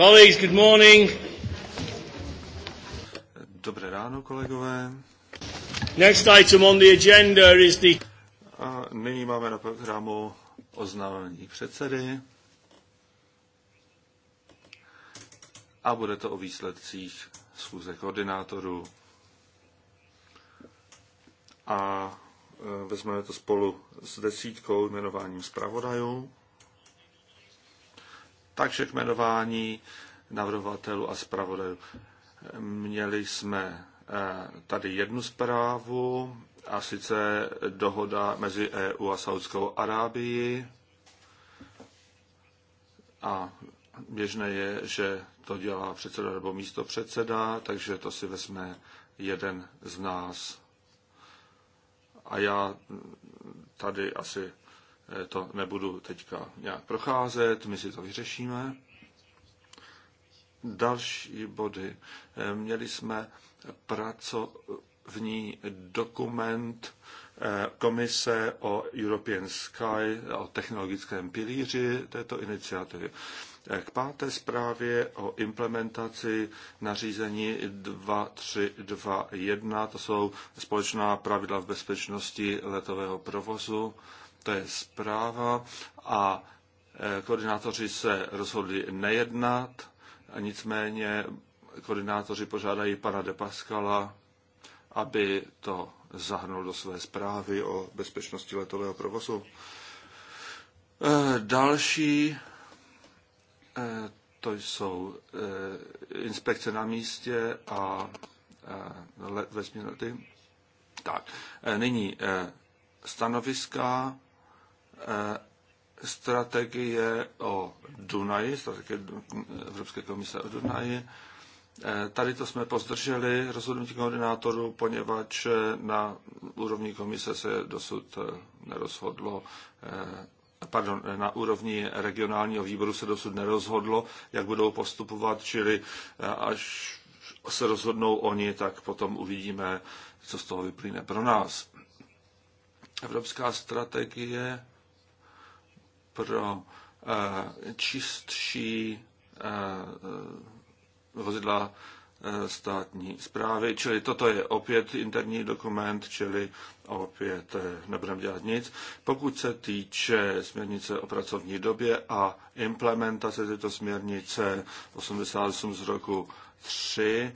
Colleagues, good morning. Dobré ráno, kolegové. Next item on the agenda is the... A nyní máme na programu oznámení předsedy. A bude to o výsledcích schůze koordinátorů. A e, vezmeme to spolu s desítkou jmenováním zpravodajů takže k jmenování navrhovatelů a zpravodajů. Měli jsme eh, tady jednu zprávu, a sice dohoda mezi EU a Saudskou Arábií. A běžné je, že to dělá předseda nebo místo předseda, takže to si vezme jeden z nás. A já tady asi Eh, to nebudu teďka nějak procházet, my si to vyřešíme. Další body. Eh, měli jsme pracovní dokument eh, komise o European Sky, o technologickém pilíři této iniciativy. K páté zprávě o implementaci nařízení 2321, to jsou společná pravidla v bezpečnosti letového provozu, to je zpráva a e, koordinátoři se rozhodli nejednat, a nicméně koordinátoři požádají pana de Pascala, aby to zahrnul do své zprávy o bezpečnosti letového provozu. E, další e, to jsou inspekce na místě a vesmírné. Tak, nyní stanoviska Eh, strategie o Dunaji, strategie Evropské komise o Dunaji. Eh, tady to jsme pozdrželi rozhodnutí koordinátorů, poněvadž eh, na úrovni komise se dosud nerozhodlo, pardon, na úrovni regionálního výboru se dosud nerozhodlo, jak budou postupovat, čili až se rozhodnou oni, tak potom uvidíme, co z toho vyplyne pro nás. Evropská strategie pro eh, čistší eh, eh, vozidla státní zprávy, čili toto je opět interní dokument, čili opět nebudeme dělat nic. Pokud se týče směrnice o pracovní době a implementace této směrnice 88 z roku 3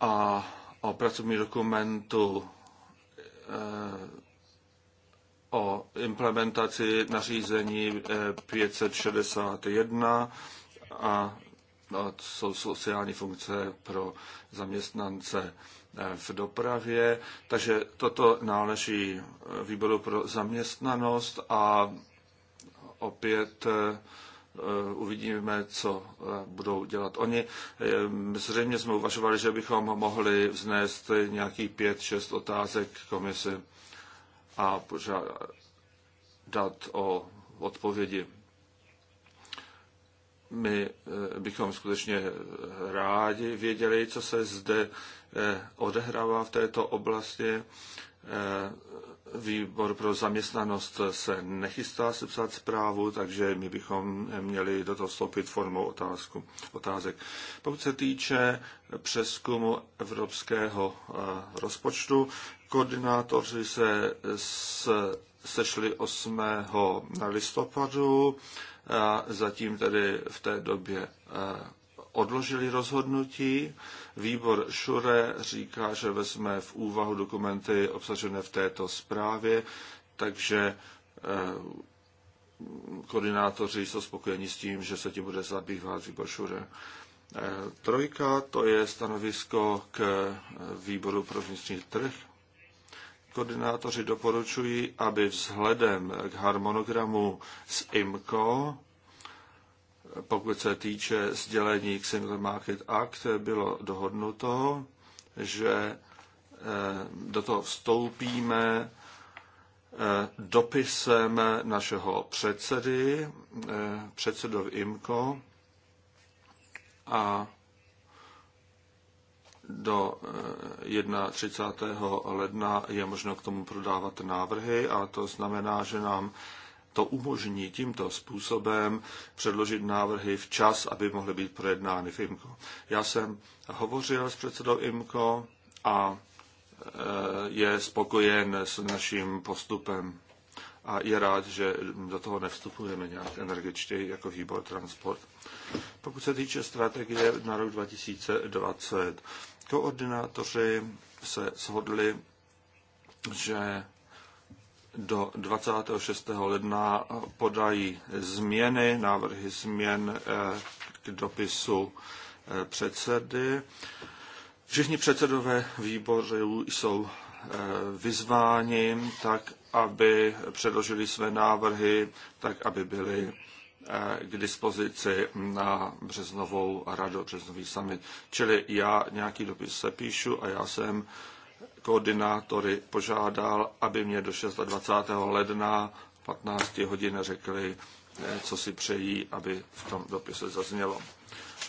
a o pracovní dokumentu o implementaci nařízení 561 eh, a to no, jsou sociální funkce pro zaměstnance eh, v dopravě. Takže toto náleží výboru pro zaměstnanost a opět eh, uvidíme, co budou dělat oni. Zřejmě jsme uvažovali, že bychom mohli vznést nějakých pět, šest otázek komisi a požádat o odpovědi. My eh, bychom skutečně rádi věděli, co se zde eh, odehrává v této oblasti. Eh, výbor pro zaměstnanost se nechystá sepsat zprávu, takže my bychom měli do toho vstoupit formou otázku, otázek. Pokud se týče přeskumu evropského rozpočtu, Koordinátoři se sešli 8. listopadu a zatím tedy v té době eh, odložili rozhodnutí. Výbor Šure říká, že vezme v úvahu dokumenty obsažené v této zprávě, takže eh, koordinátoři jsou spokojeni s tím, že se tím bude zabývat výbor Šure. Eh, trojka, to je stanovisko k výboru pro vnitřní trh Koordinátoři doporučují, aby vzhledem k harmonogramu s IMCO, pokud se týče sdělení k Single Market Act, bylo dohodnuto, že eh, do toho vstoupíme eh, dopisem našeho předsedy, eh, předsedov IMCO, a do 31. Eh, ledna je možno k tomu prodávat návrhy a to znamená, že nám to umožní tímto způsobem předložit návrhy včas, aby mohly být projednány v IMCO. Já jsem hovořil s předsedou IMCO a eh, je spokojen s naším postupem a je rád, že do toho nevstupujeme nějak energičtěji jako výbor transport. Pokud se týče strategie na rok 2020, Koordinátoři se shodli, že do 26. ledna podají změny, návrhy změn eh, k dopisu eh, předsedy. Všichni předsedové výborů jsou eh, vyzváni tak, aby předložili své návrhy, tak, aby byly Eh, k dispozici na březnovou radu, březnový summit. Čili já nějaký dopis se píšu a já jsem koordinátory požádal, aby mě do 26. ledna 15 hodin řekli, eh, co si přejí, aby v tom dopise zaznělo.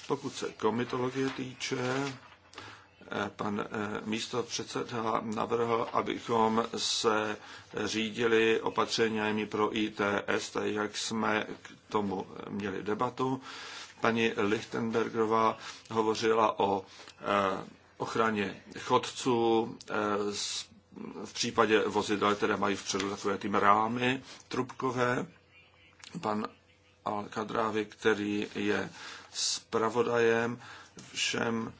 Pokud se komitologie týče, pan eh, místo předseda navrhl, abychom se řídili opatřeními pro ITS, tak jak jsme k tomu měli debatu. Paní Lichtenbergerová hovořila o eh, ochraně chodců eh, v případě vozidel, které mají vpředu takové ty rámy trubkové. Pan al který je zpravodajem, všem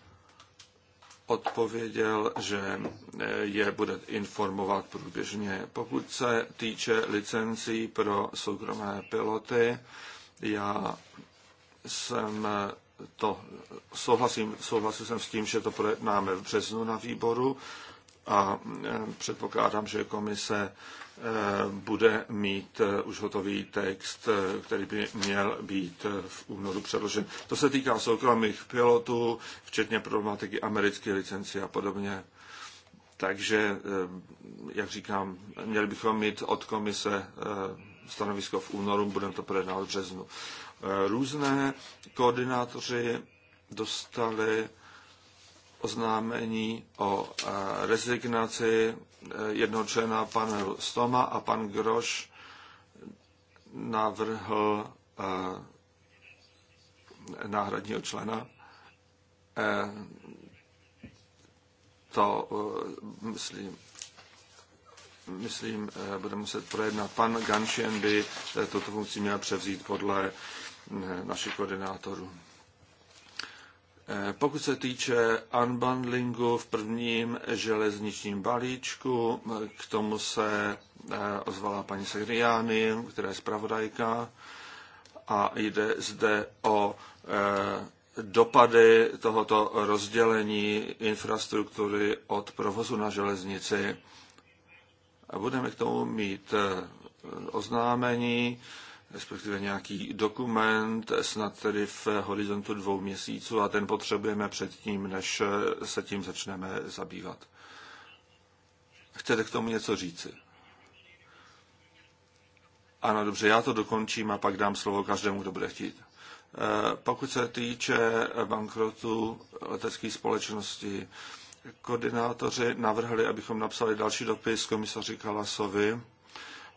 odpověděl, že eh, je bude informovat průběžně. Pokud se týče licencí pro soukromé piloty, já jsem eh, to souhlasím, souhlasil jsem s tím, že to projednáme v březnu na výboru a eh, předpokládám, že komise Eh, bude mít eh, už hotový text, eh, který by měl být v únoru předložen. To se týká soukromých pilotů, včetně problematiky americké licenci a podobně. Takže, jak říkám, měli bychom mít od komise stanovisko v únoru, budeme to projednávat v březnu. Různé koordinátoři dostali oznámení o rezignaci jednoho člena pan Stoma a pan Groš navrhl eh, náhradního člena. Eh, to, eh, myslím, myslím, bude muset projednat. Pan Ganšen by tuto funkci měl převzít podle našich koordinátorů. Eh, pokud se týče unbundlingu v prvním železničním balíčku, eh, k tomu se eh, ozvala paní Segriány, která je zpravodajka, a jde zde o dopady tohoto rozdělení infrastruktury od provozu na železnici. Budeme k tomu mít oznámení respektive nějaký dokument, snad tedy v horizontu dvou měsíců a ten potřebujeme předtím, než se tím začneme zabývat. Chcete k tomu něco říci? Ano, dobře, já to dokončím a pak dám slovo každému, kdo bude chtít. Eh, pokud se týče bankrotu letecké společnosti, koordinátoři navrhli, abychom napsali další dopis komisaři Kalasovi,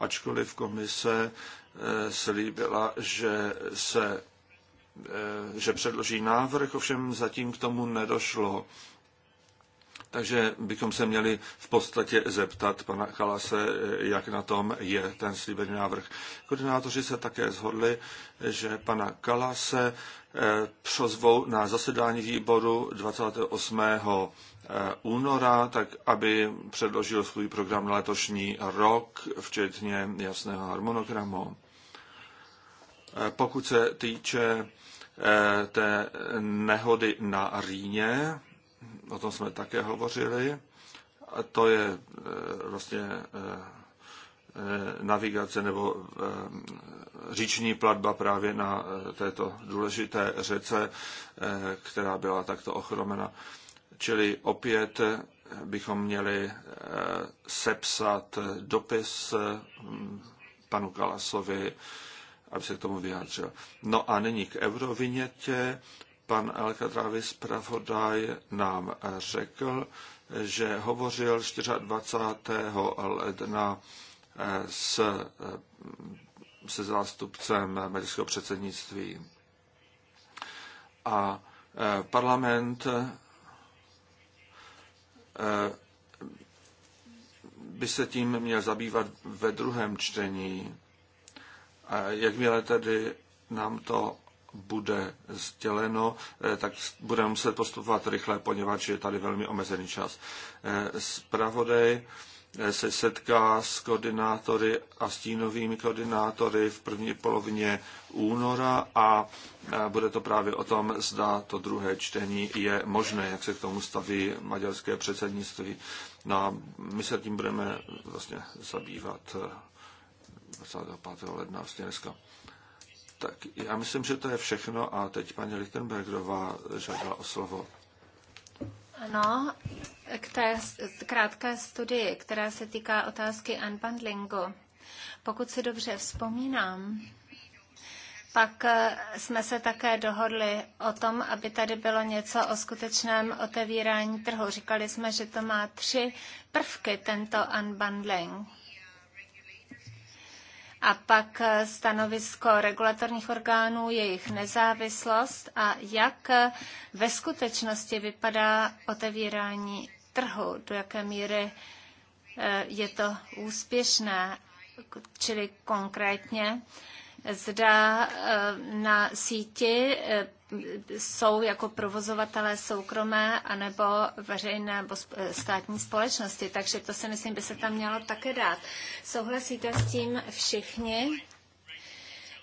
ačkoliv komise Eh, slíbila, že se eh, že předloží návrh, ovšem zatím k tomu nedošlo. Takže bychom se měli v podstatě zeptat pana Kalase, eh, jak na tom je ten slíbený návrh. Koordinátoři se také zhodli, že pana Kalase přozvou na zasedání výboru 28. února, tak aby předložil svůj program na letošní rok, včetně jasného harmonogramu. Eh, pokud se týče eh, té nehody na Rýně, o tom jsme také hovořili, to je eh, vlastně navigace nebo říční platba právě na této důležité řece, která byla takto ochromena. Čili opět bychom měli sepsat dopis panu Kalasovi aby se k tomu vyjádřil. No a nyní k eurovinětě. Pan Elka Alcatrávi Pravodaj nám řekl, že hovořil 24. ledna eh, s, eh, se zástupcem maďarského předsednictví. A eh, parlament by se tím měl zabývat ve druhém čtení Jakmile tedy nám to bude sděleno, eh, tak budeme muset postupovat rychle, poněvadž je tady velmi omezený čas. Spravodaj eh, eh, se setká s koordinátory a stínovými koordinátory v první polovině února a bude to právě o tom, zda to druhé čtení je možné, jak se k tomu staví maďarské předsednictví. No a my se tím budeme vlastně zabývat 25. ledna, vlastně dneska. Tak já myslím, že to je všechno a teď paní Lichtenbergerová žádala o slovo. Ano, k té krátké studii, která se týká otázky unbundlingu. Pokud si dobře vzpomínám, pak eh, jsme se také dohodli o tom, aby tady bylo něco o skutečném otevírání trhu. Říkali jsme, že to má tři prvky, tento unbundling a pak eh, stanovisko regulatorních orgánů, jejich nezávislost a jak eh, ve skutečnosti vypadá otevírání trhu, do jaké míry eh, je to úspěšné, čili konkrétně zda eh, na síti eh, jsou jako provozovatelé soukromé anebo veřejné nebo eh, státní společnosti. Takže to si myslím, by se tam mělo také dát. Souhlasíte s tím všichni?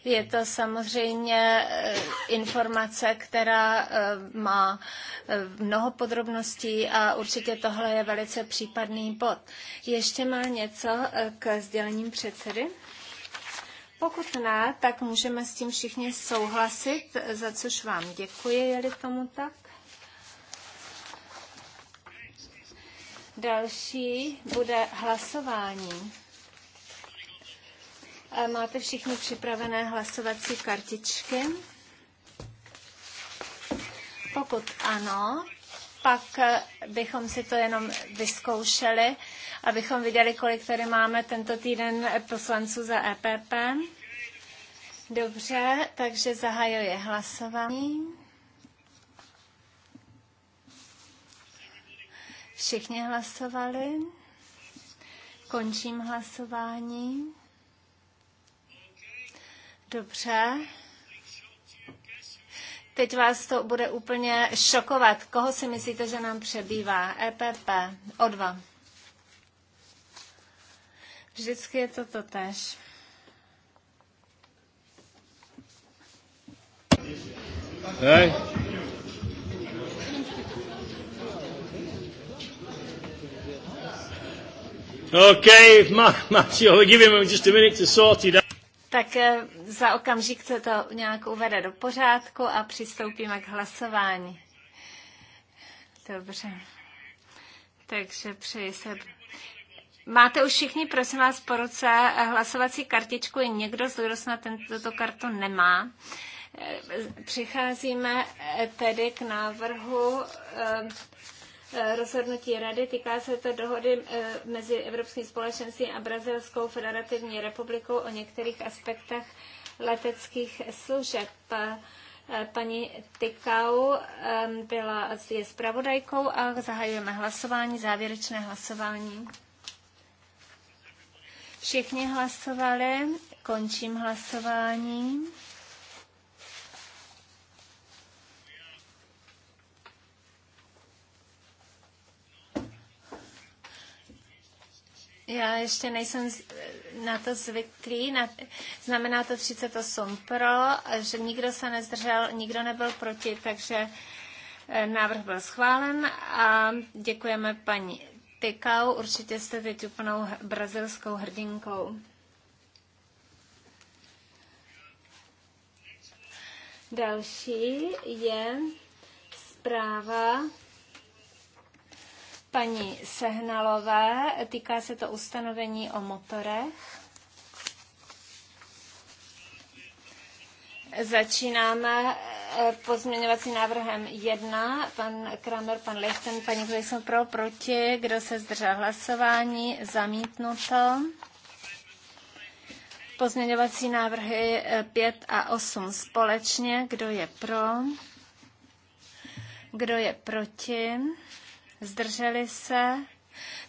Je to samozřejmě informace, která má mnoho podrobností a určitě tohle je velice případný bod. Ještě má něco k sdělením předsedy? Pokud ne, tak můžeme s tím všichni souhlasit, za což vám děkuji, je-li tomu tak. Další bude hlasování. E, máte všichni připravené hlasovací kartičky? Pokud ano, pak eh, bychom si to jenom vyzkoušeli, abychom viděli, kolik tady máme tento týden poslanců za EPP. Dobře, takže zahajuje hlasování. Všichni hlasovali. Končím hlasování. Dobře. Teď vás to bude úplně šokovat. Koho si myslíte, že nám přebývá? EPP, O2. Vždycky je to totéž. Hej. Okay, Matthew, I'll give him just a minute to sort it tak za okamžik se to nějak uvede do pořádku a přistoupíme k hlasování. Dobře. Takže přeji se. Máte už všichni, prosím vás, po ruce hlasovací kartičku. Je někdo, kdo snad tento kartu nemá. Eh, přicházíme eh, tedy k návrhu eh, Eh, rozhodnutí rady. Týká se to dohody eh, mezi Evropským společenstvím a Brazilskou federativní republikou o některých aspektech leteckých služeb. Eh, paní Tykau byla, je zpravodajkou a zahajujeme hlasování, závěrečné hlasování. Všichni hlasovali, končím hlasování. Já ještě nejsem na to zvyklý. Na, znamená to 38 pro, že nikdo se nezdržel, nikdo nebyl proti, takže eh, návrh byl schválen a děkujeme paní Tykau. Určitě jste teď úplnou brazilskou hrdinkou. Další je zpráva paní Sehnalové. Týká se to ustanovení o motorech. Začínáme eh, pozměňovacím návrhem 1. Pan Kramer, pan Lechten, paní Gleison pro, proti. Kdo se zdržel hlasování? Zamítnuto. Pozměňovací návrhy 5 eh, a 8 společně. Kdo je pro? Kdo je proti? zdrželi se,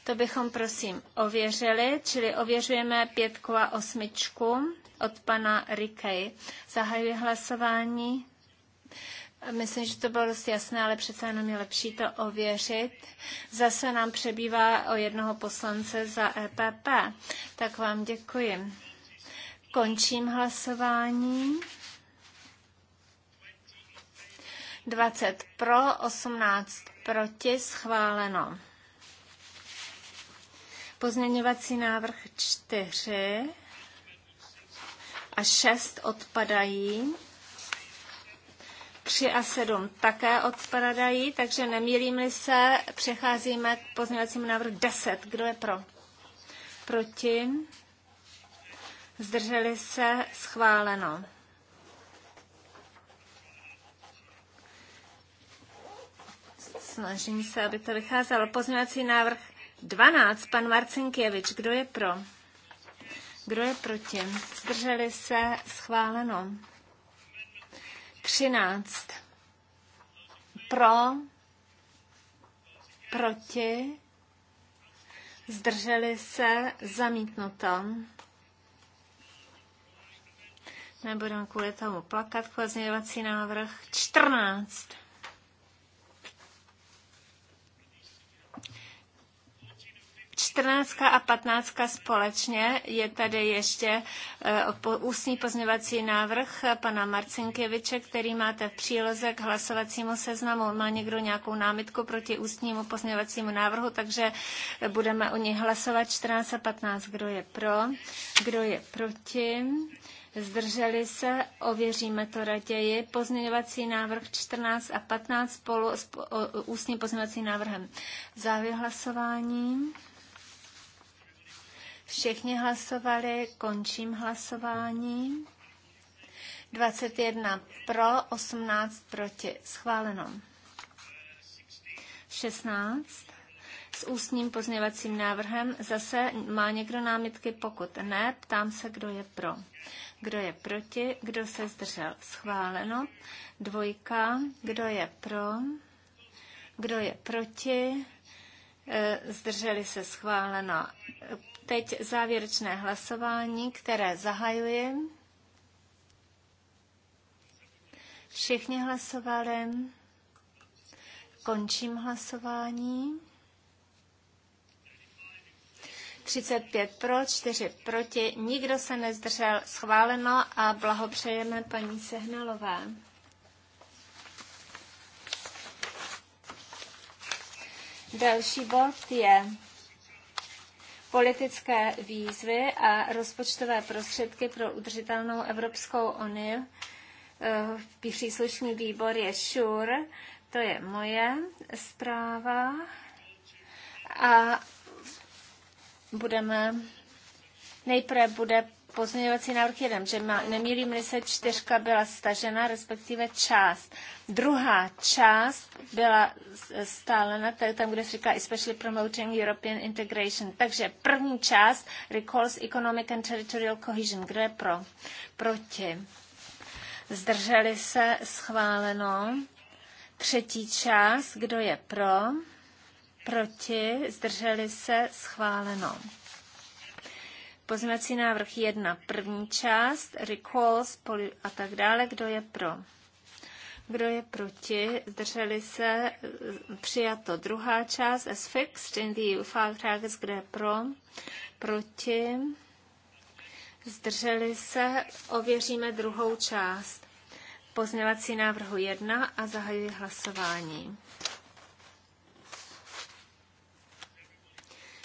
to bychom prosím ověřili, čili ověřujeme pětku a osmičku od pana Rikej. Zahajuji hlasování. Myslím, že to bylo dost jasné, ale přece jenom je lepší to ověřit. Zase nám přebývá o jednoho poslance za EPP. Tak vám děkuji. Končím hlasování. 20 pro, 18 proti, schváleno. Pozměňovací návrh 4 a 6 odpadají. 3 a 7 také odpadají, takže nemýlím-li se, přecházíme k pozměňovacímu návrhu 10. Kdo je pro? Proti? Zdrželi se? Schváleno. snažím se, aby to vycházelo. Pozměňovací návrh 12, pan Marcinkěvič, kdo je pro? Kdo je proti? Zdrželi se schváleno. 13. Pro, proti, zdrželi se zamítnuto. Nebudeme kvůli tomu plakat, pozměňovací návrh 14. 14 a 15 společně. Je tady ještě e, ústní pozměvací návrh pana Marcinkeviče, který máte v příloze k hlasovacímu seznamu. Má někdo nějakou námitku proti ústnímu pozměvacímu návrhu, takže budeme o ní hlasovat 14 a 15. Kdo je pro? Kdo je proti? Zdrželi se, ověříme to raději. Pozměňovací návrh 14 a 15 spolu s ústním pozměňovacím návrhem. Závěr hlasování. Všichni hlasovali, končím hlasování. 21 pro, 18 proti. Schváleno. 16. S ústním pozměvacím návrhem zase má někdo námitky, pokud ne, ptám se, kdo je pro. Kdo je proti, kdo se zdržel? Schváleno. Dvojka, kdo je pro, kdo je proti, e, zdrželi se schváleno teď závěrečné hlasování, které zahajuji. Všichni hlasovali. Končím hlasování. 35 pro, 4 proti, nikdo se nezdržel, schváleno a blahopřejeme paní Sehnalové. Další bod je politické výzvy a rozpočtové prostředky pro udržitelnou Evropskou unii. Eh, příslušný výbor je ŠUR, to je moje zpráva. A budeme, nejprve bude pozměňovací návrh jeden, že má, že se, čtyřka byla stažena, respektive část. Druhá část byla stálena, to je tam, kde se říká Especially Promoting European Integration. Takže první část recalls economic and territorial cohesion. Kdo je pro? Proti. Zdrželi se, schváleno. Třetí část, kdo je pro? Proti, zdrželi se, schváleno. Pozměcí návrh 1, první část, recalls poly, a tak dále. Kdo je pro? Kdo je proti? Zdrželi se? Přijato druhá část, as fixed in the EU file Kdo je pro? Proti? Zdrželi se? Ověříme druhou část. Pozměňovací návrhu 1 a zahajuji hlasování.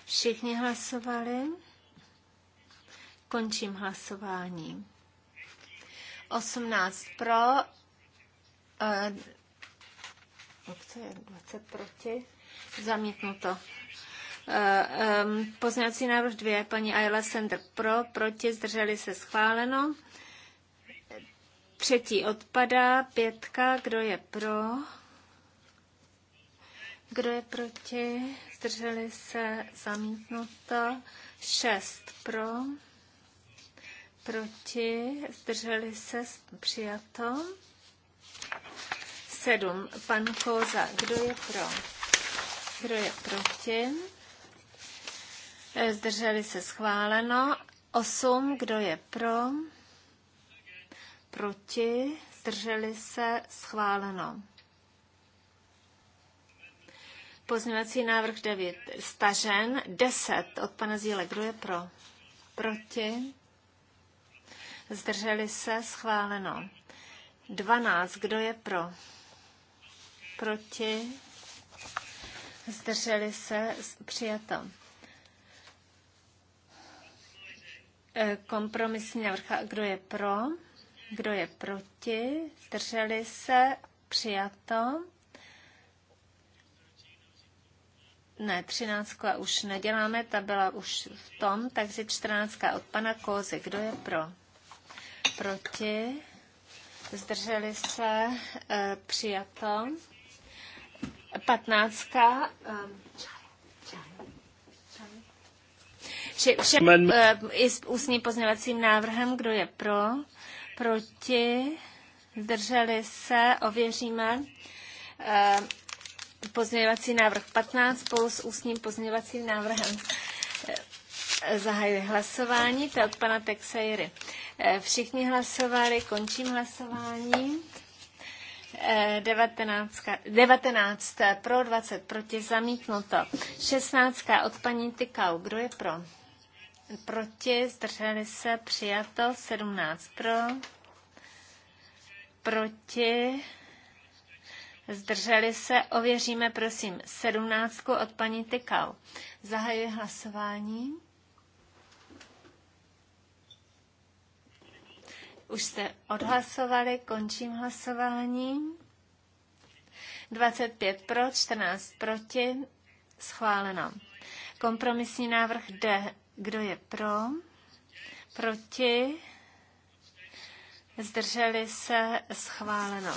Všichni hlasovali. Končím hlasování. 18 pro, co eh, je 20 proti, zamítnuto. Eh, pozměňovací návrh dvě paní Ayla Sender pro, proti, zdrželi se schváleno. Třetí odpadá, pětka, kdo je pro? Kdo je proti? Zdrželi se zamítnuto. Šest pro proti, zdrželi se, přijato. Sedm, pan Koza, kdo je pro? Kdo je proti? Zdrželi se, schváleno. Osm, kdo je pro? Proti, zdrželi se, schváleno. Pozměňovací návrh 9 stažen, 10 od pana Zíle, kdo je pro? Proti? zdrželi se, schváleno. 12, kdo je pro? Proti, zdrželi se, přijato. E, kompromisní návrh, kdo je pro? Kdo je proti? Zdrželi se? Přijato? Ne, třináctka už neděláme, ta byla už v tom, takže čtrnáctka od pana Kozy. Kdo je pro? proti, zdrželi se, eh, přijato. Patnáctka. Eh, Všem eh, i s ústním pozněvacím návrhem, kdo je pro, proti, zdrželi se, ověříme pozměňovací návrh 15 spolu s ústním pozměňovacím návrhem. zahajuje hlasování, to je od pana Texeiry. Eh, všichni hlasovali, končím hlasování. 19, eh, 19 pro, 20 proti, zamítnuto. 16 od paní Tykau, kdo je pro? Proti, zdrželi se, přijato, 17 pro, proti, zdrželi se, ověříme prosím, 17 od paní Tykau. Zahajuji hlasování. Už jste odhlasovali, končím hlasování. 25 pro, 14 proti, schváleno. Kompromisní návrh D. Kdo je pro? Proti? Zdrželi se schváleno.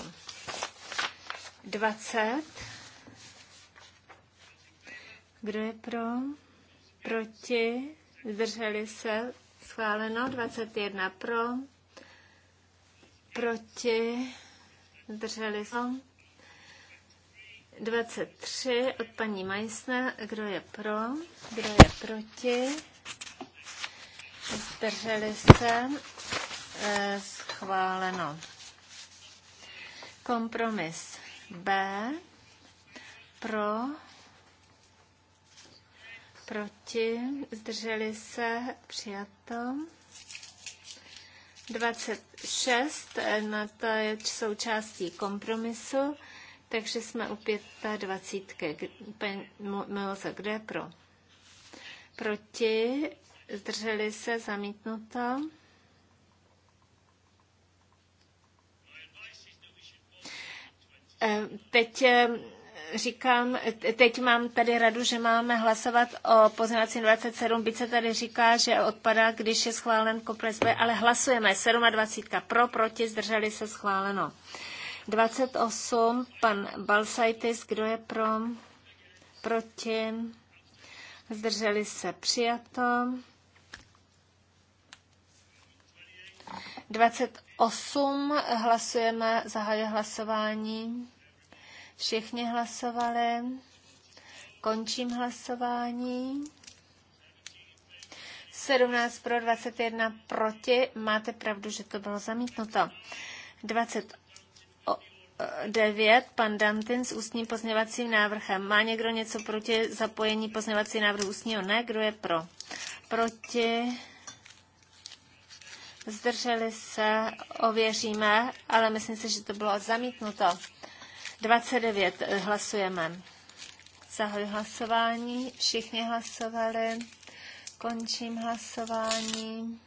20. Kdo je pro? Proti? Zdrželi se schváleno. 21 pro proti, drželi se. 23 od paní Majsna. Kdo je pro? Kdo je proti? Zdrželi se. Eh, schváleno. Kompromis B. Pro. Proti. Zdrželi se. Přijato. 26, eh, na to je součástí kompromisu, takže jsme u 25. Milosa, kde je pro? Proti, zdrželi se, zamítnuto. Eh, teď eh, říkám, teď mám tady radu, že máme hlasovat o poznávací 27, byť se tady říká, že odpadá, když je schválen komplex B, ale hlasujeme 27 pro, proti, zdrželi se schváleno. 28, pan Balsaitis, kdo je pro, proti, zdrželi se přijato. 28, hlasujeme, zahajuje hlasování. Všichni hlasovali. Končím hlasování. 17 pro 21 proti. Máte pravdu, že to bylo zamítnuto. 29. Pan Dantin s ústním pozněvacím návrhem. Má někdo něco proti zapojení pozněvací návrhu ústního? Ne. Kdo je pro? Proti. Zdrželi se, ověříme, ale myslím si, že to bylo zamítnuto. 29 eh, hlasujeme. Zahoj hlasování. Všichni hlasovali. Končím hlasování.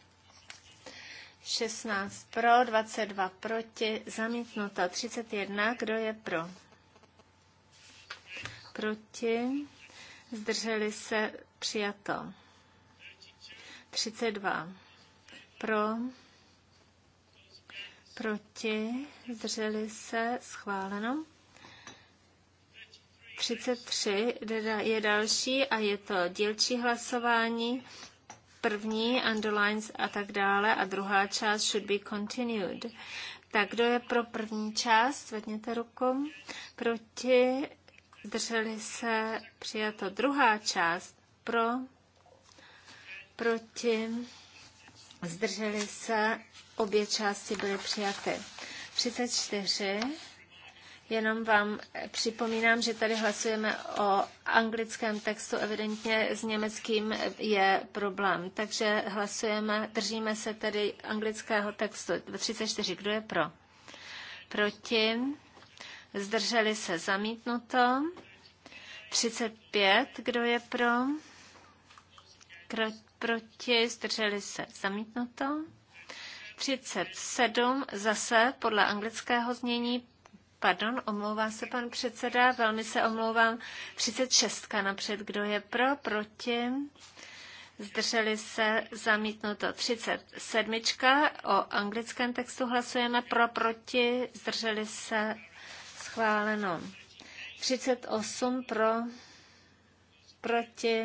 16 pro, 22 proti, zamítnuto 31. Kdo je pro? Proti. Zdrželi se přijato. 32. Pro. Proti. Zdrželi se schváleno. 33 je další a je to dělčí hlasování. První, underlines a tak dále, a druhá část should be continued. Tak kdo je pro první část? Zvedněte ruku. Proti? Drželi se? Přijato. Druhá část. Pro? Proti? Zdrželi se? Obě části byly přijaty. 34. Jenom vám připomínám, že tady hlasujeme o anglickém textu, evidentně s německým je problém. Takže hlasujeme, držíme se tedy anglického textu. 34, kdo je pro? Proti? Zdrželi se zamítnuto. 35, kdo je pro? proti? Zdrželi se zamítnuto. 37 zase podle anglického znění Pardon, omlouvá se pan předseda, velmi se omlouvám. 36 napřed, kdo je pro, proti, zdrželi se, zamítnuto 37. O anglickém textu hlasujeme pro, proti, zdrželi se, schváleno. 38 pro, proti,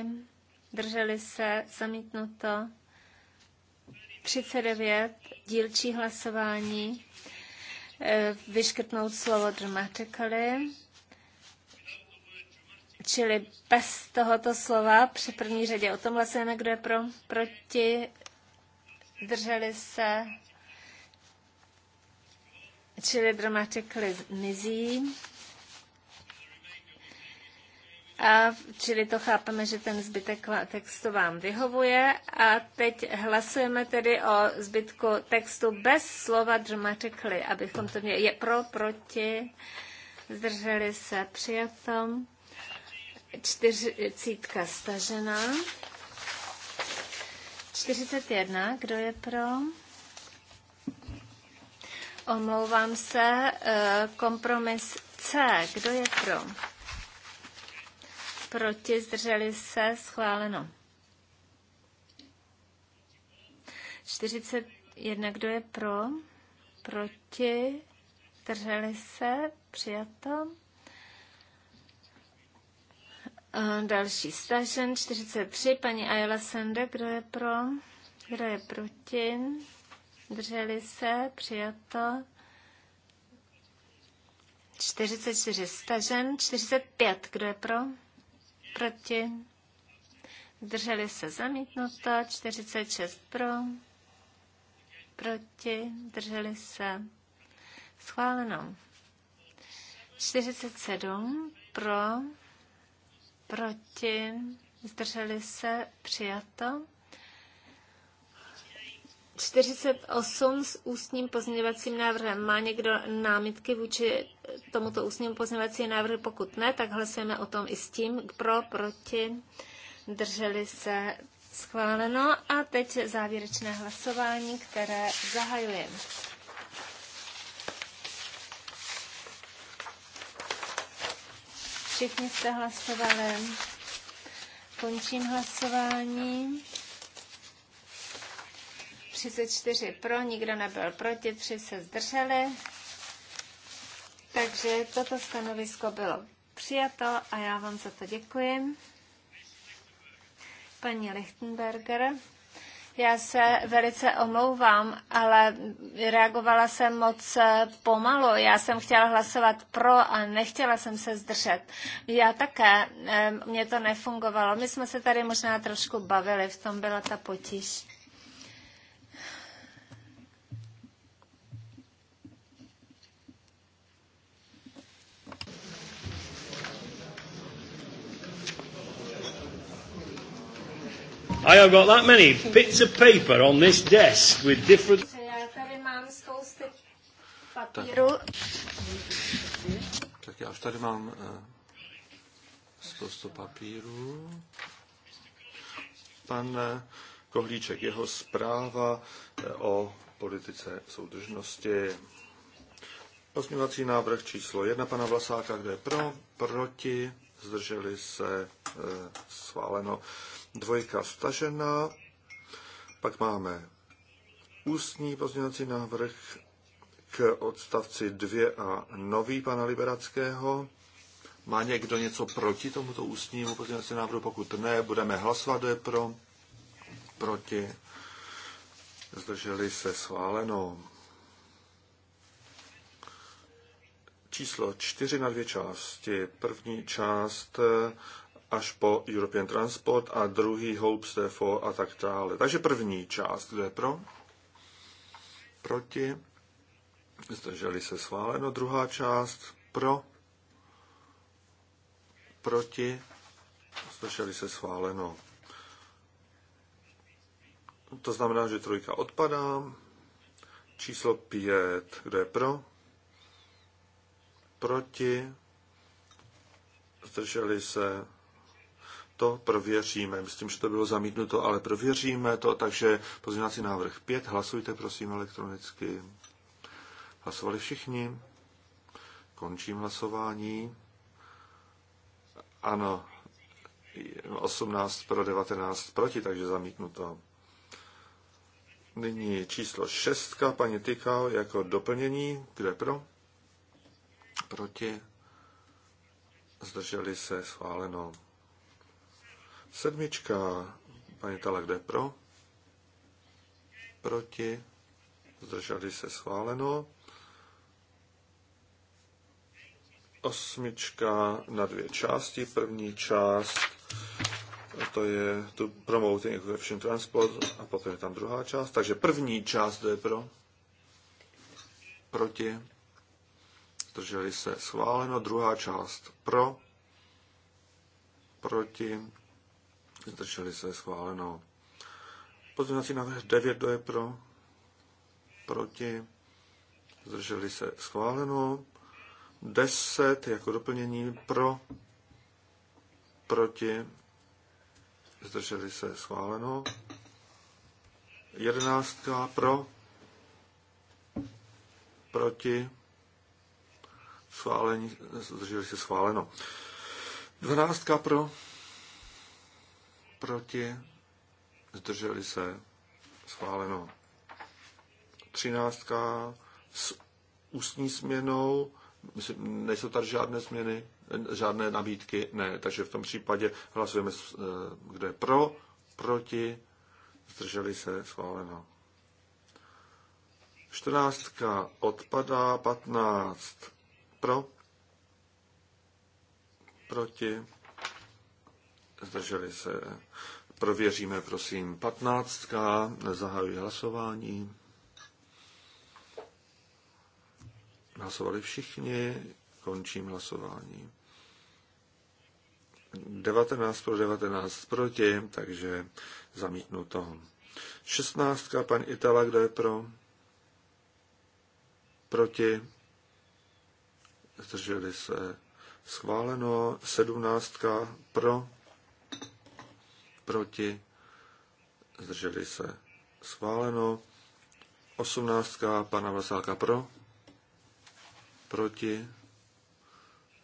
drželi se, zamítnuto. 39 dílčí hlasování. Eh, vyškrtnout slovo dramatically, čili bez tohoto slova při první řadě o tom hlasujeme, kdo je pro, proti, drželi se, čili dramatically mizí. A, čili to chápeme, že ten zbytek textu vám vyhovuje. A teď hlasujeme tedy o zbytku textu bez slova dramatically, abychom to měli. Je pro, proti, zdrželi se přijatom. Čtyřicítka stažená. 41, kdo je pro? Omlouvám se, eh, kompromis C, kdo je pro? proti, zdrželi se, schváleno. 41, kdo je pro, proti, zdrželi se, přijato. Další stažen, 43, paní Ayala Sende, kdo je pro, kdo je proti, drželi se, přijato. 44 stažen, 45, kdo je pro? proti, drželi se zamítnuto, 46 pro, proti, drželi se schváleno. 47 pro, proti, zdrželi se, přijato. 48 s ústním pozměňovacím návrhem. Má někdo námitky vůči tomuto ústnímu pozměňovací návrhu? Pokud ne, tak hlasujeme o tom i s tím, pro, proti, drželi se schváleno. A teď závěrečné hlasování, které zahajujeme. Všichni jste hlasovali. Končím hlasování. 34 pro, nikdo nebyl proti, 3 se zdrželi. Takže toto stanovisko bylo přijato a já vám za to děkuji. Paní Lichtenberger, já se velice omlouvám, ale reagovala jsem moc pomalu. Já jsem chtěla hlasovat pro a nechtěla jsem se zdržet. Já také, mě to nefungovalo. My jsme se tady možná trošku bavili, v tom byla ta potíž. I have got that many bits of paper on this desk with different... Tak. tak já už tady mám uh, spoustu papíru. Pan uh, Kohlíček, jeho zpráva uh, o politice soudržnosti. Pozměňovací návrh číslo jedna pana Vlasáka, kde je pro, proti, zdrželi se, uh, schváleno dvojka stažena, pak máme ústní pozměňovací návrh k odstavci 2 a nový pana Liberackého. Má někdo něco proti tomuto ústnímu pozměňovací návrhu? Pokud ne, budeme hlasovat, kdo je pro, proti. Zdrželi se schváleno. Číslo čtyři na dvě části. První část až po European Transport a druhý Hope Therefore a tak dále. Takže první část, kdo je pro, proti, zdrželi se schváleno, druhá část pro, proti, zdrželi se schváleno. To znamená, že trojka odpadá. Číslo pět, kdo je pro? Proti. Zdrželi se to prověříme. Myslím, že to bylo zamítnuto, ale prověříme to, takže pozměňovací návrh 5. Hlasujte prosím elektronicky. Hlasovali všichni. Končím hlasování. Ano, 18 pro 19 proti, takže zamítnuto. Nyní číslo 6, paní Tykal, jako doplnění. Kde pro? Proti. Zdrželi se schváleno. Sedmička, paní Tala, kde pro? Proti, zdrželi se schváleno. Osmička na dvě části. První část to je tu promoting equipment transport a potom je tam druhá část. Takže první část to je pro, proti, zdrželi se schváleno, druhá část pro, proti, zdrželi se, schváleno. Pozměňovací návrh 9, kdo je pro, proti, zdrželi se, schváleno. 10 jako doplnění pro, proti, zdrželi se, schváleno. 11 pro, proti, schválení, zdrželi se schváleno. Dvanáctka pro, proti, zdrželi se, schváleno. Třináctka s ústní směnou, myslím, nejsou tady žádné změny, žádné nabídky, ne, takže v tom případě hlasujeme, eh, kde je pro, proti, zdrželi se, schváleno. Čtrnáctka odpadá, patnáct pro, proti, zdrželi se. Prověříme, prosím, patnáctka, zahajuji hlasování. Hlasovali všichni, končím hlasování. 19 pro 19 proti, takže zamítnu to. 16. Pan Itala, kdo je pro? Proti? Zdrželi se. Schváleno. 17. Pro? proti, zdrželi se schváleno. Osmnáctka pana Vasáka pro, proti,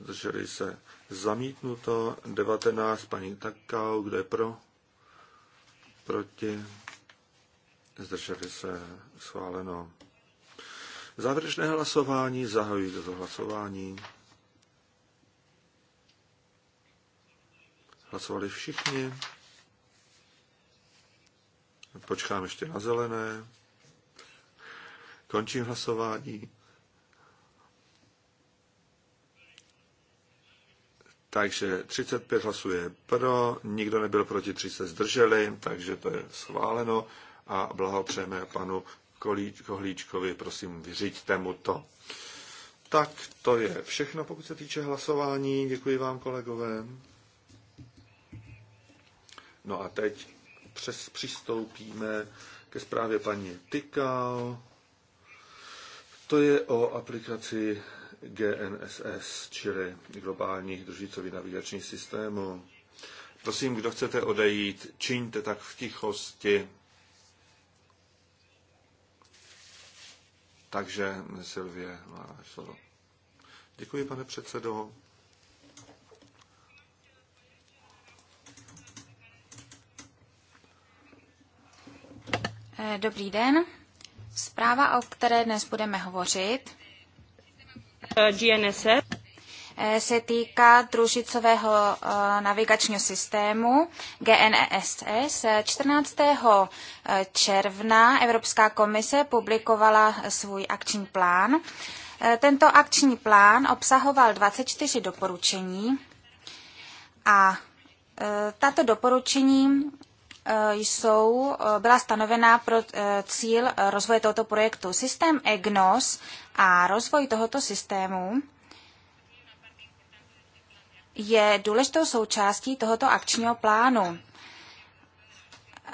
zdrželi se zamítnuto. Devatenáct paní Takau, kde pro, proti, zdrželi se schváleno. Závěrečné hlasování, zahajuji toto hlasování. Hlasovali všichni. Počkám ještě na zelené. Končím hlasování. Takže 35 hlasuje pro, nikdo nebyl proti, 3 se zdrželi, takže to je schváleno a blahopřejeme panu Kohlíčkovi, prosím, vyřiďte mu to. Tak to je všechno, pokud se týče hlasování. Děkuji vám, kolegové. No a teď přes přistoupíme ke zprávě paní Tykal. To je o aplikaci GNSS, čili globálních družicových navigačních systému. Prosím, kdo chcete odejít, čiňte tak v tichosti. Takže Silvě, máš slovo. Děkuji, pane předsedo. Eh, dobrý den. Zpráva, o které dnes budeme hovořit, eh, GNSS, eh, se týká družicového navigačního systému GNSS. 14. června Evropská komise publikovala svůj akční plán. Tento akční plán obsahoval 24 doporučení a tato doporučení Eh, jsou, eh, byla stanovena pro eh, cíl rozvoje tohoto projektu. Systém EGNOS a rozvoj tohoto systému je důležitou součástí tohoto akčního plánu.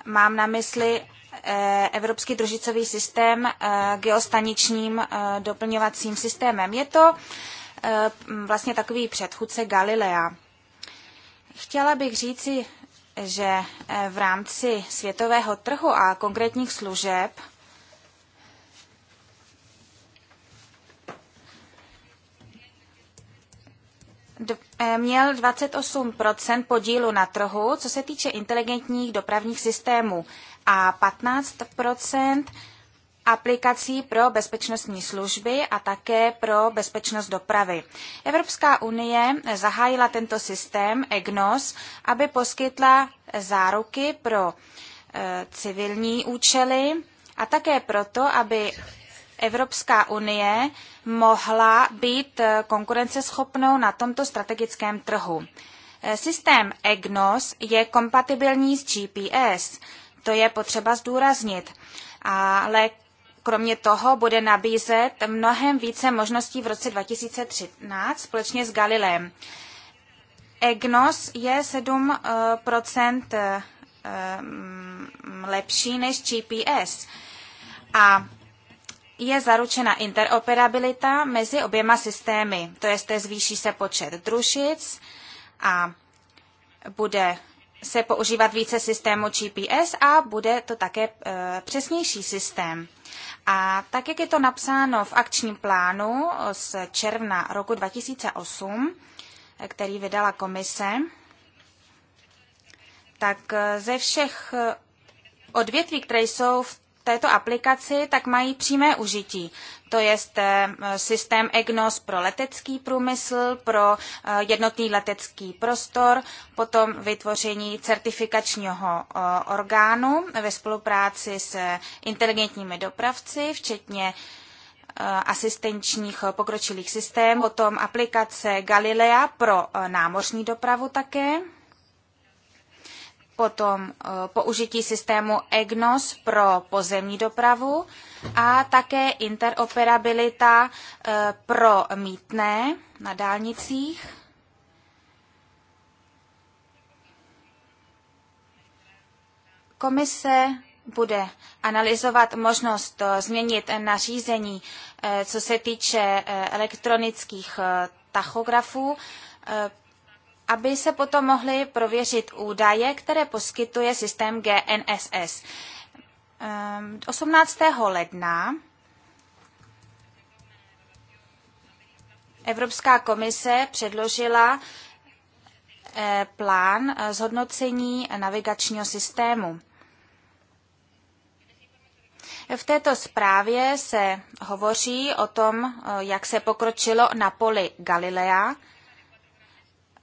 Mám na mysli Evropský družicový systém geostaničním doplňovacím systémem. Je to vlastně takový předchůdce Galilea. Chtěla bych říci že eh, v rámci světového trhu a konkrétních služeb eh, měl 28 podílu na trhu, co se týče inteligentních dopravních systémů, a 15 aplikací pro bezpečnostní služby a také pro bezpečnost dopravy. Evropská unie zahájila tento systém EGNOS, aby poskytla záruky pro e, civilní účely a také proto, aby Evropská unie mohla být konkurenceschopnou na tomto strategickém trhu. E, systém EGNOS je kompatibilní s GPS, to je potřeba zdůraznit, ale Kromě toho bude nabízet mnohem více možností v roce 2013 společně s Galilem. EGNOS je 7 eh, eh, mm, lepší než GPS a je zaručena interoperabilita mezi oběma systémy, to jest zvýší se počet družic a bude se používat více systému GPS a bude to také eh, přesnější systém. A tak, jak je to napsáno v akčním plánu z června roku 2008, eh, který vydala komise, tak eh, ze všech odvětví, které jsou v této aplikaci, tak mají přímé užití. To je eh, systém EGNOS pro letecký průmysl, pro eh, jednotný letecký prostor, potom vytvoření certifikačního eh, orgánu ve spolupráci s inteligentními dopravci, včetně asistenčních pokročilých systémů, potom aplikace Galilea pro námořní dopravu také potom eh, použití systému EGNOS pro pozemní dopravu a také interoperabilita eh, pro mítné na dálnicích. Komise bude analyzovat možnost eh, změnit nařízení, co se týče elektronických tachografů aby se potom mohly prověřit údaje, které poskytuje systém GNSS. 18. Ehm, ledna Evropská komise předložila eh, plán eh, zhodnocení navigačního systému. V této zprávě se hovoří o tom, eh, jak se pokročilo na poli Galilea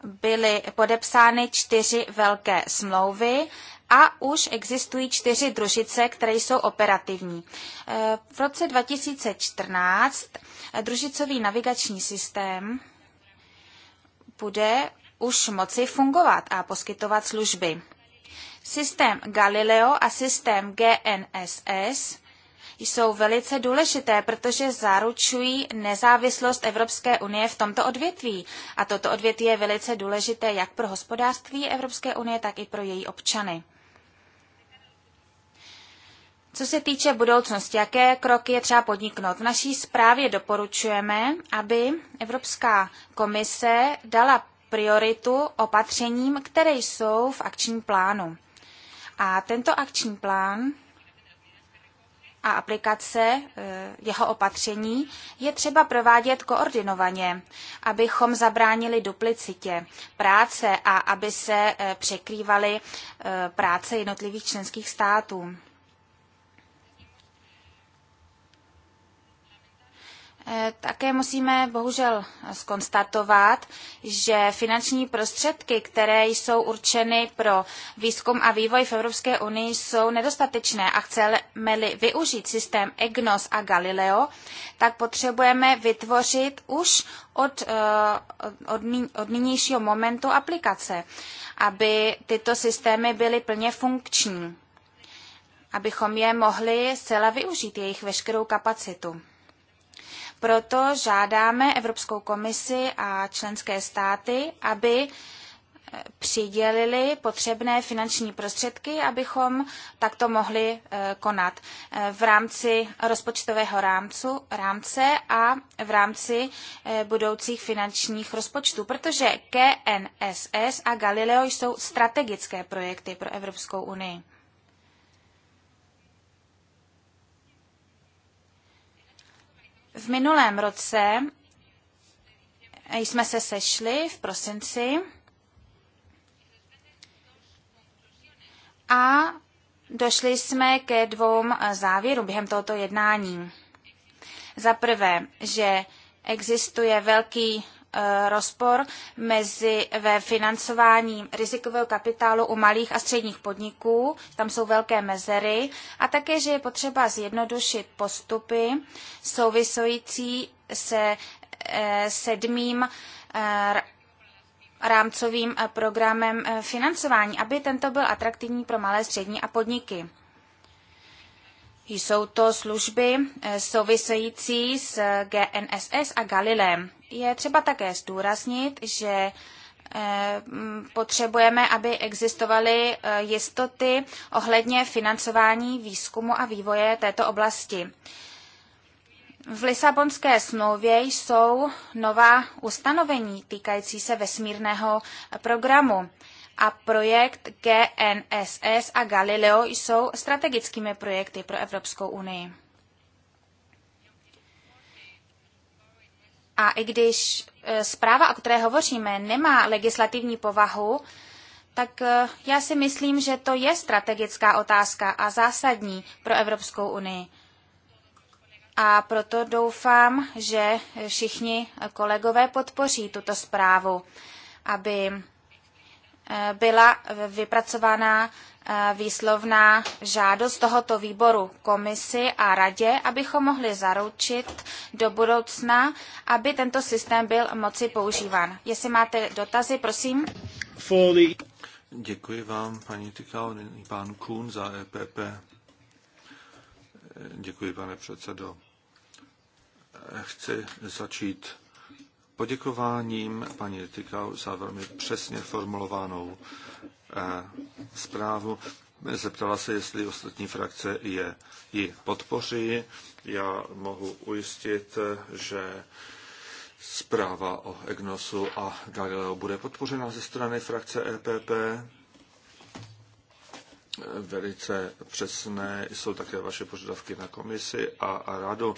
byly podepsány čtyři velké smlouvy a už existují čtyři družice, které jsou operativní. Eh, v roce 2014 družicový navigační systém bude už moci fungovat a poskytovat služby. Systém Galileo a systém GNSS jsou velice důležité, protože zaručují nezávislost Evropské unie v tomto odvětví. A toto odvětví je velice důležité jak pro hospodářství Evropské unie, tak i pro její občany. Co se týče budoucnosti, jaké kroky je třeba podniknout? V naší zprávě doporučujeme, aby Evropská komise dala prioritu opatřením, které jsou v akčním plánu. A tento akční plán a aplikace e, jeho opatření je třeba provádět koordinovaně, abychom zabránili duplicitě práce a aby se e, překrývaly e, práce jednotlivých členských států. Eh, také musíme bohužel skonstatovat, že finanční prostředky, které jsou určeny pro výzkum a vývoj v Evropské unii, jsou nedostatečné a chceme-li využít systém EGNOS a Galileo, tak potřebujeme vytvořit už od, eh, od, od nynějšího momentu aplikace, aby tyto systémy byly plně funkční, abychom je mohli zcela využít, jejich veškerou kapacitu. Proto žádáme Evropskou komisi a členské státy, aby eh, přidělili potřebné finanční prostředky, abychom takto mohli eh, konat eh, v rámci rozpočtového rámcu, rámce a v rámci budoucích finančních rozpočtů, protože KNSS a Galileo jsou strategické projekty pro Evropskou unii. V minulém roce jsme se sešli v prosinci a došli jsme ke dvou závěrům během tohoto jednání. Za prvé, že existuje velký Eh, rozpor mezi ve financování rizikového kapitálu u malých a středních podniků, tam jsou velké mezery, a také, že je potřeba zjednodušit postupy související se eh, sedmým eh, rámcovým programem financování, aby tento byl atraktivní pro malé, střední a podniky. Jsou to služby eh, související s eh, GNSS a Galilem. Je třeba také zdůraznit, že eh, potřebujeme, aby existovaly jistoty ohledně financování výzkumu a vývoje této oblasti. V Lisabonské smlouvě jsou nová ustanovení týkající se vesmírného programu a projekt GNSS a Galileo jsou strategickými projekty pro Evropskou unii. A i když e, zpráva, o které hovoříme, nemá legislativní povahu, tak e, já si myslím, že to je strategická otázka a zásadní pro Evropskou unii. A proto doufám, že všichni kolegové podpoří tuto zprávu, aby byla vypracována eh, výslovná žádost tohoto výboru komisi a radě, abychom mohli zaručit do budoucna, aby tento systém byl moci používán. Jestli máte dotazy, prosím. Děkuji vám, paní Tykal, pán Kuhn za EPP. Děkuji, pane předsedo. Chci začít poděkováním paní Tykau za velmi přesně formulovanou eh, zprávu. Zeptala se, jestli ostatní frakce je, ji podpoří. Já mohu ujistit, že zpráva o EGNOSu a Galileo bude podpořena ze strany frakce EPP velice přesné jsou také vaše požadavky na komisi a, a rado.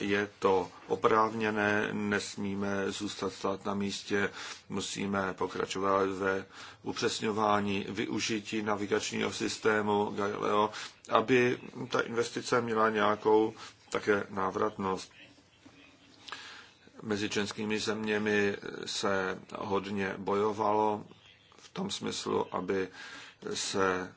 Je to oprávněné, nesmíme zůstat stát na místě, musíme pokračovat ve upřesňování využití navigačního systému Galileo, aby ta investice měla nějakou také návratnost. Mezi českými zeměmi se hodně bojovalo v tom smyslu, aby se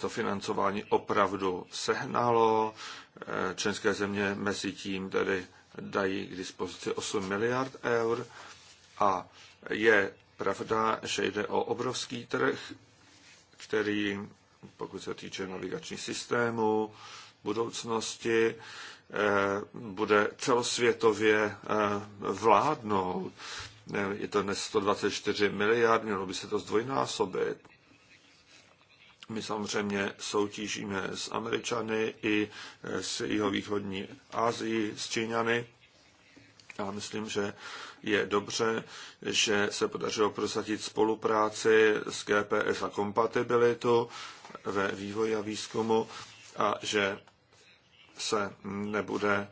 to financování opravdu sehnalo. Eh, České země mezi tím tedy dají k dispozici 8 miliard eur a je pravda, že jde o obrovský trh, který, pokud se týče navigační systému budoucnosti, eh, bude celosvětově eh, vládnout. Je to dnes 124 miliard, mělo by se to zdvojnásobit. My samozřejmě soutěžíme s Američany i s jihovýchodní Asií, s Číňany. Já myslím, že je dobře, že se podařilo prosadit spolupráci s GPS a kompatibilitu ve vývoji a výzkumu a že se nebude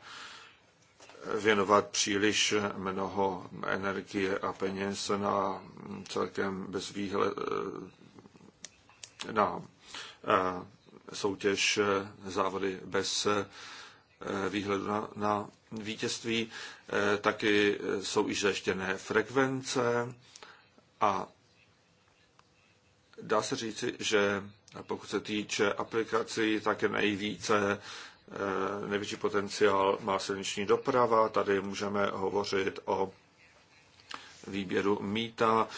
věnovat příliš mnoho energie a peněz na celkem bezvýhled, na eh, soutěž eh, závody bez eh, výhledu na, na vítězství. Taky jsou i zajištěné frekvence a dá se říci, že pokud se týče aplikací, tak je nejvíce největší potenciál má silniční doprava. Tady můžeme hovořit o výběru mýta,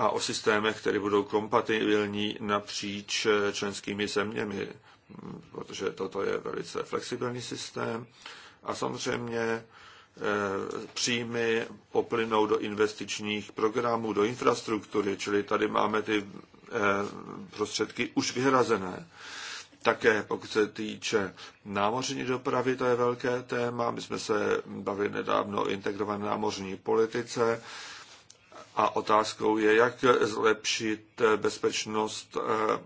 a o systémech, které budou kompatibilní napříč členskými zeměmi, protože toto je velice flexibilní systém. A samozřejmě eh, příjmy poplynou do investičních programů, do infrastruktury, čili tady máme ty eh, prostředky už vyhrazené. Také pokud se týče námořní dopravy, to je velké téma. My jsme se bavili nedávno o integrované námořní politice. A otázkou je, jak zlepšit bezpečnost eh,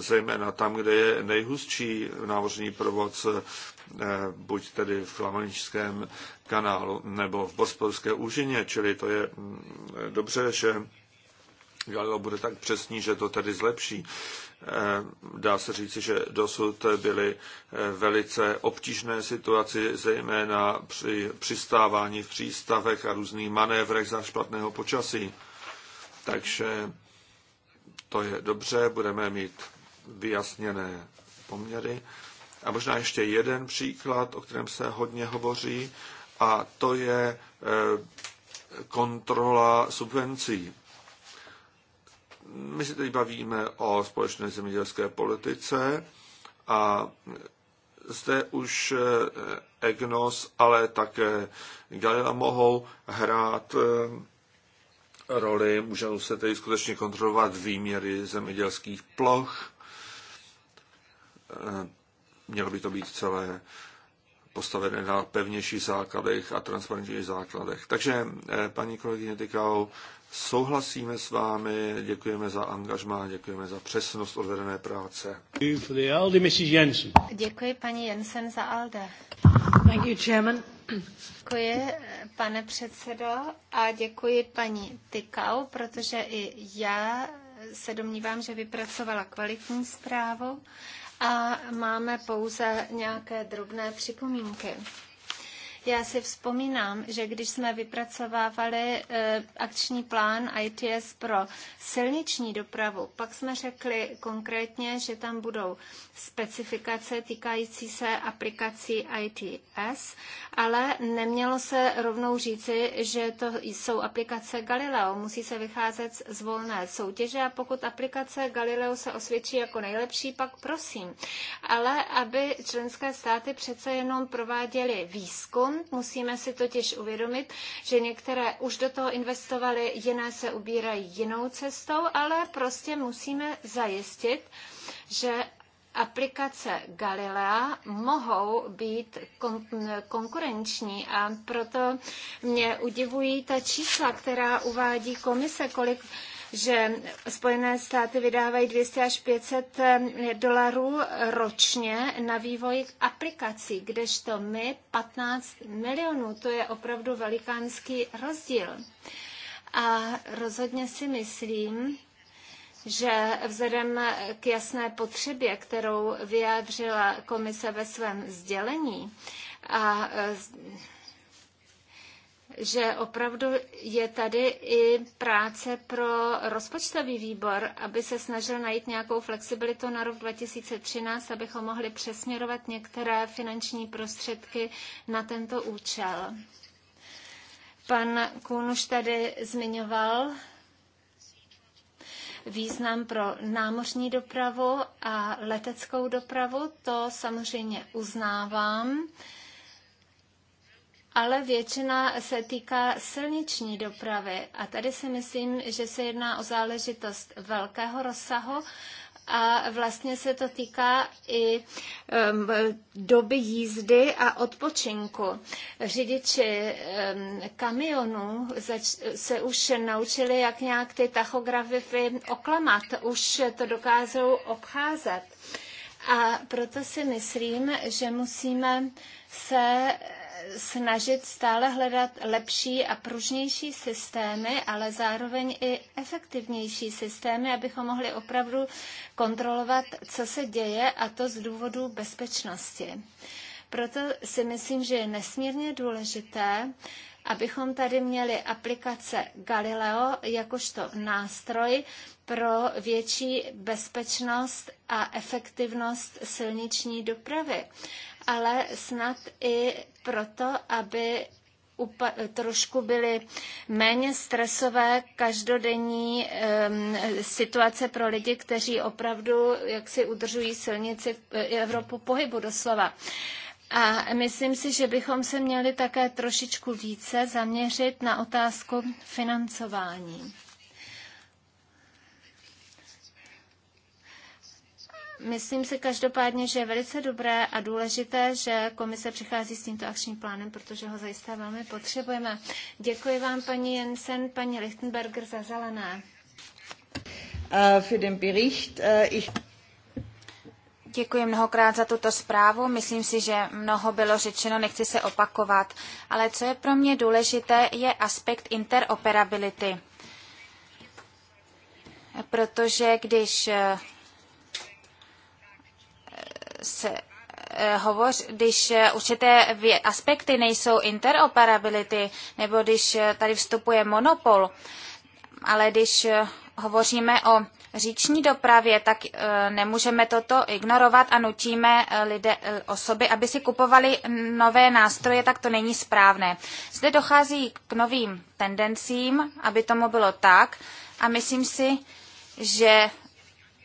zejména tam, kde je nejhustší námořní provoz, eh, buď tedy v Flamančském kanálu nebo v Bosporské úžině, čili to je mm, dobře, že Galileo bude tak přesný, že to tedy zlepší. Eh, dá se říci, že dosud byly eh, velice obtížné situaci, zejména při přistávání v přístavech a různých manévrech za špatného počasí. Takže to je dobře, budeme mít vyjasněné poměry. A možná ještě jeden příklad, o kterém se hodně hovoří, a to je eh, kontrola subvencí. My se teď bavíme o společné zemědělské politice a zde už eh, EGNOS, ale také Galila mohou hrát eh, roli, můžou se tedy skutečně kontrolovat výměry zemědělských ploch. Eh, mělo by to být celé postavené na pevnějších základech a transparentních základech. Takže, paní kolegyně Tykau, Souhlasíme s vámi, děkujeme za angažmá, děkujeme za přesnost odvedené práce. Děkuji paní Jensen za ALDE. Thank you, Chairman. Děkuji, pane předsedo, a děkuji paní Tykau, protože i já se domnívám, že vypracovala kvalitní zprávu a máme pouze nějaké drobné připomínky. Já si vzpomínám, že když jsme vypracovávali eh, akční plán ITS pro silniční dopravu, pak jsme řekli konkrétně, že tam budou specifikace týkající se aplikací ITS, ale nemělo se rovnou říci, že to jsou aplikace Galileo. Musí se vycházet z volné soutěže a pokud aplikace Galileo se osvědčí jako nejlepší, pak prosím. Ale aby členské státy přece jenom prováděly výzkum, Musíme si totiž uvědomit, že některé už do toho investovaly, jiné se ubírají jinou cestou, ale prostě musíme zajistit, že aplikace Galilea mohou být kon- konkurenční a proto mě udivují ta čísla, která uvádí komise, kolik že Spojené státy vydávají 200 až 500 eh, dolarů ročně na vývoj aplikací, kdežto my 15 milionů. To je opravdu velikánský rozdíl. A rozhodně si myslím, že vzhledem k jasné potřebě, kterou vyjádřila komise ve svém sdělení, a eh, že opravdu je tady i práce pro rozpočtový výbor, aby se snažil najít nějakou flexibilitu na rok 2013, abychom mohli přesměrovat některé finanční prostředky na tento účel. Pan Kůn už tady zmiňoval význam pro námořní dopravu a leteckou dopravu. To samozřejmě uznávám ale většina se týká silniční dopravy. A tady si myslím, že se jedná o záležitost velkého rozsahu a vlastně se to týká i um, doby jízdy a odpočinku. Řidiči um, kamionů se už naučili, jak nějak ty tachografy oklamat, už to dokážou obcházet. A proto si myslím, že musíme se snažit stále hledat lepší a pružnější systémy, ale zároveň i efektivnější systémy, abychom mohli opravdu kontrolovat, co se děje, a to z důvodu bezpečnosti. Proto si myslím, že je nesmírně důležité, abychom tady měli aplikace Galileo jakožto nástroj pro větší bezpečnost a efektivnost silniční dopravy ale snad i proto, aby trošku byly méně stresové každodenní um, situace pro lidi, kteří opravdu jak si udržují silnici e, Evropu pohybu doslova. A myslím si, že bychom se měli také trošičku více zaměřit na otázku financování. Myslím si každopádně, že je velice dobré a důležité, že komise přichází s tímto akčním plánem, protože ho zajisté velmi potřebujeme. Děkuji vám, paní Jensen, paní Lichtenberger za zelené. Äh, für den Bericht. Äh, ich... Děkuji mnohokrát za tuto zprávu. Myslím si, že mnoho bylo řečeno, nechci se opakovat. Ale co je pro mě důležité, je aspekt interoperability. Protože když se eh, hovoř, když eh, určité aspekty nejsou interoperability, nebo když eh, tady vstupuje monopol, ale když hovoříme o říční dopravě, tak nemůžeme toto ignorovat a nutíme lidé, osoby, aby si kupovali nové nástroje, tak to není správné. Zde dochází k novým tendencím, aby tomu bylo tak a myslím si, že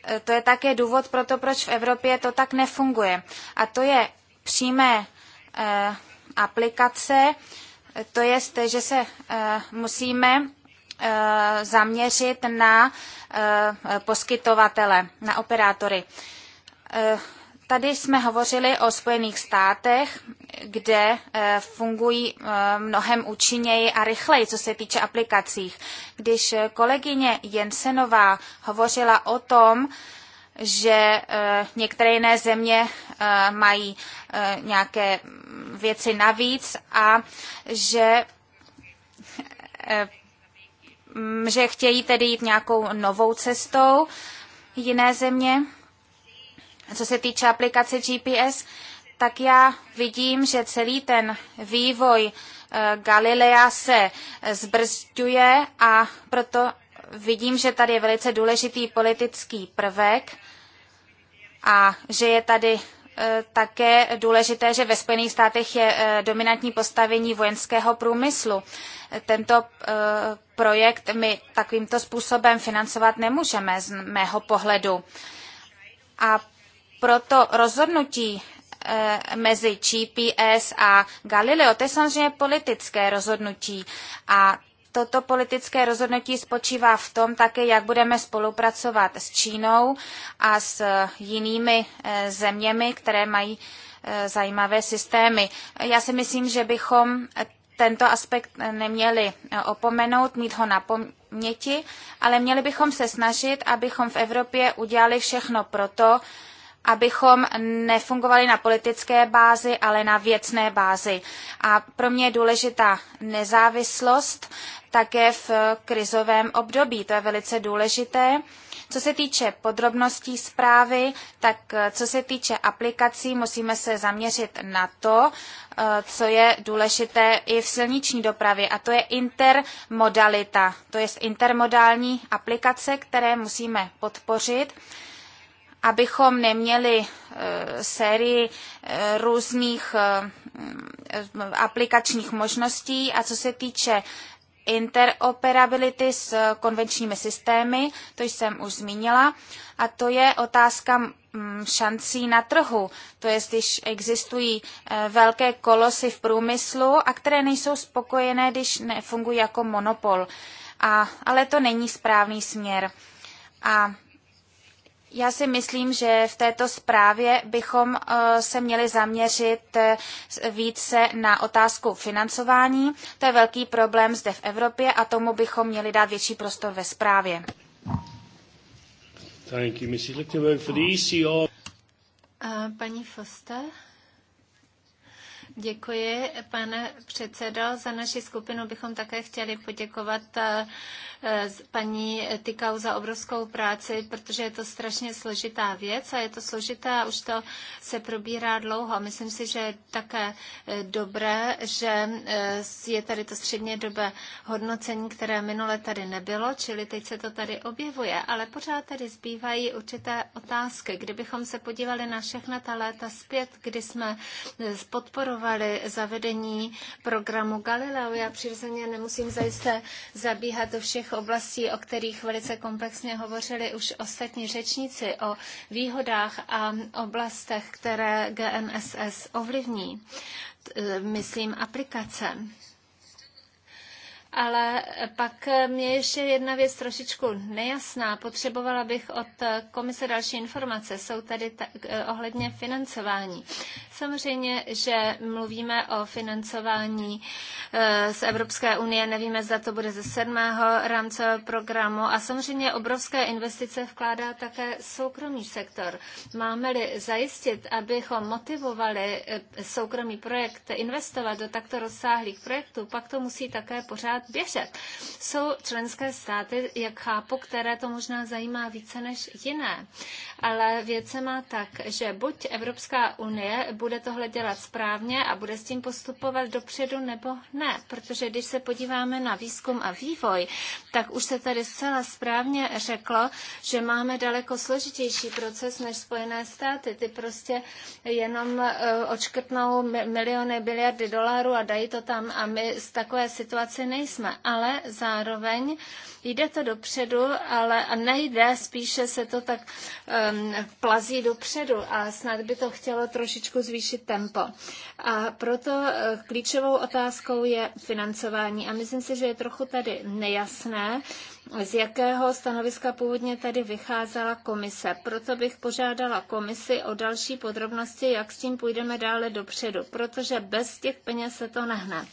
Eh, to je také důvod pro to, proč v Evropě to tak nefunguje. A to je přímé eh, aplikace, to je, že se eh, musíme zaměřit na poskytovatele, na operátory. Tady jsme hovořili o Spojených státech, kde eh, fungují eh, mnohem účinněji a rychleji, co se týče aplikacích. Když eh, kolegyně Jensenová hovořila o tom, že některé jiné země mají nějaké věci navíc a že že chtějí tedy jít nějakou novou cestou jiné země. Co se týče aplikace GPS, tak já vidím, že celý ten vývoj eh, Galilea se eh, zbrzďuje a proto vidím, že tady je velice důležitý politický prvek a že je tady eh, také důležité, že ve Spojených státech je dominantní postavení vojenského průmyslu. Tento projekt my takovýmto způsobem financovat nemůžeme z mého pohledu. A proto rozhodnutí eh, mezi GPS a Galileo, to je samozřejmě politické rozhodnutí. A toto politické rozhodnutí spočívá v tom také, jak budeme spolupracovat s Čínou a s jinými eh, zeměmi, které mají eh, zajímavé systémy. Já si myslím, že bychom tento aspekt neměli opomenout, mít ho na paměti, ale měli bychom se snažit, abychom v Evropě udělali všechno proto, abychom nefungovali na politické bázi, ale na věcné bázi. A pro mě je důležitá nezávislost také v krizovém období. To je velice důležité. Co se týče podrobností zprávy, tak eh, co se týče aplikací, musíme se zaměřit na to, eh, co je důležité i v silniční dopravě, a to je intermodalita, to je intermodální aplikace, které musíme podpořit abychom neměli eh, sérii eh, různých eh, mm, aplikačních možností a co se týče interoperability s konvenčními systémy, to jsem už zmínila, a to je otázka mm, šancí na trhu. To je, když existují velké kolosy v průmyslu a které nejsou spokojené, když nefungují jako monopol. A, ale to není správný směr. A já si myslím, že v této zprávě bychom eh, se měli zaměřit eh, více na otázku financování. To je velký problém zde v Evropě a tomu bychom měli dát větší prostor ve zprávě. Thank you, Mrs. Lichtenberg, for the ECR. Uh, eh, paní Foster. Děkuji, pane předsedo. Za naši skupinu bychom také chtěli poděkovat eh, paní Tykau za obrovskou práci, protože je to strašně složitá věc a je to složitá už to se probírá dlouho. Myslím si, že je také eh, dobré, že eh, je tady to středně dobe hodnocení, které minule tady nebylo, čili teď se to tady objevuje, ale pořád tady zbývají určité otázky. Kdybychom se podívali na všechna ta léta zpět, kdy jsme podporovali navrhovali zavedení programu Galileo. Já přirozeně nemusím zajisté zabíhat do všech oblastí, o kterých velice komplexně hovořili už ostatní řečníci, o výhodách a oblastech, které GNSS ovlivní, e, myslím, aplikace ale pak mě ještě jedna věc trošičku nejasná. Potřebovala bych od komise další informace. Jsou tady ta, eh, ohledně financování. Samozřejmě, že mluvíme o financování eh, z Evropské unie, nevíme, zda to bude ze sedmého rámcového programu a samozřejmě obrovské investice vkládá také soukromý sektor. Máme-li zajistit, abychom motivovali eh, soukromý projekt investovat do takto rozsáhlých projektů, pak to musí také pořád běžet. Jsou členské státy, jak chápu, které to možná zajímá více než jiné. Ale věc se má tak, že buď Evropská unie bude tohle dělat správně a bude s tím postupovat dopředu, nebo ne. Protože když se podíváme na výzkum a vývoj, tak už se tady zcela správně řeklo, že máme daleko složitější proces než Spojené státy. Ty prostě jenom eh, odškrtnou miliony, biliardy dolarů a dají to tam a my z takové situace nejsme jsme, ale zároveň jde to dopředu, ale nejde, spíše se to tak um, plazí dopředu a snad by to chtělo trošičku zvýšit tempo. A proto eh, klíčovou otázkou je financování a myslím si, že je trochu tady nejasné, z jakého stanoviska původně tady vycházela komise. Proto bych požádala komisi o další podrobnosti, jak s tím půjdeme dále dopředu, protože bez těch peněz se to nehne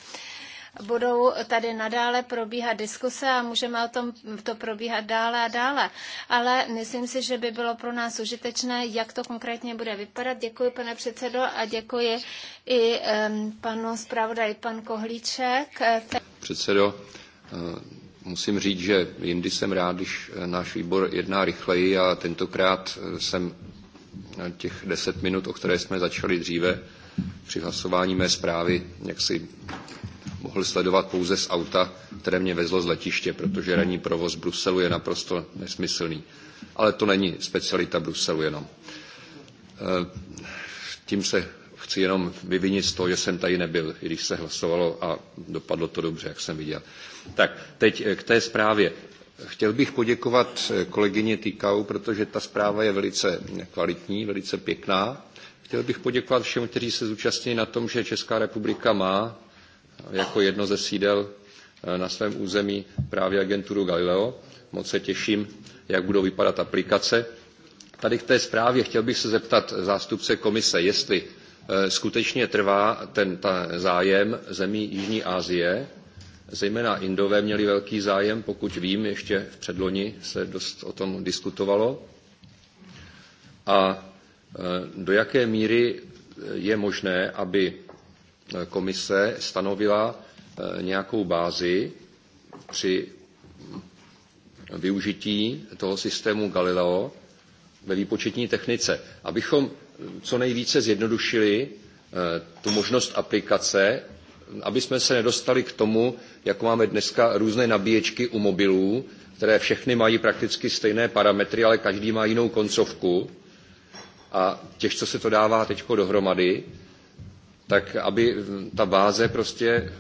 budou tady nadále probíhat diskuse a můžeme o tom to probíhat dále a dále. Ale myslím si, že by bylo pro nás užitečné, jak to konkrétně bude vypadat. Děkuji, pane předsedo, a děkuji i panu zpravodaj, pan Kohlíček. Předsedo, eh, musím říct, že jindy jsem rád, když eh, náš výbor jedná rychleji a tentokrát eh, jsem těch deset minut, o které jsme začali dříve při hlasování mé zprávy, jak si mohl sledovat pouze z auta, které mě vezlo z letiště, protože ranní provoz Bruselu je naprosto nesmyslný. Ale to není specialita Bruselu jenom. Eh, tím se chci jenom vyvinit z toho, že jsem tady nebyl, i když se hlasovalo a dopadlo to dobře, jak jsem viděl. Tak, teď eh, k té zprávě. Chtěl bych poděkovat eh, kolegyni Týkau, protože ta zpráva je velice kvalitní, velice pěkná. Chtěl bych poděkovat všem, kteří se zúčastnili na tom, že Česká republika má jako jedno ze sídel eh, na svém území právě agenturu Galileo. Moc se těším, jak budou vypadat aplikace. Tady k té zprávě chtěl bych se zeptat zástupce komise, jestli eh, skutečně trvá ten ta zájem zemí Jižní Asie. Zejména Indové měli velký zájem, pokud vím, ještě v předloni se dost o tom diskutovalo. A eh, do jaké míry je možné, aby Eh, komise stanovila eh, nějakou bázi při využití toho systému Galileo ve výpočetní technice, abychom eh, co nejvíce zjednodušili tu možnost aplikace, aby jsme se nedostali k tomu, jak máme dneska různé nabíječky u mobilů, které všechny mají prakticky stejné parametry, ale každý má jinou koncovku. A těžko se to dává teď dohromady tak aby hm, ta báze prostě eh,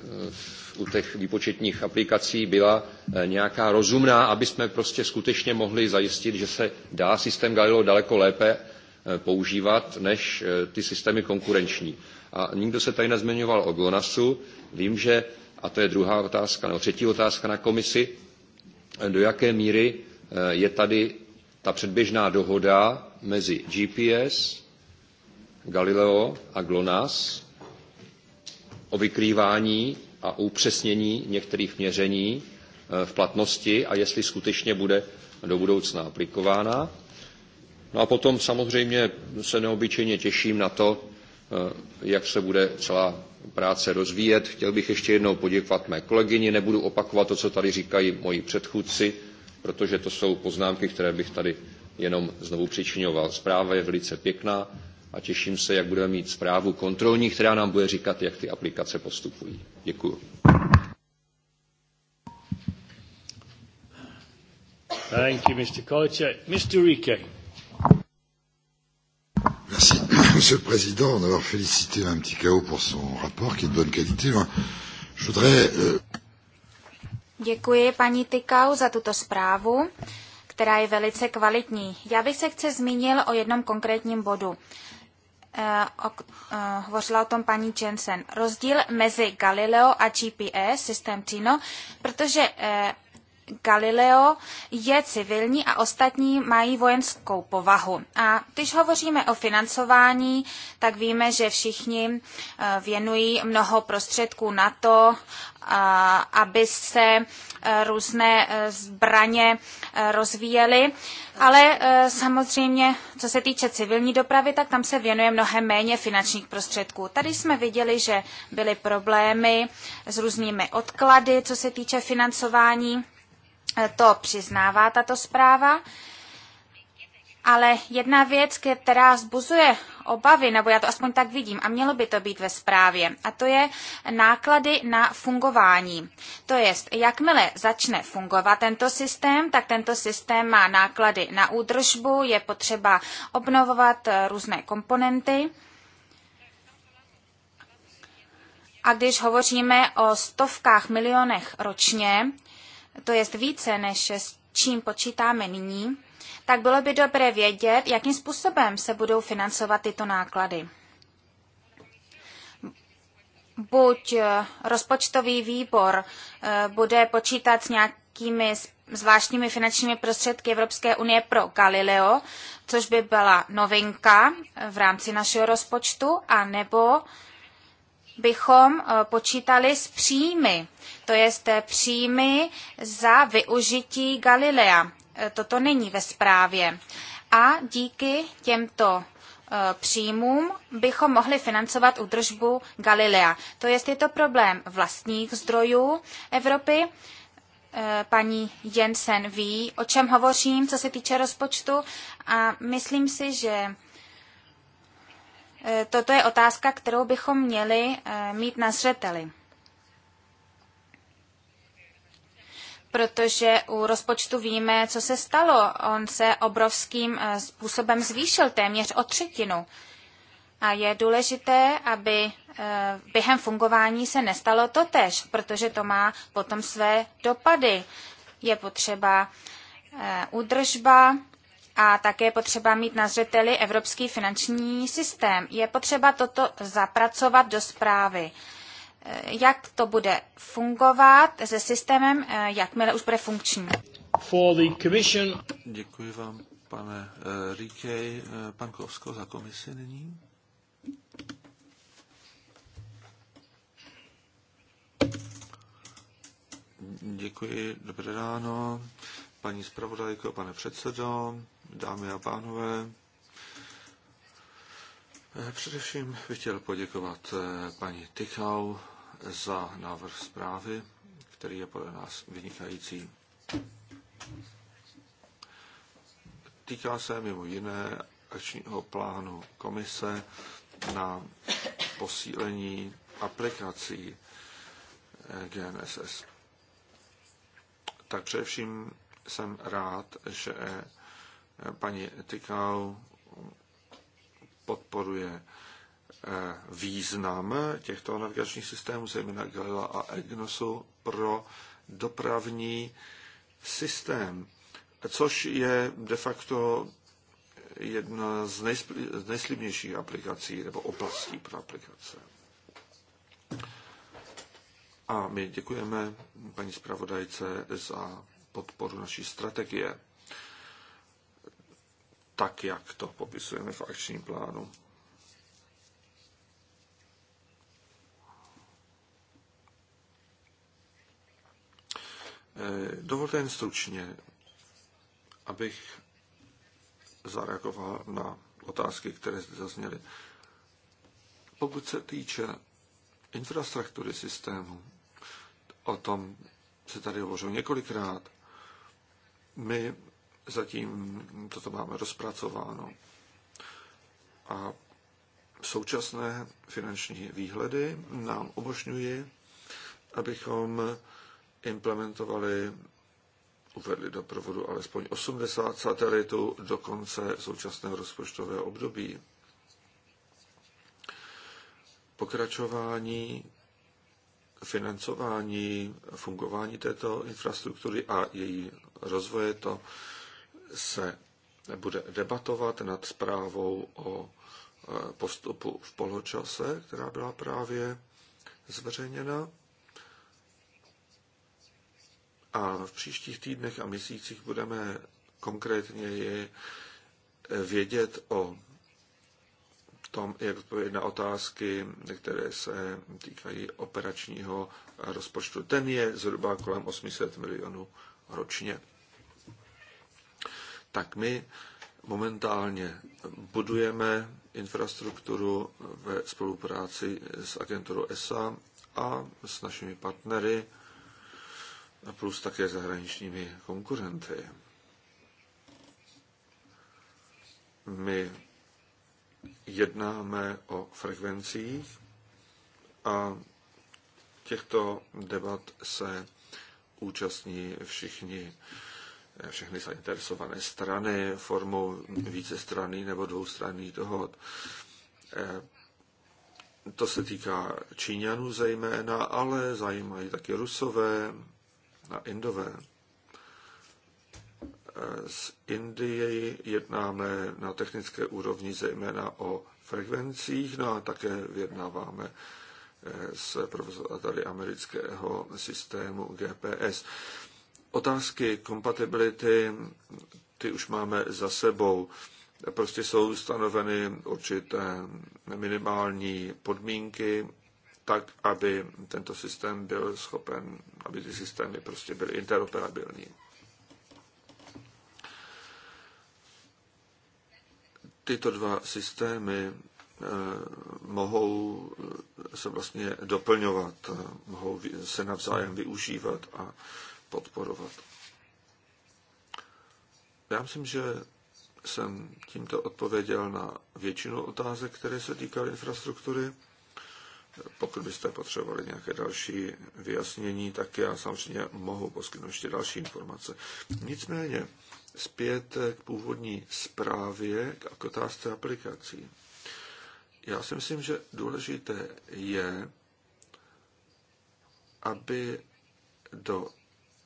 u těch výpočetních aplikací byla eh, nějaká rozumná, aby jsme prostě skutečně mohli zajistit, že se dá systém Galileo daleko lépe eh, používat než ty systémy konkurenční. A nikdo se tady nezmiňoval o GLONASu. Vím, že, a to je druhá otázka, nebo třetí otázka na komisi, do jaké míry je tady ta předběžná dohoda mezi GPS, Galileo a GLONASS, o vykrývání a upřesnění některých měření eh, v platnosti a jestli skutečně bude do budoucna aplikována. No a potom samozřejmě se neobyčejně těším na to, eh, jak se bude celá práce rozvíjet. Chtěl bych ještě jednou poděkovat mé kolegyni, nebudu opakovat to, co tady říkají moji předchůdci, protože to jsou poznámky, které bych tady jenom znovu přičiňoval. Zpráva je velice pěkná, a těším se, jak budeme mít zprávu kontrolní, která nám bude říkat, jak ty aplikace postupují. Děkuji. Thank you, Mr. Kolicek. Mr. Rike. Merci, Monsieur le Président, d'avoir félicité un petit chaos pour son rapport qui est de bonne qualité. Je voudrais... Euh, Děkuji paní Tykau za tuto zprávu, která je velice kvalitní. Já bych se chce zmínil o jednom konkrétním bodu. Eh, eh, hovořila o tom paní Jensen. Rozdíl mezi Galileo a GPS, systém Tino, protože eh, Galileo je civilní a ostatní mají vojenskou povahu. A když hovoříme o financování, tak víme, že všichni věnují mnoho prostředků na to, aby se e, různé e, zbraně e, rozvíjely. Ale samozřejmě, co se týče civilní dopravy, tak tam se věnuje mnohem méně finančních prostředků. Tady jsme viděli, že byly problémy s různými odklady, co se týče financování. To přiznává tato zpráva. Ale jedna věc, která zbuzuje obavy, nebo já to aspoň tak vidím, a mělo by to být ve zprávě, a to je náklady na fungování. To jest, jakmile začne fungovat tento systém, tak tento systém má náklady na údržbu, je potřeba obnovovat různé komponenty. A když hovoříme o stovkách milionech ročně, to je více než s čím počítáme nyní, tak bylo by dobré vědět, jakým způsobem se budou financovat tyto náklady. Buď eh, rozpočtový výbor eh, bude počítat s nějakými zvláštními finančními prostředky Evropské unie pro Galileo, což by byla novinka eh, v rámci našeho rozpočtu, a nebo bychom počítali s příjmy, to je příjmy za využití Galilea toto není ve zprávě. A díky těmto e, příjmům bychom mohli financovat údržbu Galilea. To jest je to problém vlastních zdrojů Evropy. E, paní Jensen ví, o čem hovořím, co se týče rozpočtu a myslím si, že e, toto je otázka, kterou bychom měli mít na zřeteli. protože u rozpočtu víme, co se stalo. On se obrovským eh, způsobem zvýšil téměř o třetinu. A je důležité, aby eh, během fungování se nestalo to tež, protože to má potom své dopady. Je potřeba eh, údržba a také potřeba mít na zřeteli evropský finanční systém. Je potřeba toto zapracovat do zprávy. Eh, jak to bude fungovat se systémem, eh, jakmile už bude funkční. For the commission. Děkuji vám, pane Ríkej. Eh, pan Kovsko za komisi nyní. Děkuji, dobré ráno, paní zpravodajko, pane předsedo, dámy a pánové. Eh, především bych chtěl poděkovat eh, paní Tychau za návrh zprávy, který je podle nás vynikající. Týká se mimo jiné akčního plánu komise na posílení aplikací eh, GNSS. Tak především jsem rád, že paní Tykau podporuje eh, význam těchto navigačních systémů, zejména Galila a EGNOSu, pro dopravní systém, což je de facto jedna z, nejspl- z nejslibnějších aplikací nebo oblastí pro aplikace. A my děkujeme paní zpravodajce za podporu naší strategie tak, jak to popisujeme v akčním plánu. Eh, dovolte jen stručně, abych zareagoval na otázky, které zde zazněly. Pokud se týče infrastruktury systému, o tom se tady hovořilo několikrát, my zatím toto máme rozpracováno. A současné finanční výhledy nám umožňují, abychom implementovali, uvedli do provodu alespoň 80 satelitů do konce současného rozpočtového období. Pokračování financování, fungování této infrastruktury a její rozvoje, to se bude debatovat nad zprávou o e, postupu v poločase, která byla právě zveřejněna. A v příštích týdnech a měsících budeme konkrétně je vědět o tom, jak odpovědět na otázky, které se týkají operačního rozpočtu. Ten je zhruba kolem 800 milionů ročně tak my momentálně budujeme infrastrukturu ve spolupráci s agenturou ESA a s našimi partnery, plus také zahraničními konkurenty. My jednáme o frekvencích a těchto debat se účastní všichni všechny zainteresované strany formou strany nebo dvoustranných dohod. Eh, to se týká Číňanů zejména, ale zajímají taky Rusové a Indové. S eh, Indie jednáme na technické úrovni zejména o frekvencích, no a také vyjednáváme eh, s provozovateli amerického systému GPS. Otázky kompatibility, ty už máme za sebou. Prostě jsou stanoveny určité minimální podmínky, tak, aby tento systém byl schopen, aby ty systémy prostě byly interoperabilní. Tyto dva systémy eh, mohou se vlastně doplňovat, mohou se navzájem využívat a podporovat. Já myslím, že jsem tímto odpověděl na většinu otázek, které se týkaly infrastruktury. Pokud byste potřebovali nějaké další vyjasnění, tak já samozřejmě mohu poskytnout ještě další informace. Nicméně zpět k původní zprávě a k otázce aplikací. Já si myslím, že důležité je, aby do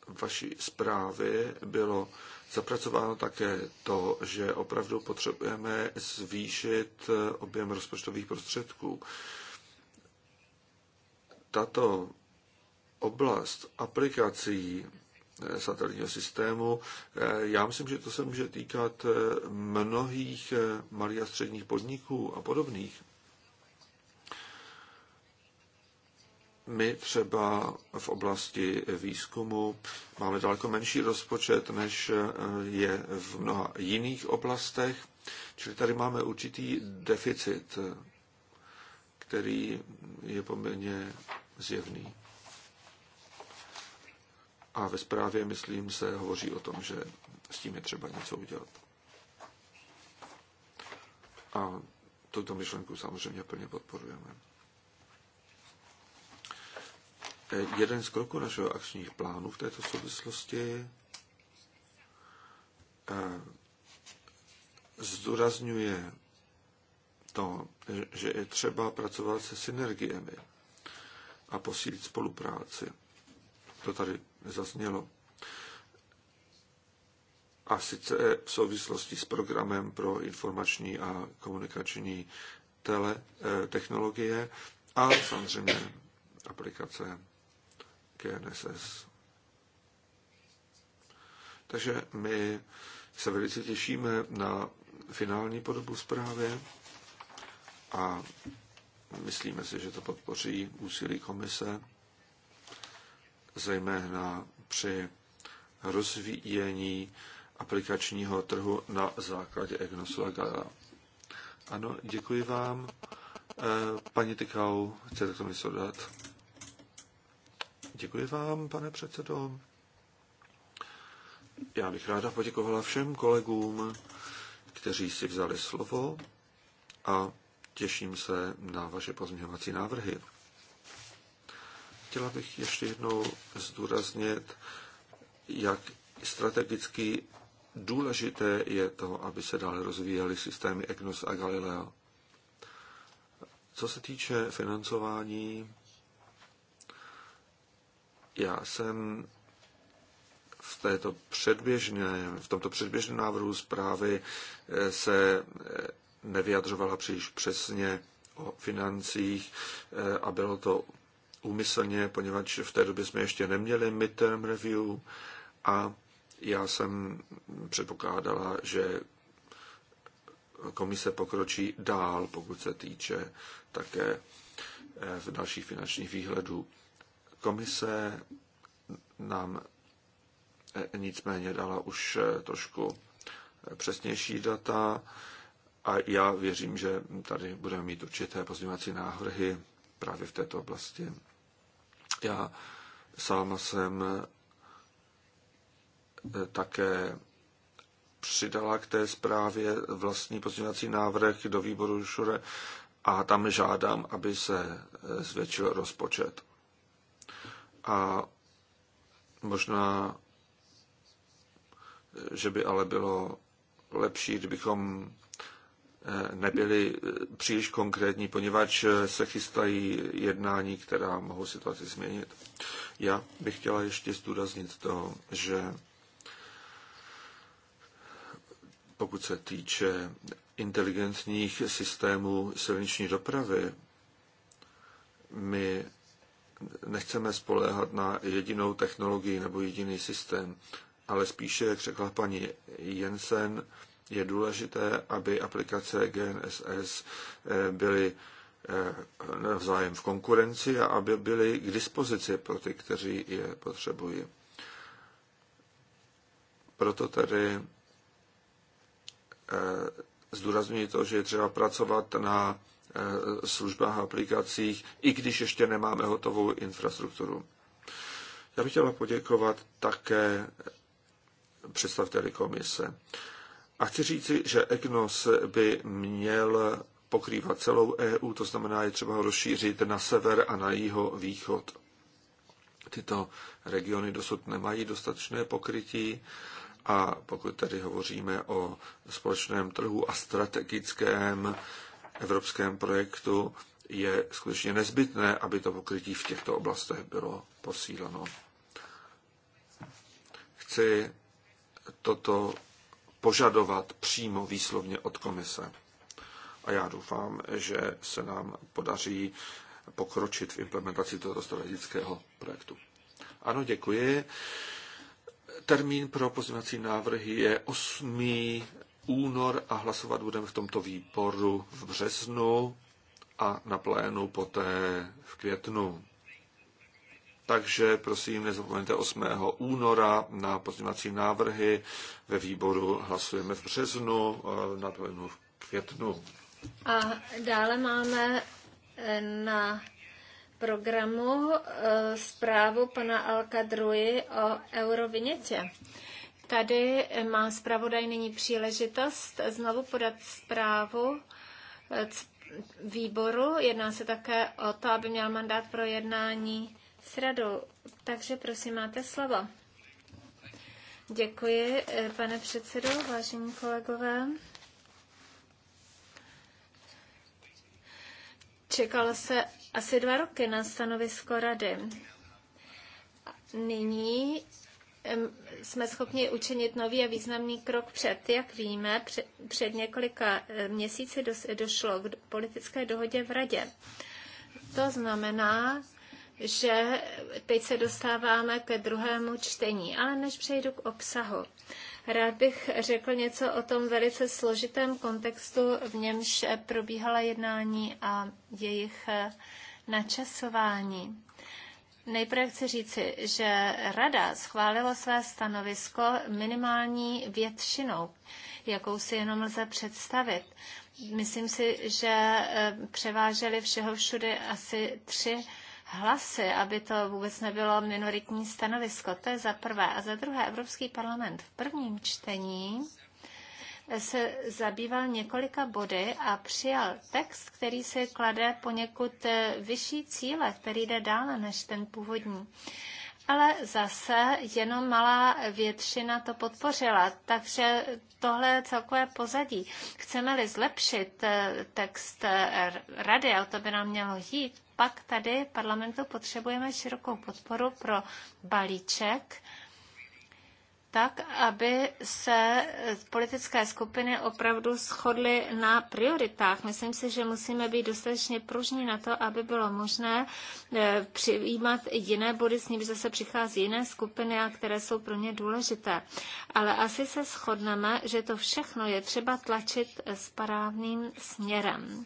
vaší zprávy bylo zapracováno také to, že opravdu potřebujeme zvýšit objem rozpočtových prostředků. Tato oblast aplikací eh, satelitního systému. Eh, já myslím, že to se může týkat eh, mnohých malých a středních podniků a podobných. my třeba v oblasti výzkumu máme daleko menší rozpočet, než je v mnoha jiných oblastech, čili tady máme určitý deficit, který je poměrně zjevný. A ve zprávě, myslím, se hovoří o tom, že s tím je třeba něco udělat. A tuto myšlenku samozřejmě plně podporujeme. Eh, jeden z kroků našeho akčních plánů v této souvislosti eh, zdůrazňuje to, že je třeba pracovat se synergiemi a posílit spolupráci. To tady zaznělo. A sice v souvislosti s programem pro informační a komunikační tele, technologie a samozřejmě aplikace GNSS. Takže my se velice těšíme na finální podobu zprávy a myslíme si, že to podpoří úsilí komise, zejména při rozvíjení aplikačního trhu na základě EGNOSu Ano, děkuji vám. Eh, paní Tykau, chcete to mi dodat? Děkuji vám, pane předsedo. Já bych ráda poděkovala všem kolegům, kteří si vzali slovo a těším se na vaše pozměňovací návrhy. Chtěla bych ještě jednou zdůraznit, jak strategicky důležité je to, aby se dále rozvíjely systémy EGNOS a Galileo. Co se týče financování, já jsem v, této předběžné, v tomto předběžném návrhu zprávy eh, se eh, nevyjadřovala příliš přesně o financích eh, a bylo to úmyslně, poněvadž v té době jsme ještě neměli midterm review a já jsem předpokládala, že komise pokročí dál, pokud se týče také v dalších finančních výhledů. Komise nám e, nicméně dala už e, trošku e, přesnější data a já věřím, že tady budeme mít určité pozměňovací návrhy právě v této oblasti. Já sám jsem také přidala k té zprávě vlastní pozměňovací návrh do výboru Šure a tam žádám, aby se zvětšil rozpočet. A možná, že by ale bylo lepší, kdybychom eh, nebyli eh, příliš konkrétní, poněvadž eh, se chystají jednání, která mohou situaci změnit. Já bych chtěla ještě zdůraznit to, že pokud se týče inteligentních systémů silniční dopravy, my nechceme spoléhat na jedinou technologii nebo jediný systém, ale spíše, jak řekla paní Jensen, je důležité, aby aplikace GNSS eh, byly eh, vzájem v konkurenci a aby byly k dispozici pro ty, kteří je potřebují. Proto tedy eh, zdůraznuju to, že je třeba pracovat na Eh, službách a aplikacích, i když ještě nemáme hotovou infrastrukturu. Já bych chtěla poděkovat také představiteli komise. A chci říci, že EGNOS by měl pokrývat celou EU, to znamená, je třeba ho rozšířit na sever a na jeho východ. Tyto regiony dosud nemají dostatečné pokrytí a pokud tady hovoříme o společném trhu a strategickém evropském projektu je skutečně nezbytné, aby to pokrytí v těchto oblastech bylo posíleno. Chci toto požadovat přímo výslovně od komise. A já doufám, že se nám podaří pokročit v implementaci tohoto strategického projektu. Ano, děkuji. Termín pro pozměňovací návrhy je 8 únor a hlasovat budeme v tomto výboru v březnu a na plénu poté v květnu. Takže prosím, nezapomeňte 8. února na pozměňovací návrhy. Ve výboru hlasujeme v březnu, eh, na plénu v květnu. A dále máme eh, na programu eh, zprávu pana Druji o eurovinětě. Tady má zpravodaj nyní příležitost znovu podat zprávu eh, výboru. Jedná se také o to, aby měl mandát pro jednání s radou. Takže prosím, máte slovo. Děkuji, eh, pane předsedo, vážení kolegové. Čekalo se asi dva roky na stanovisko rady. Nyní jsme schopni učinit nový a významný krok před. Jak víme, před, několika eh, měsíci došlo k politické dohodě v Radě. To znamená, že teď se dostáváme ke druhému čtení. Ale než přejdu k obsahu, rád bych řekl něco o tom velice složitém kontextu, v němž eh, probíhala jednání a jejich eh, načasování. Nejprve chci říci, že Rada schválila své stanovisko minimální většinou, jakou si jenom lze představit. Myslím si, že eh, převážely všeho všude asi tři hlasy, aby to vůbec nebylo minoritní stanovisko. To je za prvé. A za druhé, Evropský parlament v prvním čtení se zabýval několika body a přijal text, který se klade poněkud eh, vyšší cíle, který jde dále než ten původní. Ale zase jenom malá většina to podpořila, takže tohle je celkové pozadí. Chceme-li zlepšit eh, text eh, rady, a to by nám mělo jít, pak tady parlamentu potřebujeme širokou podporu pro balíček, tak, aby se politické skupiny opravdu shodly na prioritách. Myslím si, že musíme být dostatečně pružní na to, aby bylo možné eh, přijímat jiné body, s nimi zase přichází jiné skupiny, a které jsou pro ně důležité. Ale asi se shodneme, že to všechno je třeba tlačit správným směrem.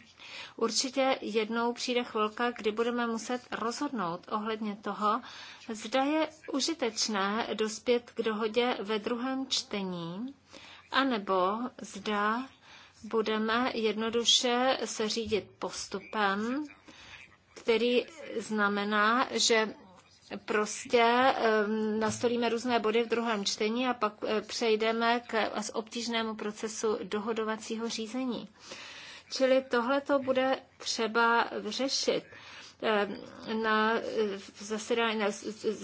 Určitě jednou přijde chvilka, kdy budeme muset rozhodnout ohledně toho, zda je užitečné dospět k dohodě ve druhém čtení, anebo zda budeme jednoduše se řídit postupem, který znamená, že prostě nastolíme různé body v druhém čtení a pak eh, přejdeme k obtížnému procesu dohodovacího řízení. Čili tohle to bude třeba řešit eh, na eh, zasedání, na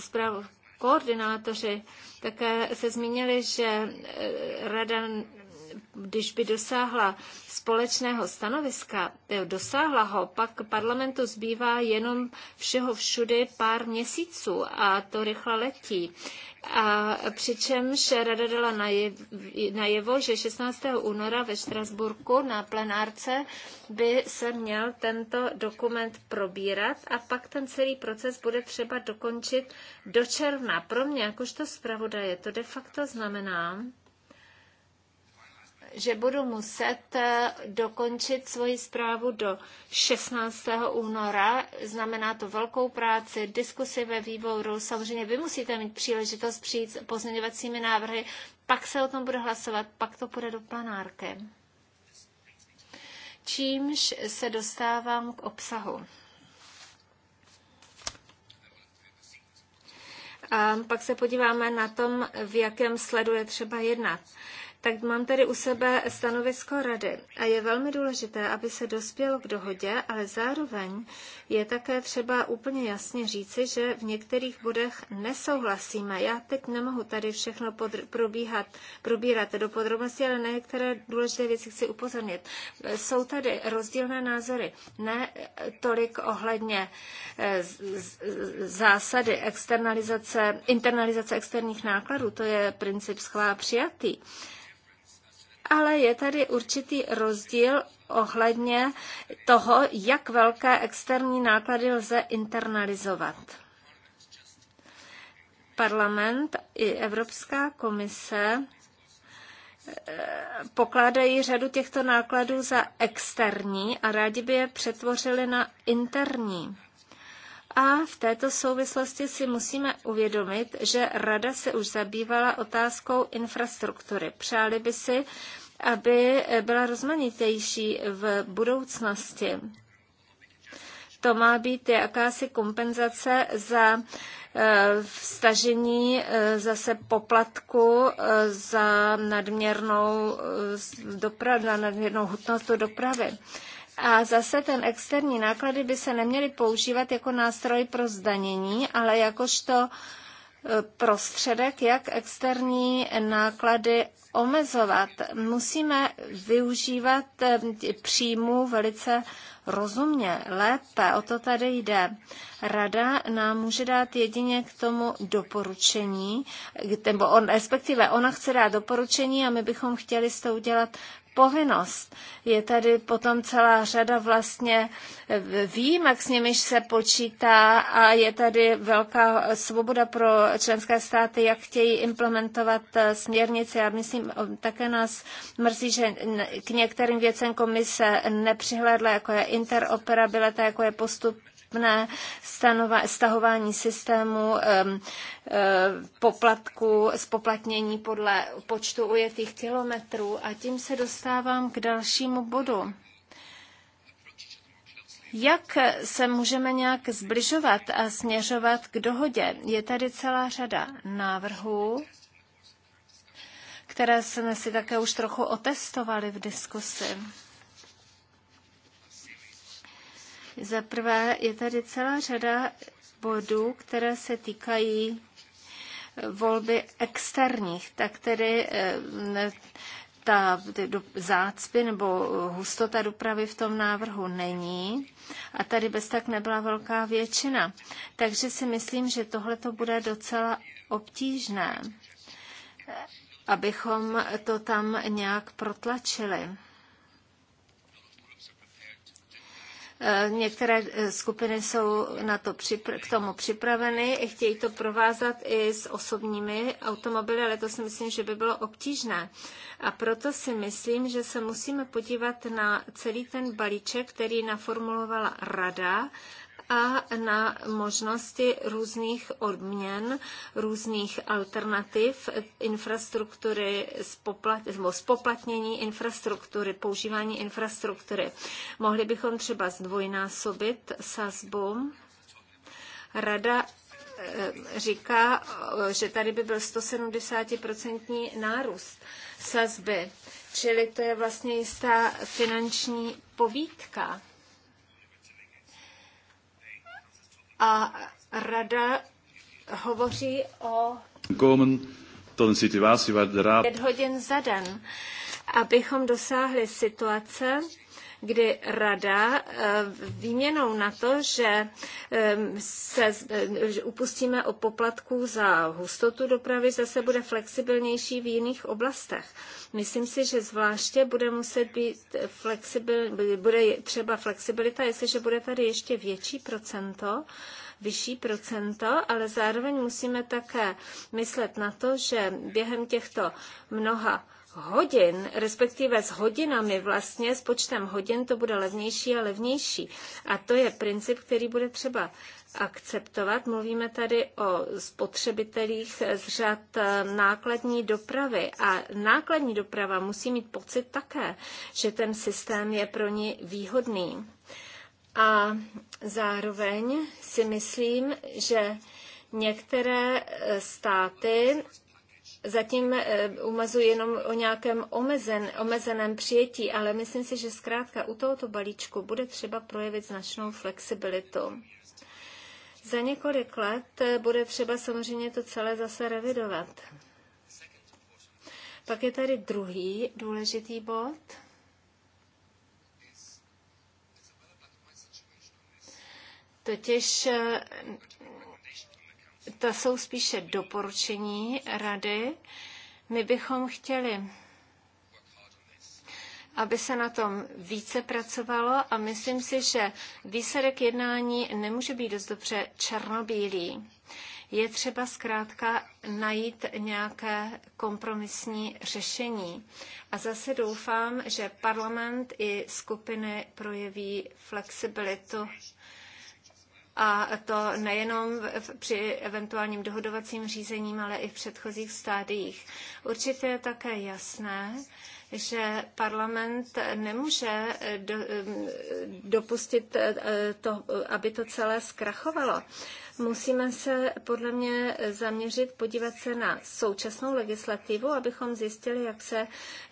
zprávu koordinátoři také se zmínili, že eh, rada když by dosáhla společného stanoviska, eh, dosáhla ho, pak parlamentu zbývá jenom všeho všudy pár měsíců a to rychle letí. A přičemž rada dala najevo, že 16. února ve Štrasburku na plenárce by se měl tento dokument probírat a pak ten celý proces bude třeba dokončit do června. Pro mě, jakožto zpravodaje, to de facto znamená, že budu muset eh, dokončit svoji zprávu do 16. února. Znamená to velkou práci, diskusy ve výboru. Samozřejmě vy musíte mít příležitost přijít s pozměňovacími návrhy, pak se o tom bude hlasovat, pak to půjde do planárky. Čímž se dostávám k obsahu. A pak se podíváme na tom, v jakém sledu je třeba jednat tak mám tady u sebe stanovisko rady. A je velmi důležité, aby se dospělo k dohodě, ale zároveň je také třeba úplně jasně říci, že v některých bodech nesouhlasíme. Já teď nemohu tady všechno podr- probíhat, probírat do podrobností, ale na některé důležité věci chci upozornit. Jsou tady rozdílné názory. Ne eh, tolik ohledně eh, zásady externalizace, internalizace externích nákladů, to je princip schvál přijatý, ale je tady určitý rozdíl ohledně toho, jak velké externí náklady lze internalizovat. Parlament i Evropská komise eh, pokládají řadu těchto nákladů za externí a rádi by je přetvořili na interní. A v této souvislosti si musíme uvědomit, že Rada se už zabývala otázkou infrastruktury. Přáli by si, aby byla rozmanitější v budoucnosti. To má být jakási kompenzace za vstažení eh, eh, zase poplatku eh, za nadměrnou, doprav, za nadměrnou hutnost dopravy. A zase ten externí náklady by se neměly používat jako nástroj pro zdanění, ale jakožto e, prostředek, jak externí náklady omezovat. Musíme využívat e, příjmu velice rozumně, lépe, o to tady jde. Rada nám může dát jedině k tomu doporučení, nebo on, respektive ona chce dát doporučení a my bychom chtěli s tou udělat povinnost. Je tady potom celá řada vlastně výjimek, s nimiž se počítá a je tady velká svoboda pro členské státy, jak chtějí implementovat eh, směrnice. Já myslím, také nás mrzí, že k některým věcem komise nepřihlédla, jako je interoperabilita, jako je postup postupné stahování systému eh, poplatku, spoplatnění podle počtu ujetých kilometrů a tím se dostávám k dalšímu bodu. Jak se můžeme nějak zbližovat a směřovat k dohodě? Je tady celá řada návrhů, které jsme si také už trochu otestovali v diskusi. Za prvé je tady celá řada bodů, které se týkají eh, volby externích, tak tedy eh, ta zácpy nebo eh, hustota dopravy v tom návrhu není a tady bez tak nebyla velká většina. Takže si myslím, že tohle to bude docela obtížné, abychom to tam nějak protlačili. Eh, některé eh, skupiny jsou na to k tomu připraveny, chtějí to provázat i s osobními automobily, ale to si myslím, že by bylo obtížné. A proto si myslím, že se musíme podívat na celý ten balíček, který naformulovala Rada a na možnosti různých odměn, různých alternativ infrastruktury, spoplatnění infrastruktury, používání infrastruktury. Mohli bychom třeba zdvojnásobit sazbu. Rada eh, říká, eh, že tady by byl 170% nárůst sazby, čili to je vlastně jistá finanční povídka A rada hovoří o pět hodin za den, abychom dosáhli situace, kdy rada eh, výměnou na to, že se eh, že upustíme o poplatku za hustotu dopravy, zase bude flexibilnější v jiných oblastech. Myslím si, že zvláště bude muset být flexibil, bude třeba flexibilita, jestliže bude tady ještě větší procento, vyšší procento, ale zároveň musíme také myslet na to, že během těchto mnoha hodin, respektive s hodinami vlastně, s počtem hodin to bude levnější a levnější. A to je princip, který bude třeba akceptovat. Mluvíme tady o spotřebitelích z řad eh, nákladní dopravy a nákladní doprava musí mít pocit také, že ten systém je pro ně výhodný. A zároveň si myslím, že některé eh, státy zatím eh, umazují jenom o nějakém omezen, omezeném přijetí, ale myslím si, že zkrátka u tohoto balíčku bude třeba projevit značnou flexibilitu. Za několik let bude třeba samozřejmě to celé zase revidovat. Pak je tady druhý důležitý bod. Totiž eh, ta jsou spíše doporučení rady. My bychom chtěli aby se na tom více pracovalo a myslím si, že výsledek jednání nemůže být dost dobře černobílý. Je třeba zkrátka najít nějaké kompromisní řešení. A zase doufám, že parlament i skupiny projeví flexibilitu a to nejenom při eventuálním dohodovacím řízením, ale i v předchozích stádiích. Určitě je také jasné, že parlament nemůže do, eh, dopustit eh, to, aby to celé zkrachovalo. Musíme se podle mě zaměřit, podívat se na současnou legislativu, abychom zjistili, jak se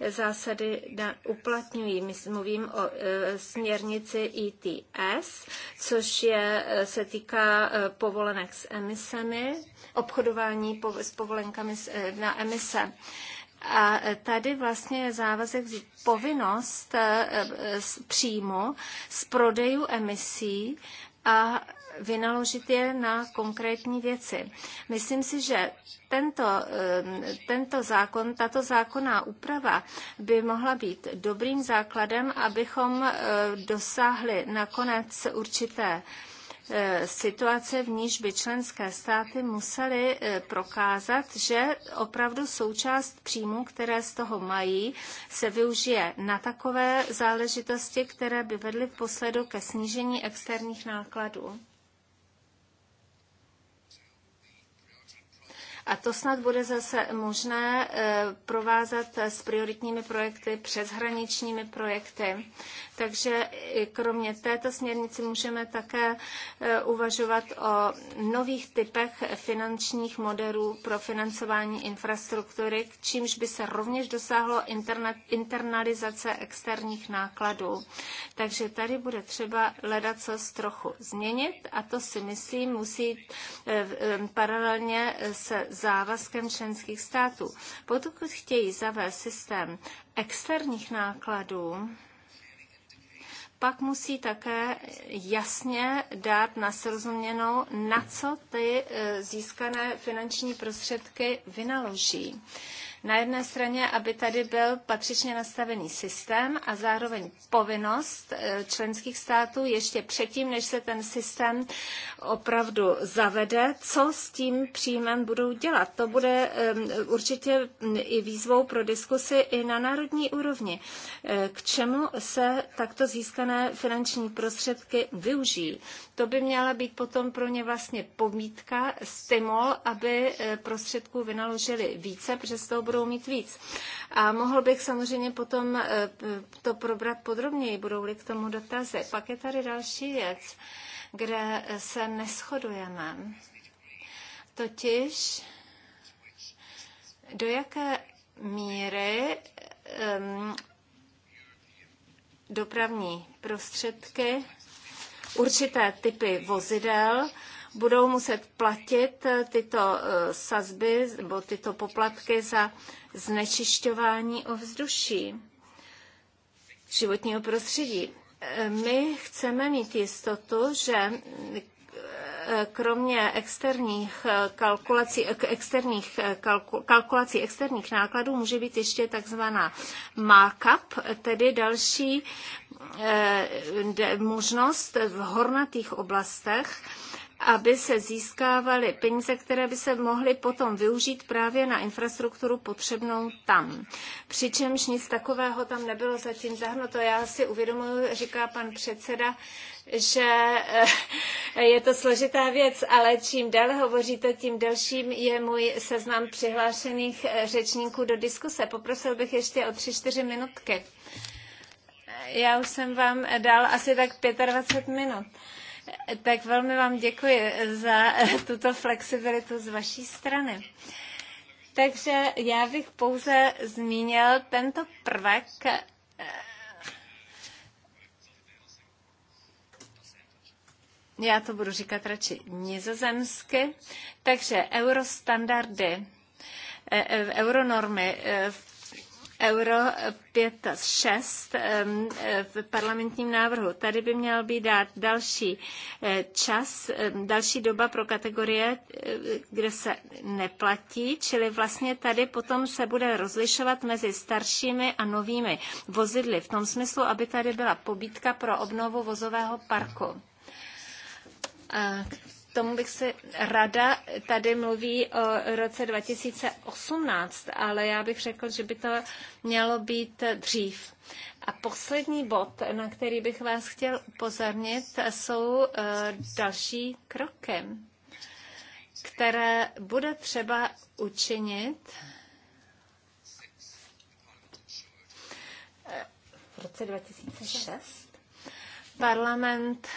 zásady uplatňují. Mluvím o e, směrnici ETS, což je, e, se týká e, povolenek s emisemi, obchodování s povolenkami na emise. A tady vlastně je závazek vzít povinnost příjmu z prodejů emisí a vynaložit je na konkrétní věci. Myslím si, že tento, tento zákon, tato zákonná úprava by mohla být dobrým základem, abychom eh, dosáhli nakonec určité eh, situace, v níž by členské státy musely eh, prokázat, že opravdu součást příjmů, které z toho mají, se využije na takové záležitosti, které by vedly v posledu ke snížení externích nákladů. A to snad bude zase možné eh, provázat s prioritními projekty, přeshraničními projekty takže kromě této směrnice můžeme také e, uvažovat o nových typech finančních modelů pro financování infrastruktury, čímž by se rovněž dosáhlo internalizace externích nákladů. Takže tady bude třeba hledat co trochu změnit a to si myslím musí e, e, paralelně se závazkem členských států. Pokud chtějí zavést systém externích nákladů, pak musí také jasně dát na srozuměnou, na co ty eh, získané finanční prostředky vynaloží. Na jedné straně, aby tady byl patřičně nastavený systém a zároveň povinnost eh, členských států ještě předtím, než se ten systém opravdu zavede, co s tím příjmem budou dělat. To bude určitě i výzvou pro diskusy i na národní úrovni. Eh, k čemu se takto získané finanční prostředky využijí? To by měla být potom pro ně vlastně pobídka, stimul, aby eh, prostředků vynaložili více, protože z toho budou mít víc. A mohl bych samozřejmě potom eh, to probrat podrobněji, budou-li k tomu dotazy. Pak je tady další věc, kde se neschodujeme. Totiž do jaké míry um, dopravní prostředky, určité typy vozidel budou muset platit eh, tyto eh, sazby nebo tyto poplatky za znečišťování ovzduší životního prostředí. Eh, my chceme mít jistotu, že kromě externích kalkulací, externích kalku, kalkulací externích nákladů může být ještě takzvaná markup, tedy další možnost v hornatých oblastech aby se získávaly peníze, které by se mohly potom využít právě na infrastrukturu potřebnou tam. Přičemž nic takového tam nebylo zatím zahrnuto. Já si uvědomuji, říká pan předseda, že eh, je to složitá věc, ale čím déle hovoříte, tím delším je můj seznam přihlášených eh, řečníků do diskuse. Poprosil bych ještě o tři, čtyři minutky. Já už jsem vám dal asi tak 25 minut. Tak velmi vám děkuji za tuto flexibilitu z vaší strany. Takže já bych pouze zmínil tento prvek eh, já to budu říkat radši nizozemsky, takže eurostandardy, eh, eh, euronormy v euro 5 z 6 v parlamentním návrhu. Tady by měl být dát další eh, čas, další doba pro kategorie, eh, kde se neplatí, čili vlastně tady potom se bude rozlišovat mezi staršími a novými vozidly v tom smyslu, aby tady byla pobídka pro obnovu vozového parku tomu bych se rada tady mluví o roce 2018, ale já bych řekl, že by to mělo být dřív. A poslední bod, na který bych vás chtěl upozornit, jsou eh, další kroky, které bude třeba učinit eh, v roce 2006. Parlament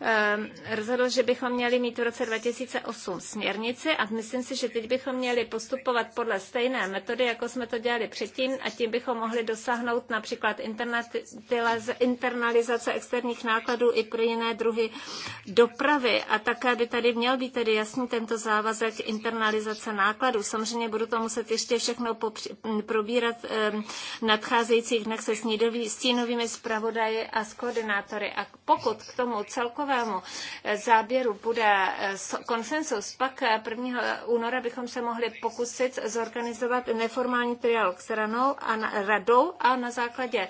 Ehm, rozhodl, že bychom měli mít v roce 2008 směrnici a myslím si, že teď bychom měli postupovat podle stejné metody, jako jsme to dělali předtím a tím bychom mohli dosáhnout například internalizace externích nákladů i pro jiné druhy dopravy a také by tady měl být tedy jasný tento závazek internalizace nákladů. Samozřejmě budu to muset ještě všechno probírat ehm, v nadcházejících dnech se stínovými zpravodaji a s koordinátory. A pokud k tomu celkově takovému eh, záběru bude eh, konsensus, pak 1. Eh, února bychom se mohli pokusit zorganizovat neformální trialog s ranou a na, radou a na základě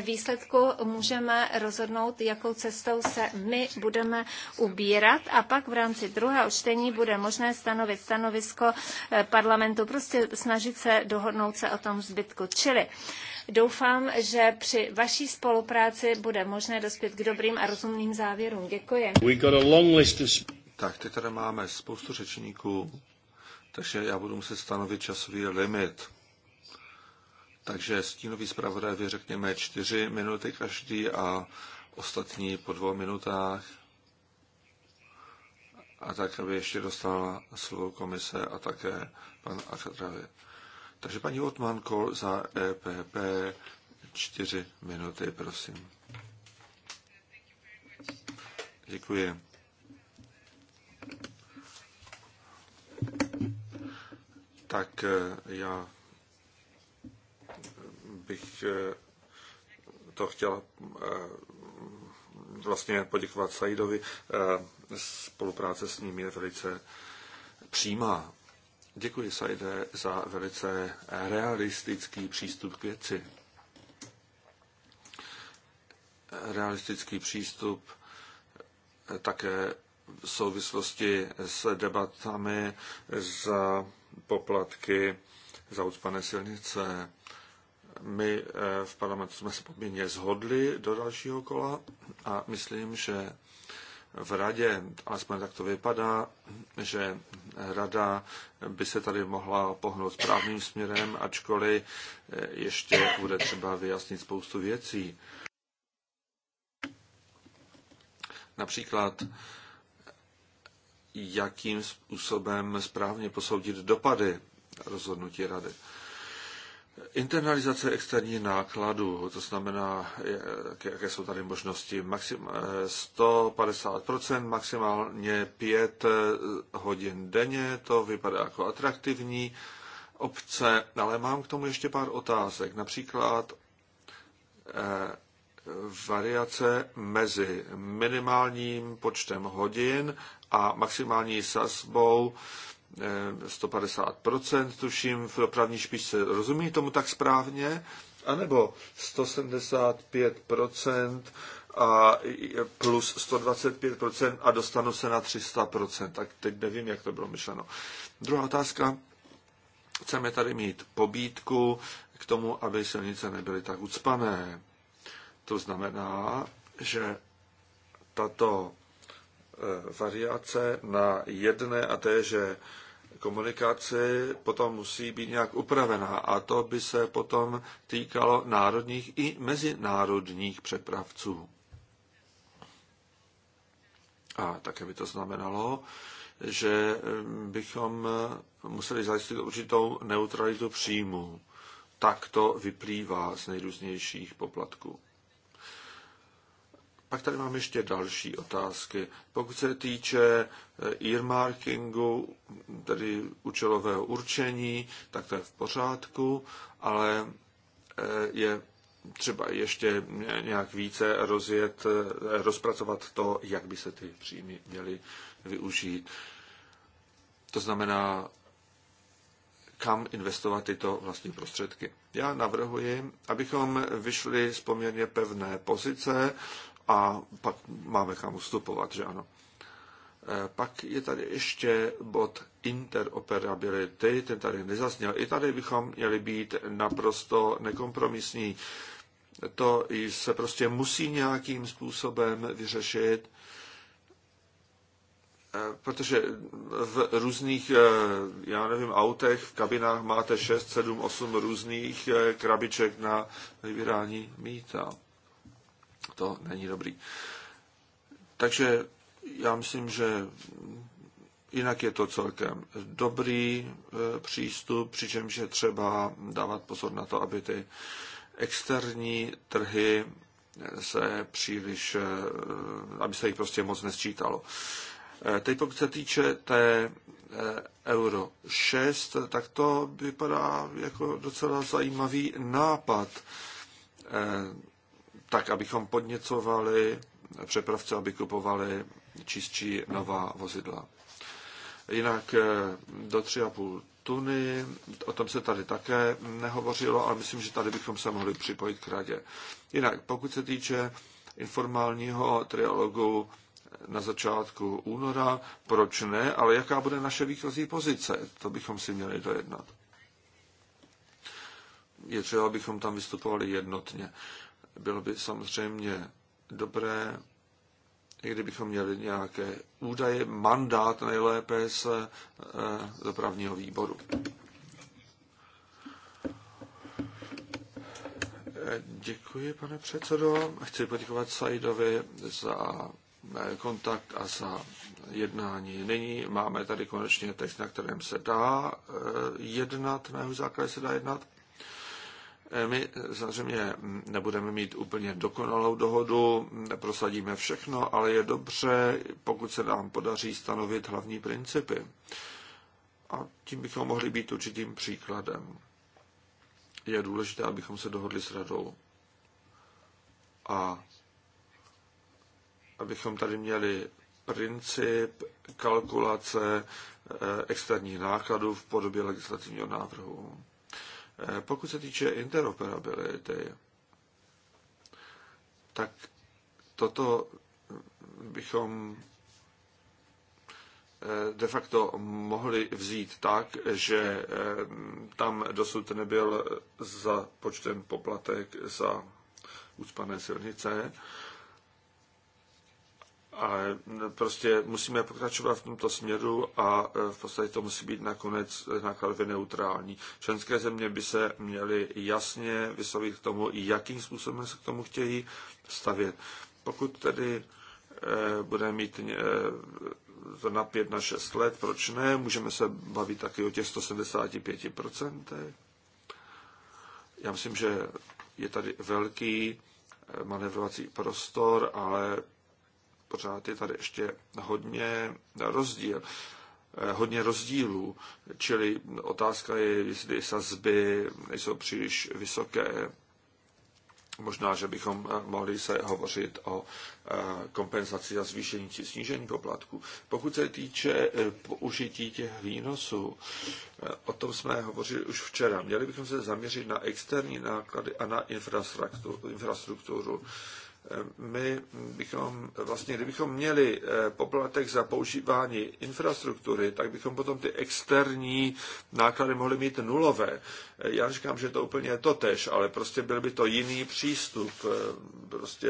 výsledku můžeme rozhodnout, jakou cestou se my budeme ubírat a pak v rámci druhého čtení bude možné stanovit stanovisko parlamentu, prostě snažit se dohodnout se o tom zbytku. Čili Doufám, že při vaší spolupráci bude možné dospět k dobrým a rozumným závěrům. Děkuji. Tak, teď tady máme spoustu řečníků, takže já budu muset stanovit časový limit. Takže stínový zpravodaj řekněme čtyři minuty každý a ostatní po dvou minutách. A tak, aby ještě dostala slovo komise a také pan Akadravě. Takže paní Otman Kol za EPP, čtyři minuty, prosím. Děkuji. Tak eh, já bych eh, to chtěla eh, vlastně poděkovat Saidovi. Spolupráce s ním je velice přímá. Děkuji, Saide, za velice realistický přístup k věci. Realistický přístup také v souvislosti s debatami za poplatky za ucpané silnice. My eh, v parlamentu jsme se poměrně zhodli do dalšího kola a myslím, že v radě, alespoň tak to vypadá, že rada by se tady mohla pohnout správným směrem, ačkoliv eh, ještě bude třeba vyjasnit spoustu věcí. Například, jakým způsobem správně posoudit dopady rozhodnutí rady. Internalizace externí nákladů, to znamená, jaké jsou tady možnosti, maxim, 150%, eh, maximálně 5 eh, hodin denně, to vypadá jako atraktivní obce, ale mám k tomu ještě pár otázek. Například eh, variace mezi minimálním počtem hodin a maximální sazbou 150%, eh, tuším, v dopravní špičce. Rozumí tomu tak správně? A nebo 175% a plus 125% a dostanu se na 300%. Tak teď nevím, jak to bylo myšleno. Druhá otázka. Chceme tady mít pobídku k tomu, aby silnice nebyly tak ucpané. To znamená, že tato Eh, variace na jedné a téže komunikaci potom musí být nějak upravená a to by se potom týkalo národních i mezinárodních přepravců. A také by to znamenalo, že eh, bychom eh, museli zajistit určitou neutralitu příjmu. Tak to vyplývá z nejrůznějších poplatků. Pak tady mám ještě další otázky. Pokud se týče e, earmarkingu, tedy účelového určení, tak to je v pořádku, ale e, je třeba ještě nějak více rozjet, e, rozpracovat to, jak by se ty příjmy měly využít. To znamená, kam investovat tyto vlastní prostředky. Já navrhuji, abychom vyšli z poměrně pevné pozice a pak máme kam ustupovat, že ano. Eh, pak je tady ještě bod interoperability, ten tady nezazněl. I tady bychom měli být naprosto nekompromisní. To se prostě musí nějakým způsobem vyřešit, eh, protože v různých, eh, já nevím, autech, v kabinách máte 6, 7, 8 různých krabiček na vybírání mýta to není dobrý. Takže já myslím, že jinak je to celkem dobrý e, přístup, přičemž je třeba dávat pozor na to, aby ty externí trhy se příliš, e, aby se jich prostě moc nesčítalo. E, teď pokud se týče té euro 6, tak to vypadá jako docela zajímavý nápad tak abychom podněcovali přepravce, aby kupovali čistší nová vozidla. Jinak eh, do 3,5 tuny, o tom se tady také nehovořilo, ale myslím, že tady bychom se mohli připojit k radě. Jinak, pokud se týče informálního trialogu eh, na začátku února, proč ne, ale jaká bude naše výchozí pozice, to bychom si měli dojednat. Je třeba, abychom tam vystupovali jednotně bylo by samozřejmě dobré, i kdybychom měli nějaké údaje, mandát nejlépe z eh, dopravního výboru. Děkuji, pane předsedo. Chci poděkovat Saidovi za eh, kontakt a za jednání. Nyní máme tady konečně text, na kterém se dá eh, jednat, na jeho základě se dá jednat. My samozřejmě nebudeme mít úplně dokonalou dohodu, neprosadíme všechno, ale je dobře, pokud se nám podaří stanovit hlavní principy. A tím bychom mohli být určitým příkladem. Je důležité, abychom se dohodli s radou. A abychom tady měli princip kalkulace eh, externích nákladů v podobě legislativního návrhu. Eh, pokud se týče interoperability, tak toto bychom eh, de facto mohli vzít tak, že eh, tam dosud nebyl za počtem poplatek za ucpané silnice a prostě musíme pokračovat v tomto směru a e, v podstatě to musí být nakonec e, nákladově neutrální. Členské země by se měly jasně vyslovit k tomu, jakým způsobem se k tomu chtějí stavět. Pokud tedy e, bude mít to na pět na šest let, proč ne? Můžeme se bavit taky o těch 175%. Já myslím, že je tady velký manevrovací prostor, ale pořád je tady ještě hodně rozdíl eh, hodně rozdílů, čili otázka je, jestli sazby nejsou příliš vysoké. Možná, že bychom eh, mohli se hovořit o eh, kompenzaci za zvýšení či snížení poplatků. Pokud se týče použití těch výnosů, o tom jsme hovořili už včera. Měli bychom se zaměřit na externí náklady a na infrastrukturu. infrastrukturu my bychom, vlastně kdybychom měli eh, poplatek za používání infrastruktury, tak bychom potom ty externí náklady mohli mít nulové. Eh, já říkám, že to úplně je to tež, ale prostě byl by to jiný přístup, eh, prostě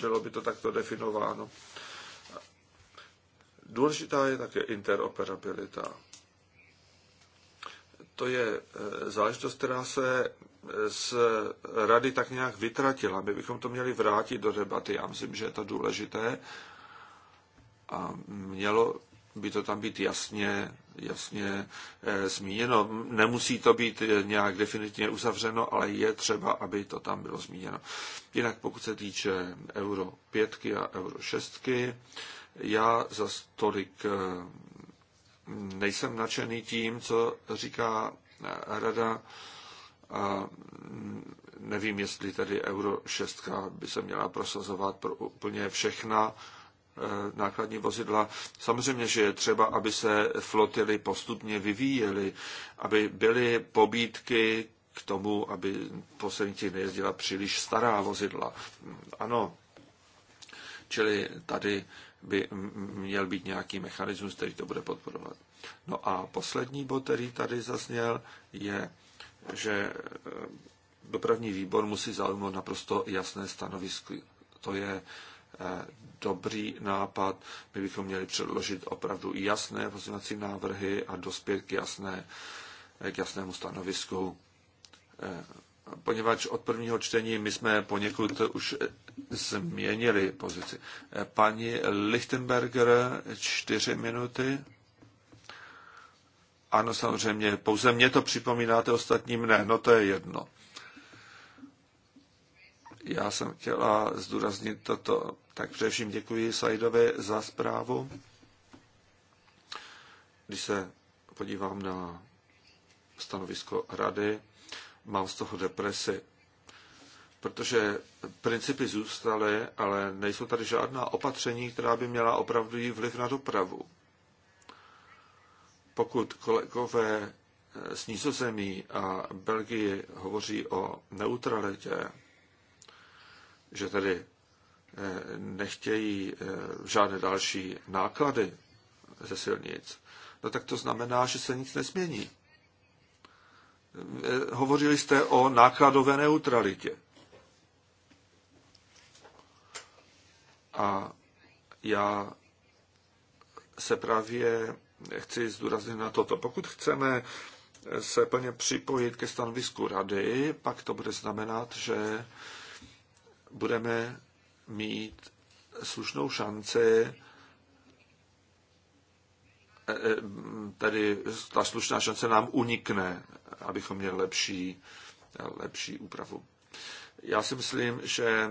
bylo by to takto definováno. Důležitá je také interoperabilita. To je záležitost, která se z rady tak nějak vytratila. My bychom to měli vrátit do debaty. Já myslím, že je to důležité. A mělo by to tam být jasně, jasně eh, zmíněno. Nemusí to být eh, nějak definitivně uzavřeno, ale je třeba, aby to tam bylo zmíněno. Jinak pokud se týče euro pětky a euro šestky, já za tolik eh, nejsem nadšený tím, co říká rada a mm, nevím, jestli tady Euro 6 by se měla prosazovat pro úplně všechna e, nákladní vozidla. Samozřejmě, že je třeba, aby se flotily postupně vyvíjely, aby byly pobídky k tomu, aby po silnicích nejezdila příliš stará vozidla. Ano, čili tady by měl být nějaký mechanismus, který to bude podporovat. No a poslední bod, který tady zazněl, je že eh, dopravní výbor musí zaujmout naprosto jasné stanovisko. To je eh, dobrý nápad. My bychom měli předložit opravdu jasné pozměňovací návrhy a dospět k, jasné, eh, k jasnému stanovisku. Poněvadž od prvního čtení my jsme poněkud už změnili pozici. Paní Lichtenberger, čtyři minuty. Ano, samozřejmě, pouze mě to připomínáte, ostatním ne, no to je jedno. Já jsem chtěla zdůraznit toto. Tak především děkuji Sajdovi za zprávu. Když se podívám na stanovisko rady, mám z toho depresi, protože principy zůstaly, ale nejsou tady žádná opatření, která by měla opravdu vliv na dopravu. Pokud kolegové eh, z Nízozemí a Belgii hovoří o neutralitě, že tedy eh, nechtějí eh, žádné další náklady ze silnic, no tak to znamená, že se nic nezmění. Hovořili jste o nákladové neutralitě. A já se právě chci zdůraznit na toto. Pokud chceme se plně připojit ke stanovisku rady, pak to bude znamenat, že budeme mít slušnou šanci e, e, tedy ta slušná šance nám unikne, abychom měli lepší, lepší úpravu. Já si myslím, že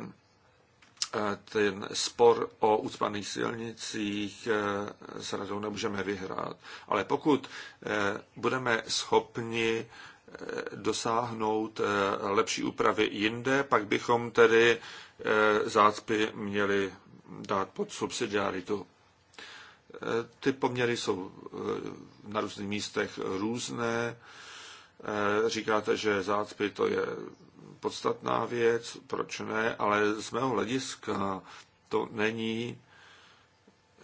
ten spor o ucpaných silnicích eh, s radou nemůžeme vyhrát. Ale pokud eh, budeme schopni eh, dosáhnout lepší úpravy jinde, pak bychom tedy zácpy měli dát pod subsidiaritu. Ty poměry jsou na různých místech různé. Říkáte, že zácpy to je podstatná věc, proč ne, ale z mého hlediska to není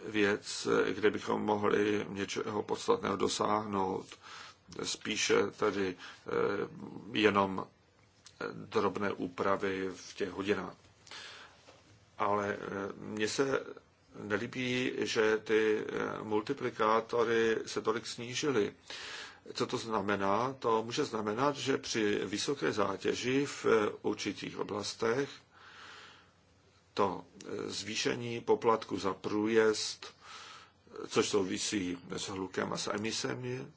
věc, kde bychom mohli něčeho podstatného dosáhnout. Spíše tady eh, jenom drobné úpravy v těch hodinách. Ale eh, mně se nelíbí, že ty eh, multiplikátory se tolik snížily. Co to znamená? To může znamenat, že při vysoké zátěži v eh, určitých oblastech to eh, zvýšení poplatku za průjezd, což souvisí s hlukem a s emisemi,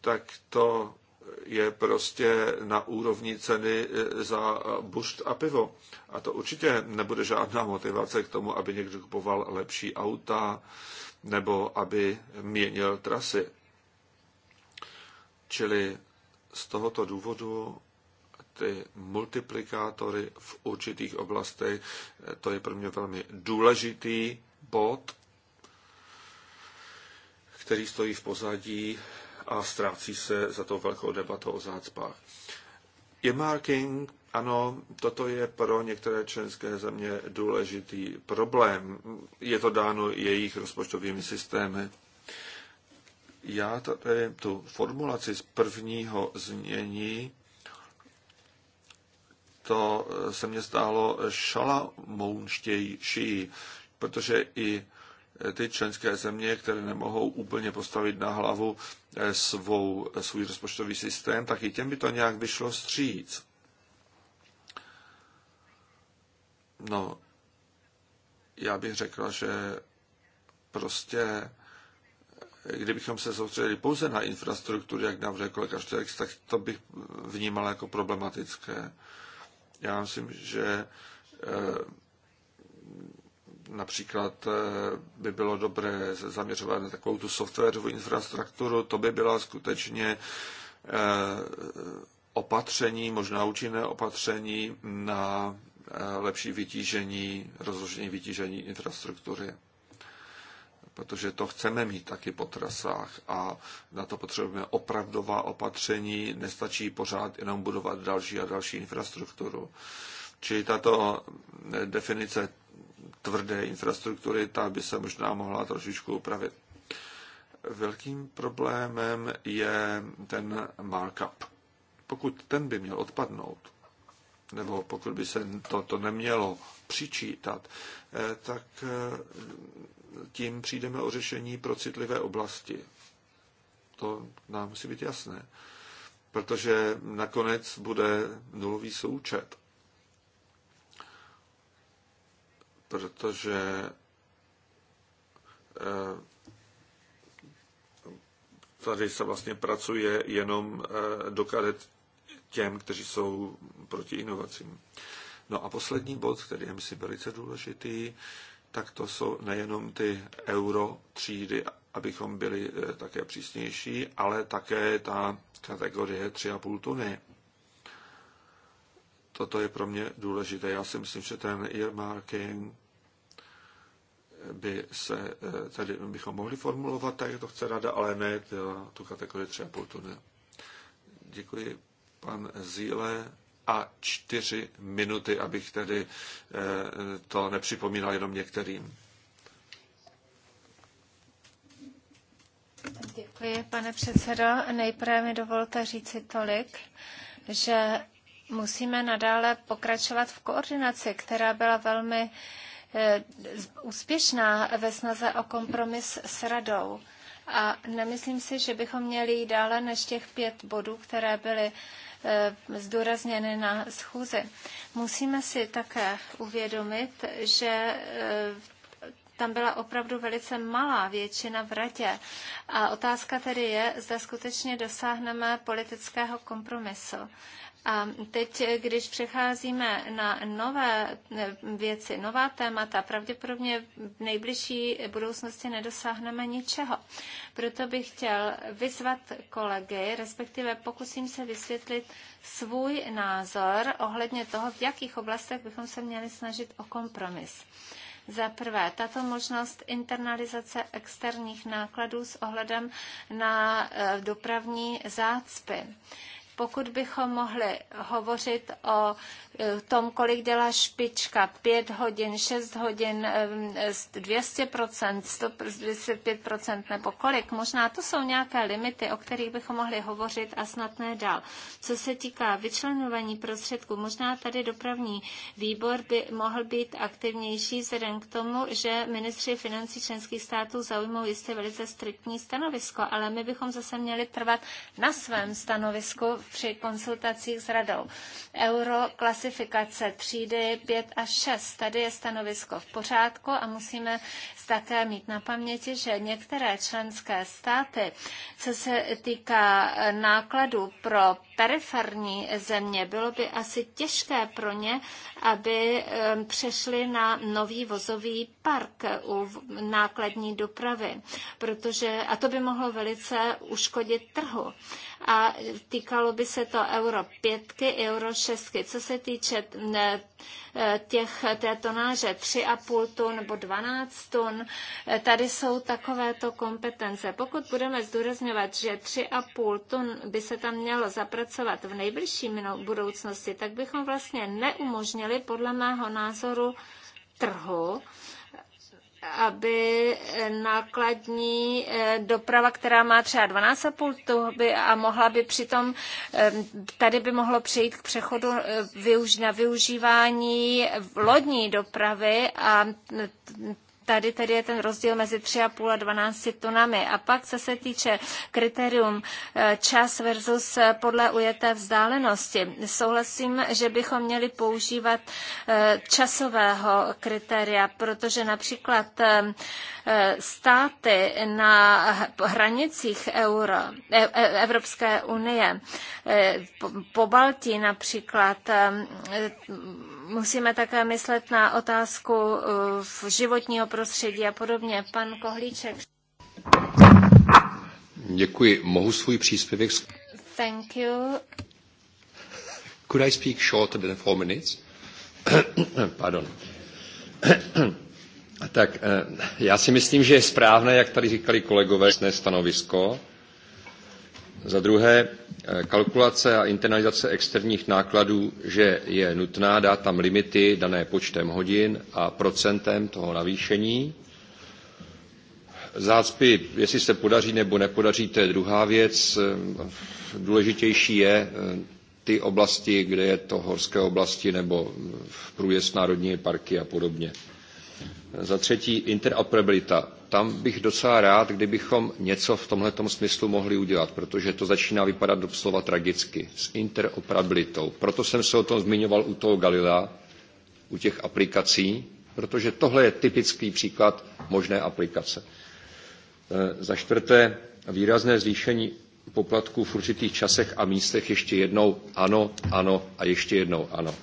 tak to je prostě na úrovni ceny eh, za bušt a pivo. A to určitě nebude žádná motivace k tomu, aby někdo kupoval lepší auta nebo aby měnil trasy. Čili z tohoto důvodu ty multiplikátory v určitých oblastech, to je pro mě velmi důležitý bod, který stojí v pozadí a ztrácí se za to velkou debatou o zácpách. Earmarking, ano, toto je pro některé členské země důležitý problém. Je to dáno jejich rozpočtovými systémy já tady eh, tu formulaci z prvního znění, to eh, se mně stálo šalamounštější, protože i eh, ty členské země, které nemohou úplně postavit na hlavu svou, svůj rozpočtový systém, tak i těm by to nějak vyšlo stříc. No, já bych řekl, že prostě kdybychom se soustředili pouze na infrastrukturu, jak nám řekl kolega tak to bych vnímal jako problematické. Já myslím, že eh, například eh, by bylo dobré zaměřovat na takovou tu softwarovou infrastrukturu, to by byla skutečně eh, opatření, možná účinné opatření na lepší vytížení, rozložení vytížení infrastruktury protože to chceme mít taky po trasách a na to potřebujeme opravdová opatření, nestačí pořád jenom budovat další a další infrastrukturu. Čili tato definice tvrdé infrastruktury, ta by se možná mohla trošičku upravit. Velkým problémem je ten markup. Pokud ten by měl odpadnout, nebo pokud by se to, to nemělo přičítat, eh, tak eh, tím přijdeme o řešení pro citlivé oblasti. To nám musí být jasné. Protože nakonec bude nulový součet. Protože eh, tady se vlastně pracuje jenom eh, do těm, kteří jsou proti inovacím. No a poslední bod, který je, myslím, velice důležitý, tak to jsou nejenom ty euro třídy, abychom byli eh, také přísnější, ale také ta kategorie 3,5 tuny. Toto je pro mě důležité. Já si myslím, že ten earmarking by se, eh, tedy bychom mohli formulovat tak, jak to chce rada, ale ne tu kategorii 3,5 tuny. Děkuji, pan Zíle a čtyři minuty, abych tedy eh, to nepřipomínal jenom některým. Děkuji, pane předsedo. Nejprve mi dovolte říci tolik, že musíme nadále pokračovat v koordinaci, která byla velmi eh, úspěšná ve snaze o kompromis s radou. A nemyslím si, že bychom měli jít dále než těch pět bodů, které byly Eh, zdůrazněny na schůzi. Musíme si také uvědomit, že eh, tam byla opravdu velice malá většina v radě. A otázka tedy je, zda skutečně dosáhneme politického kompromisu. A teď, když přecházíme na nové eh, věci, nová témata, pravděpodobně v nejbližší budoucnosti nedosáhneme ničeho. Proto bych chtěl vyzvat kolegy, respektive pokusím se vysvětlit svůj názor ohledně toho, v jakých oblastech bychom se měli snažit o kompromis. Za prvé, tato možnost internalizace externích nákladů s ohledem na eh, dopravní zácpy pokud bychom mohli hovořit o e, tom, kolik dělá špička, 5 hodin, 6 hodin, 200%, e, 125% nebo kolik, možná to jsou nějaké limity, o kterých bychom mohli hovořit a snad ne dál. Co se týká vyčlenování prostředků, možná tady dopravní výbor by mohl být aktivnější vzhledem k tomu, že ministři financí členských států zaujmou jistě velice striktní stanovisko, ale my bychom zase měli trvat na svém stanovisku při konsultacích s radou. Euro klasifikace třídy 5 a 6. Tady je stanovisko v pořádku a musíme také mít na paměti, že některé členské státy, co se týká nákladů pro periferní země, bylo by asi těžké pro ně, aby přešli na nový vozový park u nákladní dopravy, protože a to by mohlo velice uškodit trhu a týkalo by se to euro 5, euro 6. Co se týče e, těch té tonáže 3,5 tun nebo 12 tun, e, tady jsou takovéto kompetence. Pokud budeme zdůrazňovat, že 3,5 tun by se tam mělo zapracovat v nejbližší budoucnosti, tak bychom vlastně neumožnili podle mého názoru trhu, aby eh, nákladní eh, doprava, která má třeba 12,5 by a mohla by přitom, eh, tady by mohlo přejít k přechodu na využívání lodní dopravy a tady tedy je ten rozdíl mezi 3,5 a 12 tunami. A pak, co se týče kritérium eh, čas versus eh, podle ujeté vzdálenosti, souhlasím, že bychom měli používat eh, časového kritéria, protože například státy na hranicích euro, e, e, Evropské unie, po Baltii například, musíme také myslet na otázku eh, v životního prostředí a podobně. Pan Kohlíček. Děkuji. Mohu svůj příspěvek... Thank you. Could I speak shorter than four minutes? Pardon. tak eh, já si myslím, že je správné, jak tady říkali kolegové, stanovisko za druhé, eh, kalkulace a internalizace externích nákladů, že je nutná dát tam limity dané počtem hodin a procentem toho navýšení. Zácpy, jestli se podaří nebo nepodaří, to je druhá věc. Eh, důležitější je eh, ty oblasti, kde je to horské oblasti nebo průjezd národními parky a podobně. Za třetí interoperabilita. Tam bych docela rád, kdybychom něco v tomto smyslu mohli udělat, protože to začíná vypadat doslova tragicky s interoperabilitou. Proto jsem se o tom zmiňoval u toho Galila, u těch aplikací, protože tohle je typický příklad možné aplikace. E, za čtvrté, výrazné zvýšení poplatků v určitých časech a místech ještě jednou ano, ano a ještě jednou ano.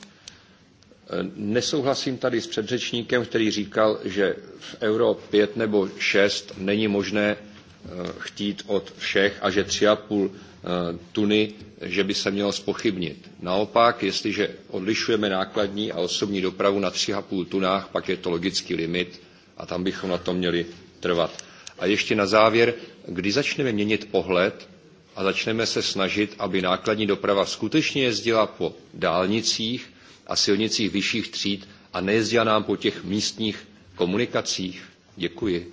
Nesouhlasím tady s předřečníkem, který říkal, že v euro 5 nebo 6 není možné eh, chtít od všech a že 3,5 eh, tuny, že by se mělo spochybnit. Naopak, jestliže odlišujeme nákladní a osobní dopravu na 3,5 tunách, pak je to logický limit a tam bychom na tom měli trvat. A ještě na závěr, kdy začneme měnit pohled a začneme se snažit, aby nákladní doprava skutečně jezdila po dálnicích a silnicích vyšších tříd a nejezdila nám po těch místních komunikacích? Děkuji.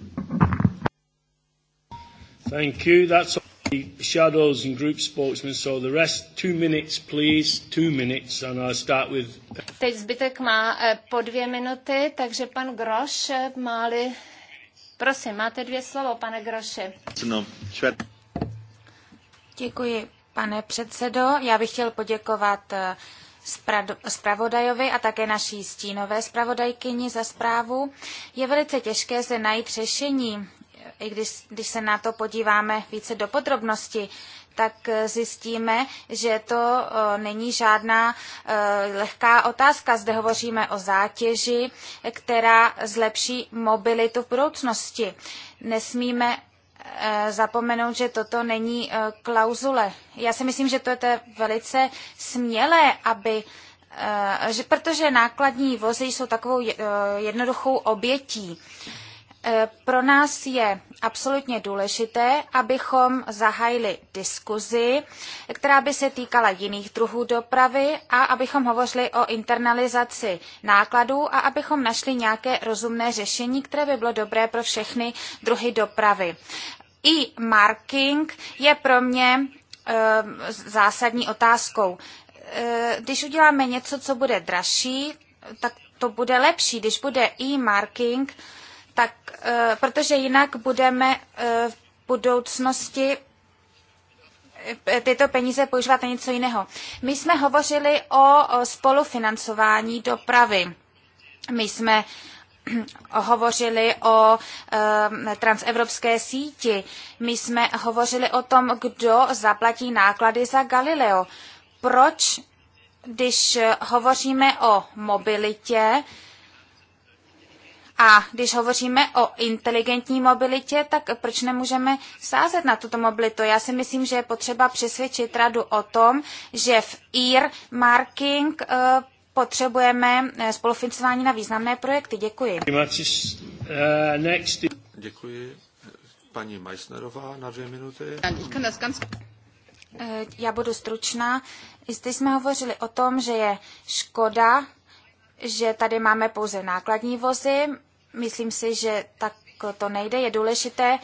Thank you. That's the shadows and group spokesmen. So the rest, two minutes, please. Two minutes, and I'll start with... Teď zbytek má eh, po dvě minuty, takže pan Groš eh, máli... Prosím, máte dvě slovo, pane Groši. No, šved... Děkuji, pane předsedo. Já bych chtěl poděkovat eh, zpravodajovi a také naší stínové zpravodajkyni za zprávu. Je velice těžké se najít řešení, i když, když se na to podíváme více do podrobnosti, tak eh, zjistíme, že to eh, není žádná eh, lehká otázka. Zde hovoříme o zátěži, která zlepší mobilitu v budoucnosti. Nesmíme Eh, zapomenout, že toto není eh, klauzule. Já si myslím, že to je to velice smělé, aby eh, že protože nákladní vozy jsou takovou jednoduchou obětí. Eh, pro nás je absolutně důležité, abychom zahájili diskuzi, která by se týkala jiných druhů dopravy a abychom hovořili o internalizaci nákladů a abychom našli nějaké rozumné řešení, které by bylo dobré pro všechny druhy dopravy. I marking je pro mě e, zásadní otázkou. E, když uděláme něco, co bude dražší, tak to bude lepší. Když bude e-marking, tak, eh, protože jinak budeme eh, v budoucnosti eh, tyto peníze používat na něco jiného. My jsme hovořili o spolufinancování dopravy. My jsme hovořili o transevropské síti. My jsme hovořili o tom, kdo zaplatí náklady za Galileo. Proč, když hovoříme o mobilitě, a když hovoříme o inteligentní mobilitě, tak proč nemůžeme sázet na tuto mobilitu? Já si myslím, že je potřeba přesvědčit radu o tom, že v earmarking eh, potřebujeme eh, spolufinancování na významné projekty. Děkuji. Děkuji. Paní Meissnerová na dvě minuty. Eh, já budu stručná. Jste jsme hovořili o tom, že je škoda, že tady máme pouze nákladní vozy. Myslím si, že tak to nejde. Je důležité,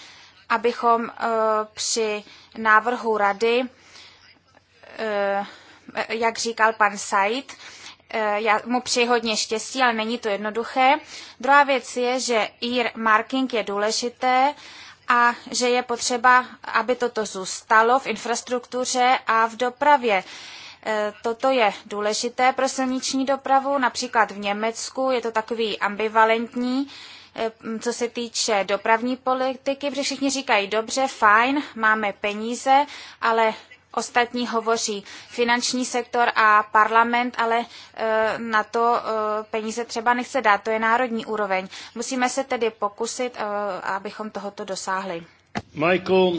abychom eh, při návrhu rady, eh, jak říkal pan Said, eh, já mu přeji hodně štěstí, ale není to jednoduché. Druhá věc je, že marking je důležité a že je potřeba, aby toto zůstalo v infrastruktuře a v dopravě. Eh, toto je důležité pro silniční dopravu, například v Německu je to takový ambivalentní, eh, co se týče dopravní politiky, protože všichni říkají, dobře, fajn, máme peníze, ale ostatní hovoří finanční sektor a parlament, ale eh, na to peníze třeba nechce dát, to je národní úroveň. Musíme se tedy pokusit, abychom tohoto dosáhli. Michael.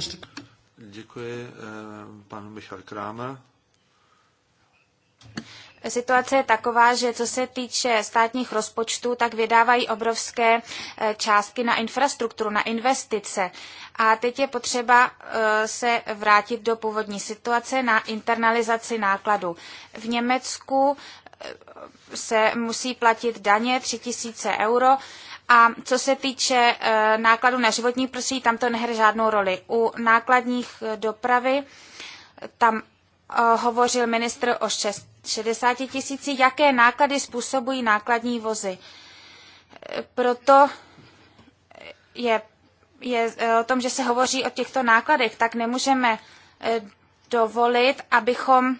Děkuji, pan Michal Kramer. Situace je taková, že co se týče státních rozpočtů, tak vydávají obrovské eh, částky na infrastrukturu, na investice. A teď je potřeba eh, se vrátit do původní situace na internalizaci nákladů. V Německu eh, se musí platit daně 3000 euro. A co se týče nákladů na životní prostředí, tam to nehraje žádnou roli. U nákladních dopravy tam hovořil ministr o 6 60 tisíci, jaké náklady způsobují nákladní vozy. Proto je, je e, o tom, že se hovoří o těchto nákladech, tak nemůžeme e, dovolit, abychom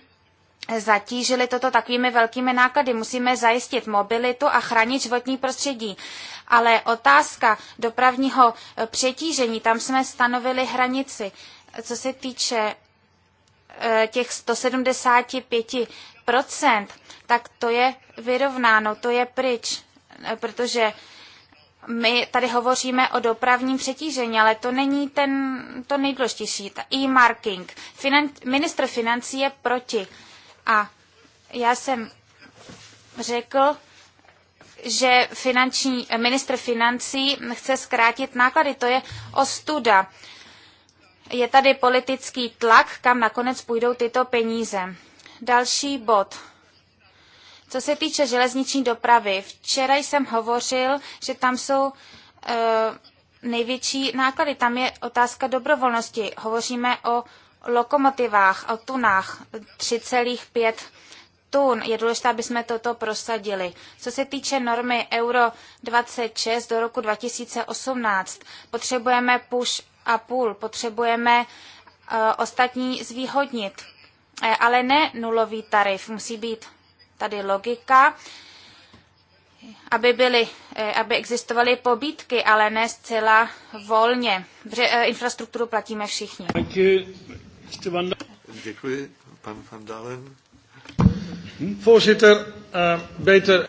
zatížili toto takovými velkými náklady. Musíme zajistit mobilitu a chránit životní prostředí. Ale otázka dopravního e, přetížení, tam jsme stanovili hranici. Co se týče těch 175 Procent, tak to je vyrovnáno, to je pryč, protože my tady hovoříme o dopravním přetížení, ale to není ten, to nejdůležitější. Ta e-marking. Finan, ministr financí je proti. A já jsem řekl, že finanční, ministr financí chce zkrátit náklady. To je ostuda. Je tady politický tlak, kam nakonec půjdou tyto peníze. Další bod. Co se týče železniční dopravy, včera jsem hovořil, že tam jsou e, největší náklady. Tam je otázka dobrovolnosti. Hovoříme o lokomotivách, o tunách 3,5 tun. Je důležité, aby jsme toto prosadili. Co se týče normy Euro 26 do roku 2018, potřebujeme push a pull, potřebujeme e, ostatní zvýhodnit Eh, ale ne nulový tarif. Musí být tady logika, aby, byly, eh, aby existovaly pobítky, ale ne zcela volně. Protože eh, infrastrukturu platíme všichni. Děkuji, pan Van Dalen. Voorzitter, beter.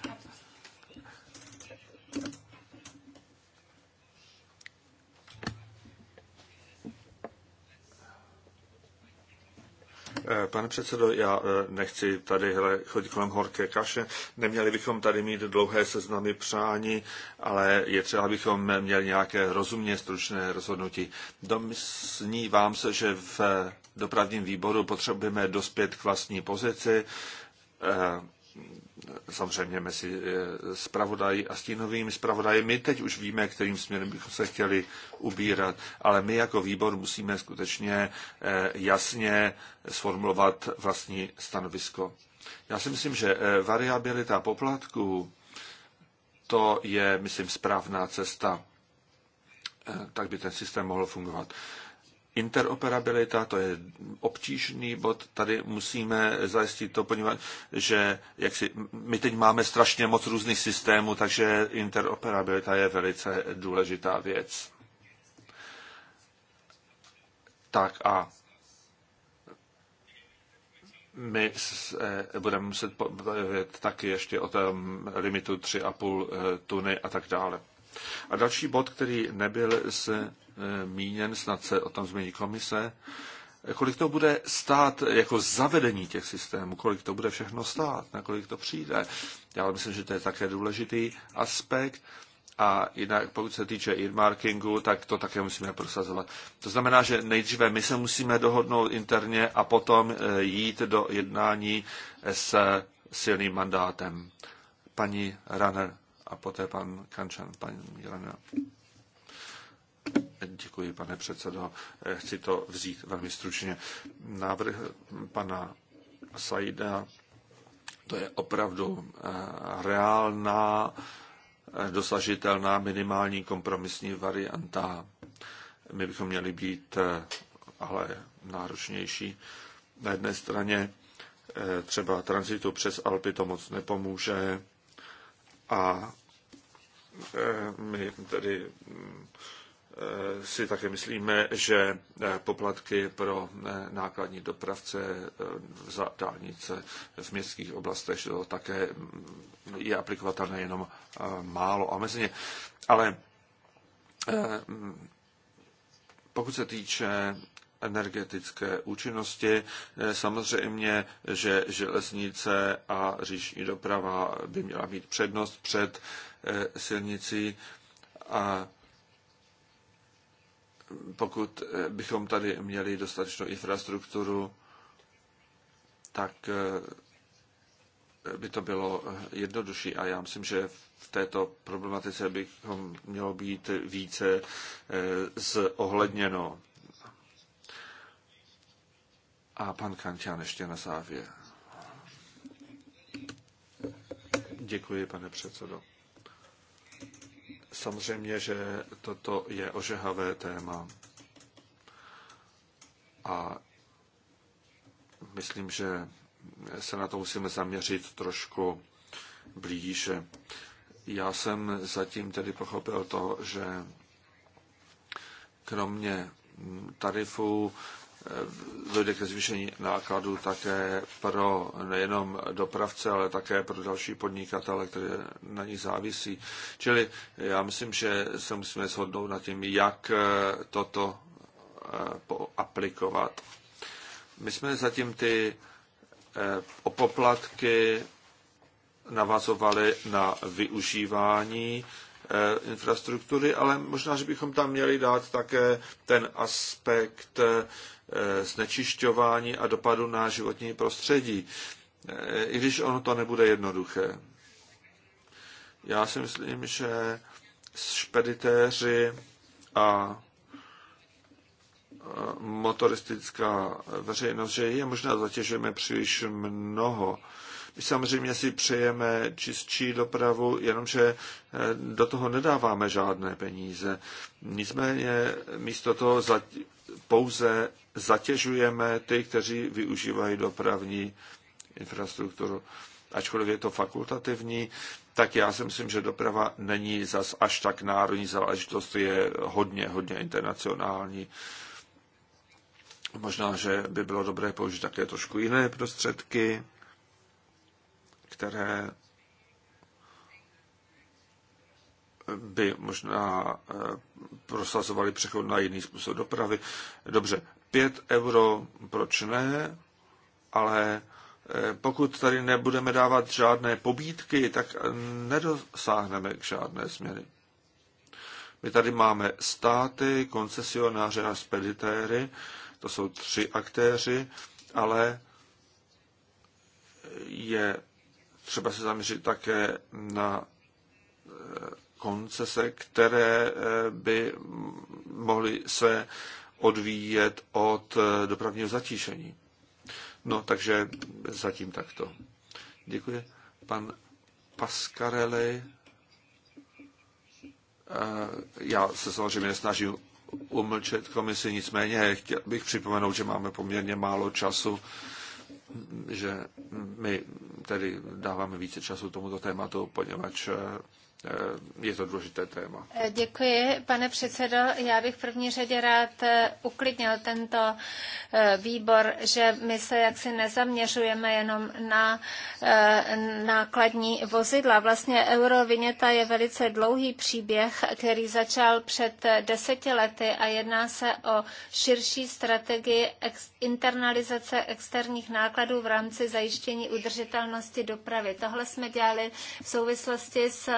Eh, pane předsedo, já eh, nechci tady hele, chodit kolem horké kaše. Neměli bychom tady mít dlouhé seznamy přání, ale je třeba, abychom měli nějaké rozumně stručné rozhodnutí. Domnívám se, že v eh, dopravním výboru potřebujeme dospět k vlastní pozici samozřejmě mezi spravodají eh, a stínovými spravodaji. My teď už víme, kterým směrem bychom se chtěli ubírat, ale my jako výbor musíme skutečně eh, jasně sformulovat vlastní stanovisko. Já si myslím, že eh, variabilita poplatků to je, myslím, správná cesta. Tak by ten systém mohl fungovat. Interoperabilita, to je obtížný bod, tady musíme zajistit to, poněvadž, že jak si, my teď máme strašně moc různých systémů, takže interoperabilita je velice důležitá věc. Tak a my se budeme muset povědět taky ještě o tom limitu 3,5 tuny a tak dále. A další bod, který nebyl z Eh, míněn, snad se o tom změní komise, kolik to bude stát jako zavedení těch systémů, kolik to bude všechno stát, na kolik to přijde. Já myslím, že to je také důležitý aspekt. A jinak, pokud se týče earmarkingu, tak to také musíme prosazovat. To znamená, že nejdříve my se musíme dohodnout interně a potom eh, jít do jednání s silným mandátem. Paní Runner a poté pan Kančan, paní Runner. Děkuji, pane předsedo. Eh, chci to vzít velmi stručně. Návrh pana Saida, to je opravdu eh, reálná, eh, dosažitelná minimální kompromisní varianta. My bychom měli být ale náročnější. Na jedné straně třeba tranzitu přes Alpy to moc nepomůže a my tedy mm, Eh, si také myslíme, že eh, poplatky pro eh, nákladní dopravce za dálnice v městských oblastech to také mm, je aplikovatelné jenom málo a mezně. Ale pokud se týče energetické účinnosti. Samozřejmě, že železnice a říční doprava by měla mít přednost před silnicí a pokud eh, bychom tady měli dostatečnou infrastrukturu, tak eh, by to bylo eh, jednodušší a já myslím, že v této problematice bychom mělo být více zohledněno. A pan Kantian ještě na závěr. Děkuji, pane předsedo. Samozřejmě, že toto je ožehavé téma. A myslím, že se na to musíme zaměřit trošku blíže. Já jsem zatím tedy pochopil to, že kromě tarifů Eh, dojde ke zvýšení nákladů také pro nejenom dopravce, ale také pro další podnikatele, které na nich závisí. Čili já myslím, že se musíme shodnout na tím, jak eh, toto eh, aplikovat. My jsme zatím ty opoplatky navazovali na využívání infrastruktury, ale možná, že bychom tam měli dát také ten aspekt Eh, znečišťování a dopadu na životní prostředí, eh, i když ono to nebude jednoduché. Já si myslím, že špeditéři a eh, motoristická veřejnost, že je možná zatěžujeme příliš mnoho. My samozřejmě si přejeme čistší dopravu, jenomže do toho nedáváme žádné peníze. Nicméně místo toho pouze zatěžujeme ty, kteří využívají dopravní infrastrukturu. Ačkoliv je to fakultativní, tak já si myslím, že doprava není zas až tak národní záležitost, je hodně, hodně internacionální. Možná, že by bylo dobré použít také trošku jiné prostředky, které by možná eh, prosazovali přechod na jiný způsob dopravy. Dobře, 5 euro proč ne, ale eh, pokud tady nebudeme dávat žádné pobídky, tak nedosáhneme k žádné změny. My tady máme státy, koncesionáře a speditéry, to jsou tři aktéři, ale je třeba se zaměřit také na eh, koncese, které eh, by mohly se odvíjet od eh, dopravního zatížení. No, takže zatím takto. Děkuji. Pan Pascarelli. Eh, já se samozřejmě snažím umlčet komisi, nicméně chtěl bych připomenout, že máme poměrně málo času, že my tedy dáváme více času tomuto tématu, poněvadž eh, Eh, je to důležité téma. Eh, děkuji, pane předsedo. Já bych v první řadě rád eh, uklidnil tento výbor, že my se jaksi nezaměřujeme jenom na nákladní vozidla. Vlastně euroviněta je velice dlouhý příběh, který začal před deseti lety a jedná se o širší strategii internalizace externích nákladů v rámci zajištění udržitelnosti dopravy. Tohle jsme dělali v souvislosti s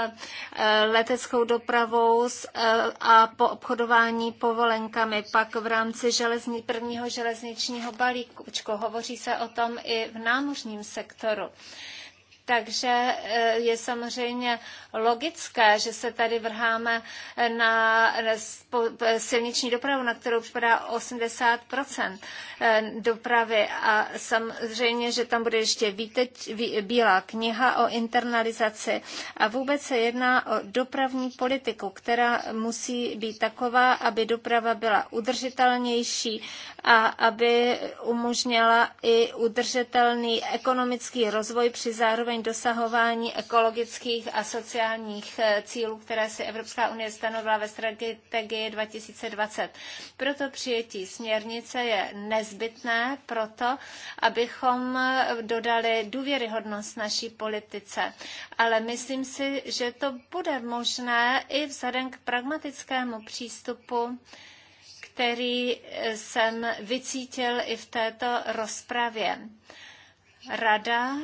Eh, leteckou dopravou eh, a po obchodování povolenkami. Pak v rámci železní, prvního železničního balíku. hovoří se o tom i v námořním sektoru. Takže e, je samozřejmě logické, že se tady vrháme na e, e, silniční dopravu, na kterou připadá 80 dopravy a samozřejmě, že tam bude ještě výteč, bílá kniha o internalizaci a vůbec se jedná o dopravní politiku, která musí být taková, aby doprava byla udržitelnější a aby umožnila i udržitelný ekonomický rozvoj při zároveň zároveň dosahování ekologických a sociálních eh, cílů, které si Evropská unie stanovila ve strategii 2020. Proto přijetí směrnice je nezbytné proto, abychom eh, dodali důvěryhodnost naší politice. Ale myslím si, že to bude možné i vzhledem k pragmatickému přístupu, který eh, jsem vycítil i v této rozpravě. Rada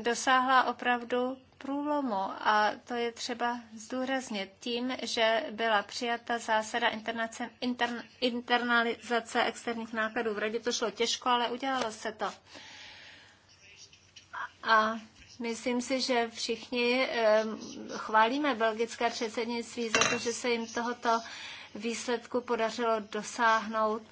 dosáhla opravdu průlomu a to je třeba zdůraznit tím, že byla přijata zásada intern, internalizace externích nákladů. V radě to šlo těžko, ale udělalo se to. A myslím si, že všichni chválíme belgické předsednictví za to, že se jim tohoto výsledku podařilo dosáhnout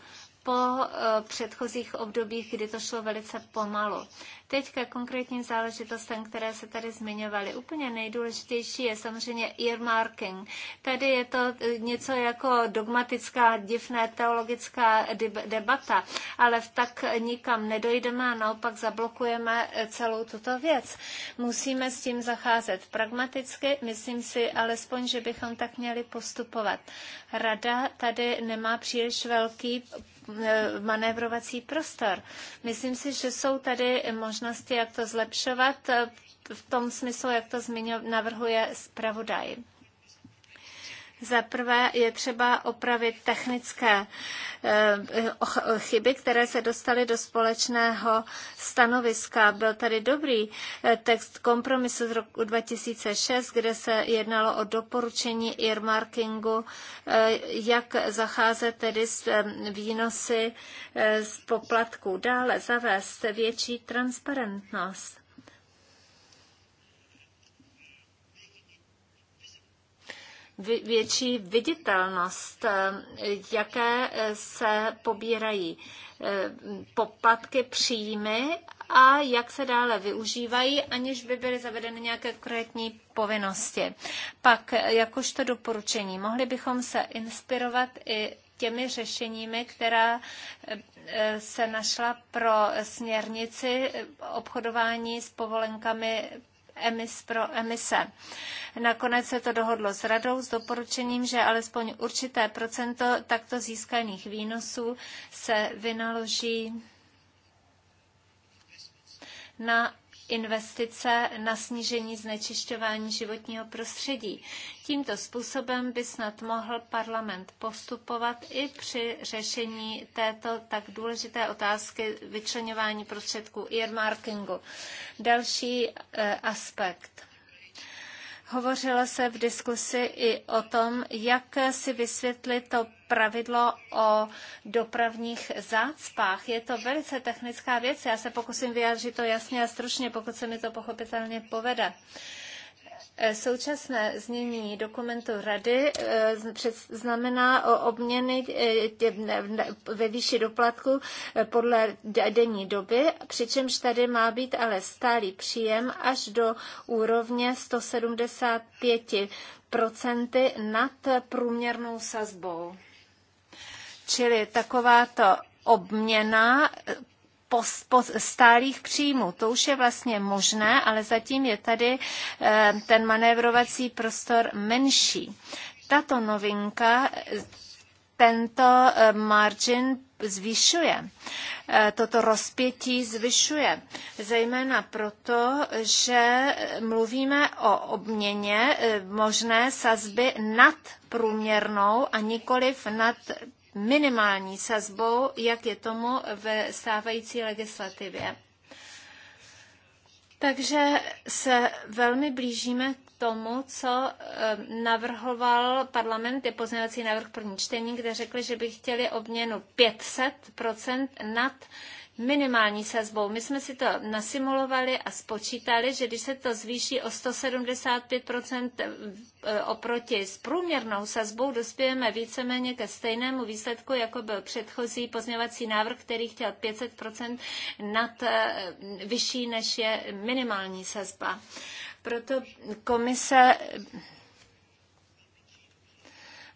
po eh, předchozích obdobích, kdy to šlo velice pomalu. Teď ke konkrétním záležitostem, které se tady zmiňovaly. Úplně nejdůležitější je samozřejmě earmarking. Tady je to eh, něco jako dogmatická, divná teologická debata, ale v tak nikam nedojdeme a naopak zablokujeme eh, celou tuto věc. Musíme s tím zacházet pragmaticky, myslím si alespoň, že bychom tak měli postupovat. Rada tady nemá příliš velký Eh, manévrovací prostor. Myslím si, že jsou tady možnosti, jak to zlepšovat eh, v tom smyslu, jak to zmiňo, navrhuje zpravodaj. Za prvé je třeba opravit technické eh, chyby, které se dostaly do společného stanoviska. Byl tady dobrý eh, text kompromisu z roku 2006, kde se jednalo o doporučení earmarkingu, eh, jak zacházet tedy s výnosy z poplatků. Dále zavést větší transparentnost větší viditelnost, eh, jaké eh, se pobírají eh, poplatky, příjmy a jak se dále využívají, aniž by byly zavedeny nějaké konkrétní povinnosti. Pak, jakožto doporučení, mohli bychom se inspirovat i těmi řešeními, která se našla pro směrnici obchodování s povolenkami emis pro emise. Nakonec se to dohodlo s radou s doporučením, že alespoň určité procento takto získaných výnosů se vynaloží na investice na snížení znečišťování životního prostředí. Tímto způsobem by snad mohl parlament postupovat i při řešení této tak důležité otázky vyčlenování prostředků earmarkingu. Další eh, aspekt Hovořilo se v diskusi i o tom, jak si vysvětlit to pravidlo o dopravních zácpách. Je to velice technická věc, já se pokusím vyjádřit to jasně a stručně, pokud se mi to pochopitelně povede. Uh, Eh, současné znění dokumentu Rady eh, znamená obměny eh, ve výši doplatku podle denní doby, přičemž tady má být ale stálý příjem až do úrovně 175 nad průměrnou sazbou. Čili takováto obměna pos, pos, stálých příjmů. To už je vlastně možné, ale zatím je tady eh, ten manévrovací prostor menší. Tato novinka eh, tento eh, margin zvyšuje. Toto rozpětí zvyšuje. Zejména proto, že mluvíme o obměně možné sazby nad průměrnou a nikoliv nad minimální sazbou, jak je tomu ve stávající legislativě. Takže se velmi blížíme k tomu, co eh, navrhoval parlament, je pozměňovací návrh první čtení, kde řekli, že by chtěli obměnu 500% nad minimální sazbou. My jsme si to nasimulovali a spočítali, že když se to zvýší o 175 eh, oproti s průměrnou sazbou, dospějeme víceméně ke stejnému výsledku, jako byl předchozí pozměvací návrh, který chtěl 500 nad eh, vyšší, než je minimální sazba. Proto komise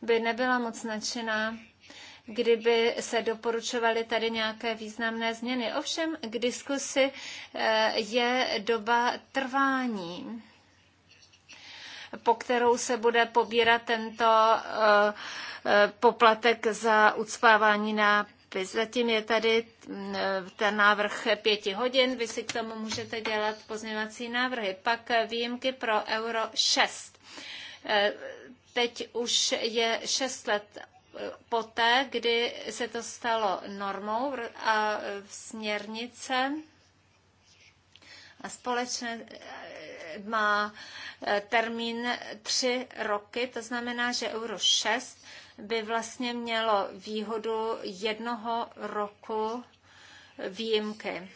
by nebyla moc nadšená kdyby se doporučovaly tady nějaké významné změny. Ovšem k diskusi eh, je doba trvání po kterou se bude pobírat tento eh, eh, poplatek za ucpávání na Zatím je tady mm, ten návrh pěti hodin, vy si k tomu můžete dělat pozměvací návrhy. Pak výjimky pro euro 6. Teď už je 6 let poté, kdy se to stalo normou a směrnice a společně eh, má eh, termín tři roky, to znamená, že euro 6 by vlastně mělo výhodu jednoho roku výjimky.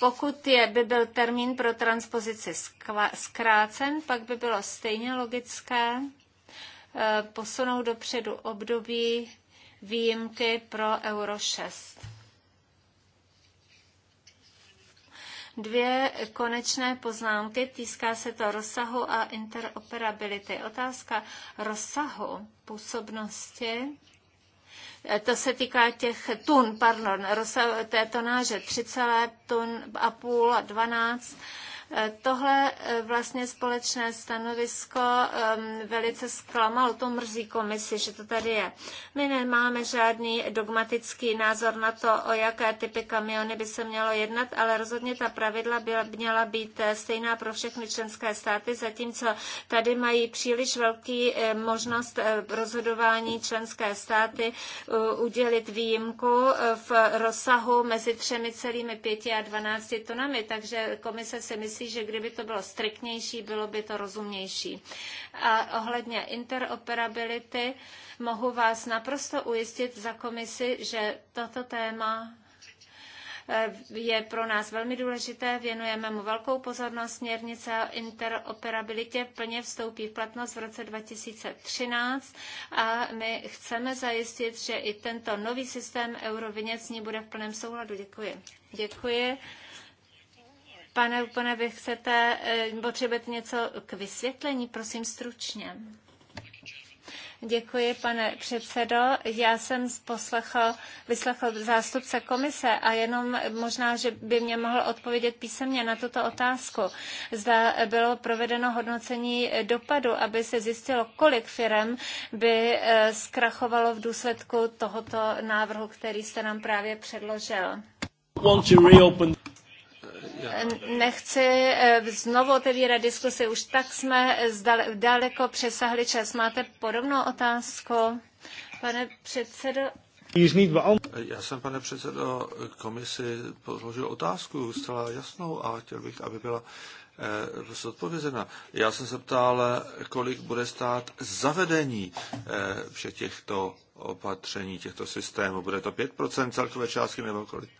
Pokud je, by byl termín pro transpozici zkrácen, pak by bylo stejně logické, Eh, posunout dopředu období výjimky pro Euro 6. Dvě konečné poznámky, týká se to rozsahu a interoperability. Otázka rozsahu působnosti eh, to se týká těch tun, pardon, rozsahu té tonáže 3,5 tun a půl, 12 Tohle eh, vlastně společné stanovisko ehm, velice zklamalo, to mrzí komisi, že to tady je. My nemáme žádný dogmatický názor na to, o jaké typy kamiony by se mělo jednat, ale rozhodně ta pravidla by měla být eh, stejná pro všechny členské státy, zatímco tady mají příliš velký eh, možnost rozhodování členské státy udělit výjimku v rozsahu mezi 3,5 a 12 tunami, takže komise si myslí, si, že kdyby to bylo striktnější, bylo by to rozumnější. A ohledně interoperability mohu vás naprosto ujistit za komisi, že toto téma eh, je pro nás velmi důležité, věnujeme mu velkou pozornost. Směrnice o interoperabilitě plně vstoupí v platnost v roce 2013 a my chceme zajistit, že i tento nový systém euroviněcní bude v plném souladu. Děkuji. Děkuji. Pane, úplně vy chcete, eh, potřebujete něco k vysvětlení, prosím stručně. Děkuji, pane předsedo. Já jsem poslechl, vyslechl zástupce komise a jenom možná, že by mě mohl odpovědět písemně na tuto otázku. Zda bylo provedeno hodnocení dopadu, aby se zjistilo, kolik firm by eh, zkrachovalo v důsledku tohoto návrhu, který jste nám právě předložil. Want to reopen nechci eh, znovu otevírat diskusy, už tak jsme daleko přesahli čas. Máte podobnou otázku, pane předsedo? Já jsem, pane předsedo, komisi položil otázku zcela jasnou a chtěl bych, aby byla zodpovězena. Eh, Já jsem se ptal, kolik bude stát zavedení eh, všech těchto opatření, těchto systémů. Bude to 5% celkové částky nebo kolik?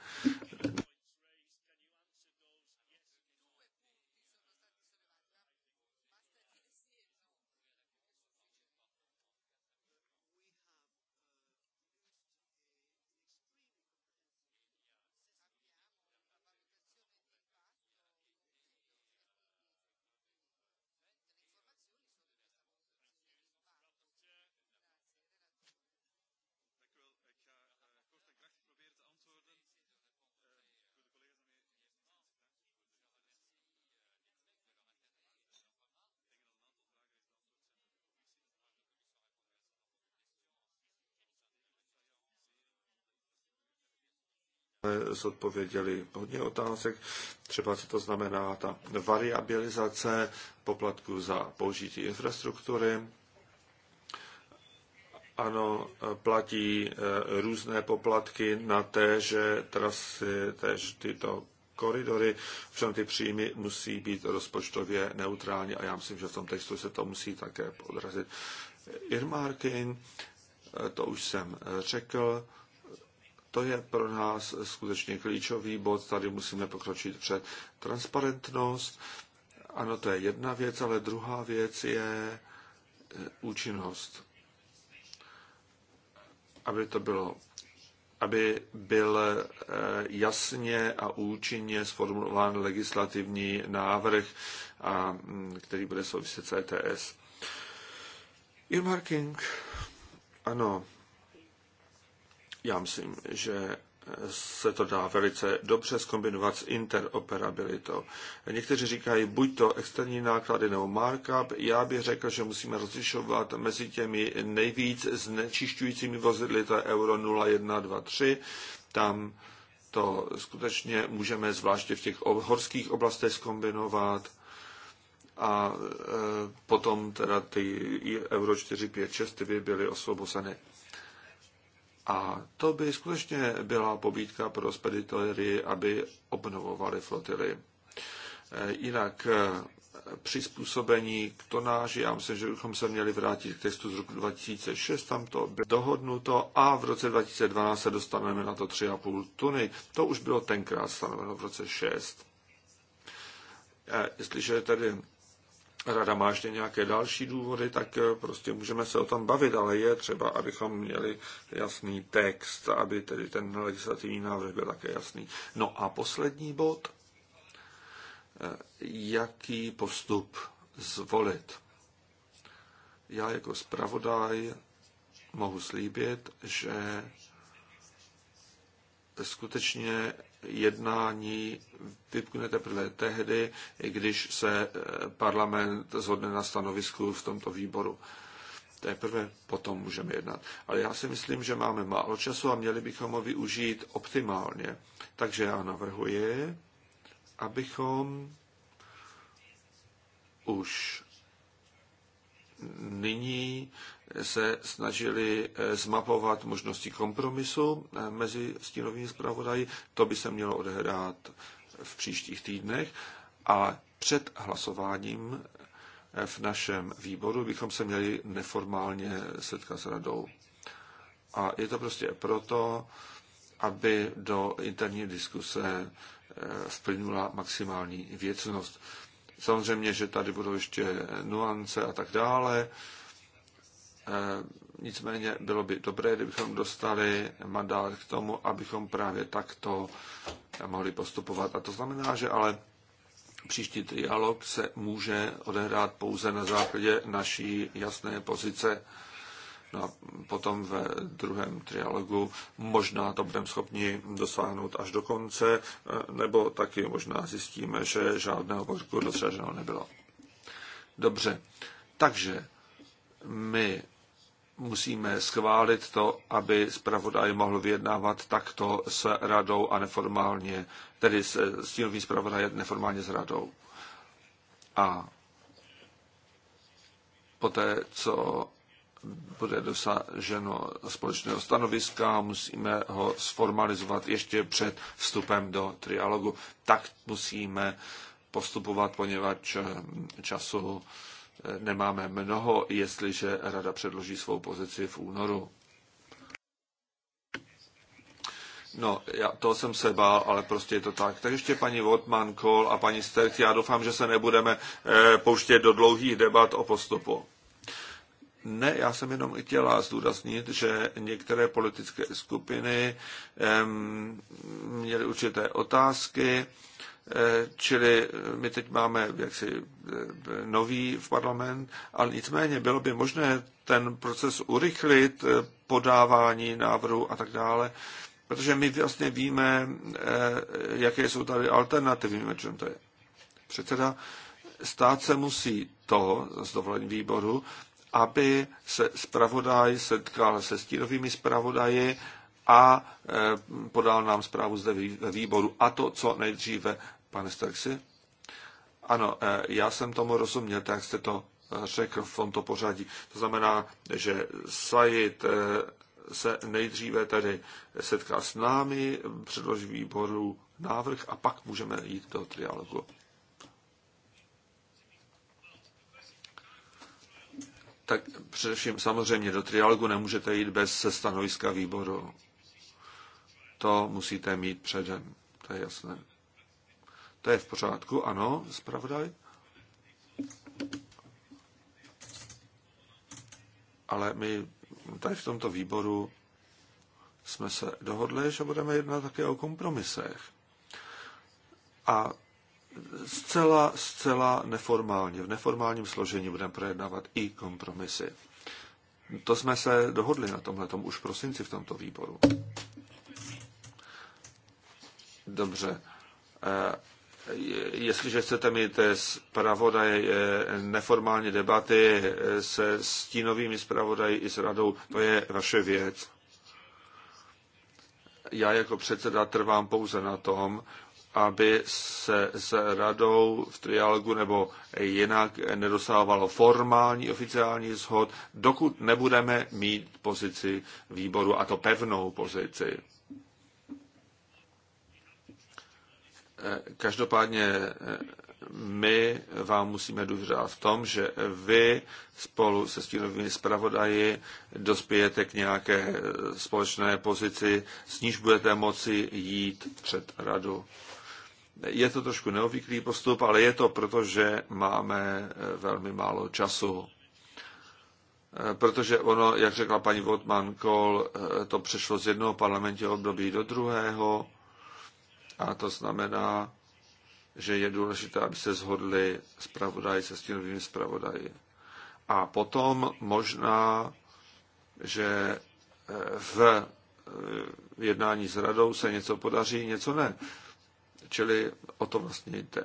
zodpověděli hodně otázek, třeba co to znamená ta variabilizace poplatku za použití infrastruktury. Ano, platí eh, různé poplatky na téže trasy, též tyto koridory, všem ty příjmy musí být rozpočtově neutrální a já myslím, že v tom textu se to musí také odrazit. Irmarkin, eh, to už jsem řekl, to je pro nás skutečně klíčový bod. Tady musíme pokročit před transparentnost. Ano, to je jedna věc, ale druhá věc je e, účinnost. Aby to bylo aby byl e, jasně a účinně sformulován legislativní návrh, a, který bude souviset CTS. Irmar e King, ano, já myslím, že se to dá velice dobře skombinovat s interoperabilitou. Někteří říkají buď to externí náklady nebo markup. Já bych řekl, že musíme rozlišovat mezi těmi nejvíc znečišťujícími vozidly, to je Euro 0123. Tam to skutečně můžeme zvláště v těch horských oblastech skombinovat a e, potom teda ty Euro 4, 5, 6 by byly osvobozeny. A to by skutečně byla pobídka pro speditory, aby obnovovali flotily. E, jinak e, přizpůsobení k tonáži, já myslím, že bychom se měli vrátit k textu z roku 2006, tam to bylo dohodnuto a v roce 2012 se dostaneme na to 3,5 tuny. To už bylo tenkrát stanoveno v roce 6. E, jestliže tedy rada má ještě nějaké další důvody, tak eh, prostě můžeme se o tom bavit, ale je třeba, abychom měli jasný text, aby tedy ten legislativní návrh byl také jasný. No a poslední bod, eh, jaký postup zvolit. Já jako zpravodaj mohu slíbit, že skutečně jednání vypkne teprve tehdy, když se eh, parlament zhodne na stanovisku v tomto výboru. Teprve potom můžeme jednat. Ale já si myslím, že máme málo času a měli bychom ho využít optimálně. Takže já navrhuji, abychom už nyní se snažili eh, zmapovat možnosti kompromisu eh, mezi stínovými zpravodaji. To by se mělo odehrát v příštích týdnech. A před hlasováním eh, v našem výboru bychom se měli neformálně setkat s radou. A je to prostě proto, aby do interní diskuse vplynula maximální věcnost. Samozřejmě, že tady budou ještě nuance a tak dále. E, nicméně bylo by dobré, kdybychom dostali mandát k tomu, abychom právě takto mohli postupovat. A to znamená, že ale příští trialog se může odehrát pouze na základě naší jasné pozice No a potom ve druhém trialogu možná to budeme schopni dosáhnout až do konce, eh, nebo taky možná zjistíme, že žádného pokroku dosaženo nebylo. Dobře, takže my musíme schválit to, aby zpravodaj mohl vyjednávat takto s radou a neformálně, tedy s stínovým zpravodajem neformálně s radou. A poté, co bude dosaženo společného stanoviska, musíme ho sformalizovat ještě před vstupem do trialogu. Tak musíme postupovat, poněvadž eh, času eh, nemáme mnoho, jestliže Rada předloží svou pozici v únoru. No, já, to jsem se bál, ale prostě je to tak. Tak ještě paní Wortmann, Kohl a paní Sterk, já doufám, že se nebudeme e, pouštět do dlouhých debat o postupu. Ne, já jsem jenom chtěla zdůraznit, že některé politické skupiny měly určité otázky, eh, čili my teď máme jaksi eh, nový v parlament, ale nicméně bylo by možné ten proces urychlit, eh, podávání návrhu a tak dále, protože my vlastně víme, jaké jsou tady alternativy, víme, čem to je. Předseda, stát se musí toho z dovolení výboru, aby se zpravodaj setkal se stínovými zpravodaji a e, podal nám zprávu zde ve výboru. A to, co nejdříve, pane Sterksi. Ano, e, já jsem tomu rozuměl, tak jste to e, řekl v tomto pořadí. To znamená, že Said se nejdříve tedy setká s námi, předloží výboru návrh a pak můžeme jít do trialogu. tak především samozřejmě do trialogu nemůžete jít bez stanoviska výboru. To musíte mít předem, to je jasné. To je v pořádku, ano, zpravodaj. Ale my tady v tomto výboru jsme se dohodli, že budeme jednat také o kompromisech. A zcela, zcela neformálně, v neformálním složení budeme projednávat i kompromisy. To jsme se dohodli na tomhle už prosinci v tomto výboru. Dobře. Eh, jestliže chcete mít zpravodaj eh, neformální debaty eh, se stínovými zpravodaji i s radou, to je vaše věc. Já jako předseda trvám pouze na tom, aby se s radou v trialogu nebo jinak nedosávalo formální oficiální shod, dokud nebudeme mít pozici výboru, a to pevnou pozici. Každopádně my vám musíme důvěřovat v tom, že vy spolu se stínovými zpravodaji dospějete k nějaké společné pozici, s níž budete moci jít před radu. Je to trošku neobvyklý postup, ale je to proto, že máme eh, velmi málo času. Eh, protože ono, jak řekla paní Votman Kohl, eh, to přešlo z jednoho parlamentního období do druhého a to znamená, že je důležité, aby se zhodli zpravodaji se stínovými zpravodaji. A potom možná, že v jednání s radou se něco podaří, něco ne. Čili o to vlastně jde.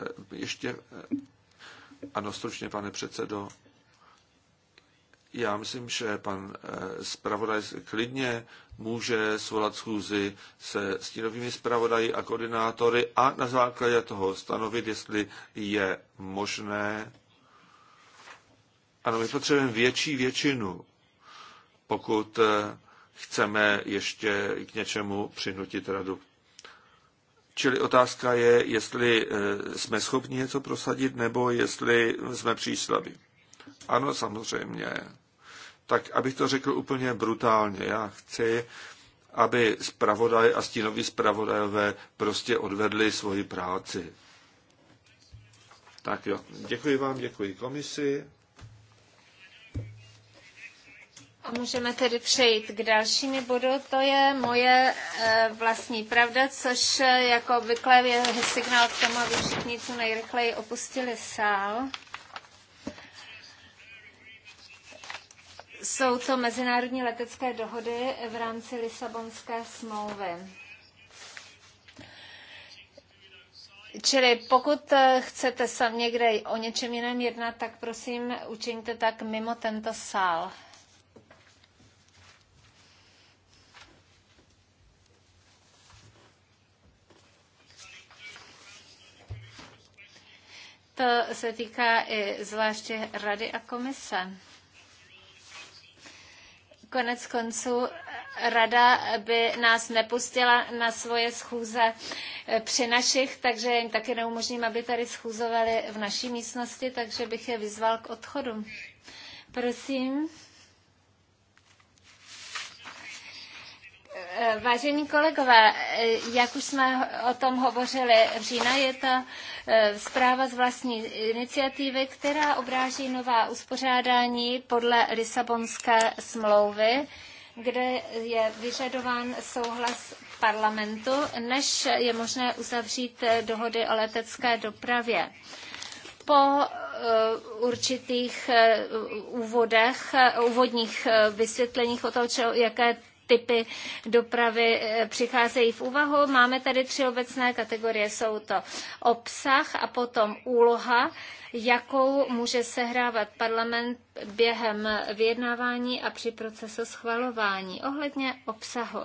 Eh, ještě, eh, ano, stručně, pane předsedo, já myslím, že pan eh, zpravodaj klidně může svolat schůzi se stínovými zpravodaji a koordinátory a na základě toho stanovit, jestli je možné. Ano, my potřebujeme větší většinu, pokud chceme ještě k něčemu přinutit radu. Čili otázka je, jestli eh, jsme schopni něco prosadit, nebo jestli jsme příslabí. Ano, samozřejmě. Tak, abych to řekl úplně brutálně, já chci, aby zpravodaj a stínoví zpravodajové prostě odvedli svoji práci. Tak jo, děkuji vám, děkuji komisi. A můžeme tedy přejít k dalšímu bodu, to je moje e, vlastní pravda, což eh, jako obvykle je signál k tomu, aby všichni co nejrychleji opustili sál. Jsou to mezinárodní letecké dohody v rámci Lisabonské smlouvy. Čili pokud eh, chcete sami někde o něčem jiném jednat, tak prosím učiňte tak mimo tento sál. To se týká i zvláště Rady a komise. Konec konců Rada by nás nepustila na svoje schůze eh, při našich, takže jim taky neumožním, aby tady schůzovali v naší místnosti, takže bych je vyzval k odchodu. Prosím. Eh, vážení kolegové, eh, jak už jsme o tom hovořili v října, je to eh, zpráva z vlastní iniciativy, která obráží nová uspořádání podle Lisabonské smlouvy, kde je vyžadován souhlas parlamentu, než je možné uzavřít dohody o letecké dopravě. Po určitých úvodech, úvodních vysvětleních o tom, jaké typy dopravy eh, přicházejí v úvahu. Máme tady tři obecné kategorie. Jsou to obsah a potom úloha, jakou může sehrávat parlament během vyjednávání a při procesu schvalování ohledně obsahu.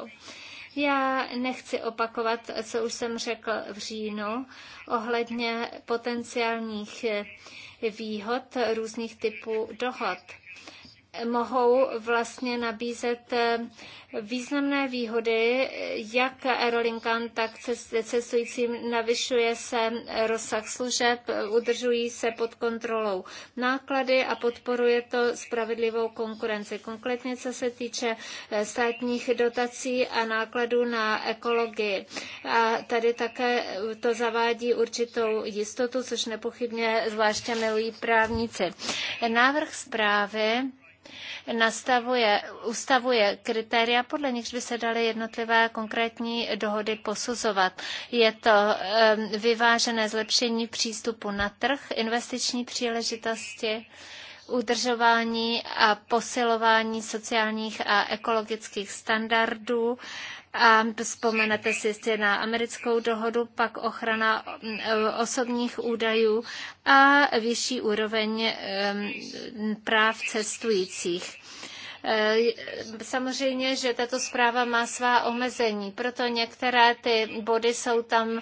Já nechci opakovat, co už jsem řekl v říjnu ohledně potenciálních eh, výhod různých typů dohod mohou vlastně nabízet eh, významné výhody, jak aerolinkám, tak cestujícím navyšuje se rozsah služeb, udržují se pod kontrolou náklady a podporuje to spravedlivou konkurenci. Konkrétně co se týče eh, státních dotací a nákladů na ekologii. A tady také eh, to zavádí určitou jistotu, což nepochybně zvláště milují právníci. Návrh zprávy nastavuje, ustavuje kritéria, podle nichž by se daly jednotlivé konkrétní dohody posuzovat. Je to vyvážené zlepšení přístupu na trh, investiční příležitosti, udržování a posilování sociálních a ekologických standardů, a vzpomenete si jistě na americkou dohodu, pak ochrana mm, e, osobních údajů a vyšší úroveň e, práv cestujících. E, samozřejmě, že tato zpráva má svá omezení, proto některé ty body jsou tam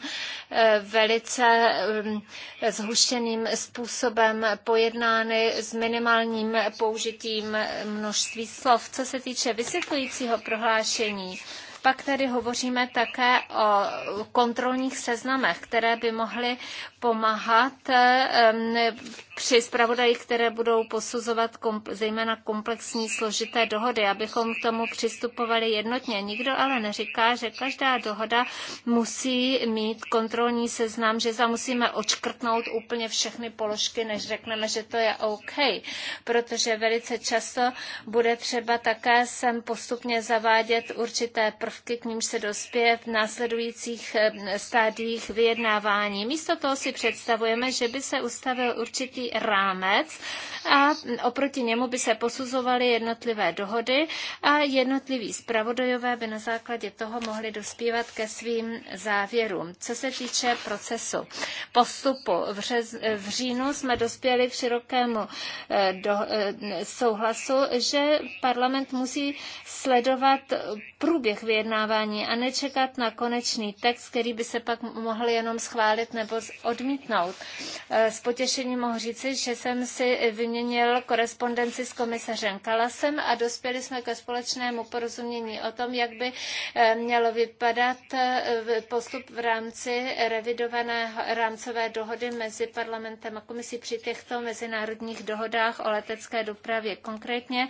velice zhuštěným způsobem pojednány s minimálním použitím množství slov. Co se týče vysvětlujícího prohlášení, pak tedy hovoříme také o kontrolních seznamech, které by mohly pomáhat při zpravodaji, které budou posuzovat kom, zejména komplexní složité dohody, abychom k tomu přistupovali jednotně. Nikdo ale neříká, že každá dohoda musí mít kontrolní seznam, že za musíme očkrtnout úplně všechny položky, než řekneme, že to je OK, protože velice často bude třeba také sem postupně zavádět určité prvky, požadavky, k nímž se dospěje v následujících eh, stádiích vyjednávání. Místo toho si představujeme, že by se ustavil určitý rámec a oproti němu by se posuzovaly jednotlivé dohody a jednotliví zpravodajové by na základě toho mohli dospívat ke svým závěrům. Co se týče procesu postupu, v, řez, v říjnu jsme dospěli k širokému eh, do, eh, souhlasu, že parlament musí sledovat průběh vyjednávání a nečekat na konečný text, který by se pak mohl jenom schválit nebo odmítnout. Eh, s potěšením mohu říci, že jsem si vyměnil korespondenci s komisařem Kalasem a dospěli jsme ke společnému porozumění o tom, jak by eh, mělo vypadat eh, postup v rámci revidované rámcové dohody mezi parlamentem a komisí při těchto mezinárodních dohodách o letecké dopravě. Konkrétně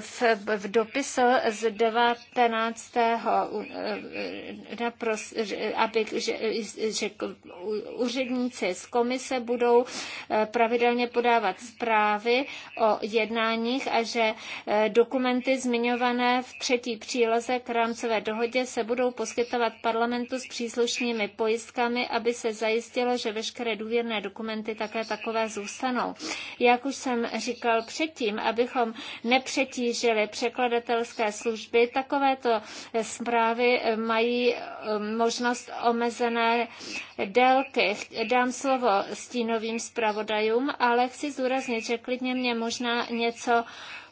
v, v dopisu z 19. Eh, pros, aby, že, že úředníci z komise budou eh, pravidelně podávat zprávy o jednáních a že eh, dokumenty zmiňované v třetí příloze k rámcové dohodě se budou poskytovat parlamentu s příslušnými pojistkami, aby se zajistilo, že veškeré důvěrné dokumenty také takové zůstanou. Jak už jsem říkal předtím, abychom nepřetížili překladatelské služby, takovéto zprávy mají um, možnost omezené délky. Dám slovo stínovým zpravodajům, ale chci zúraznit, že klidně mě možná něco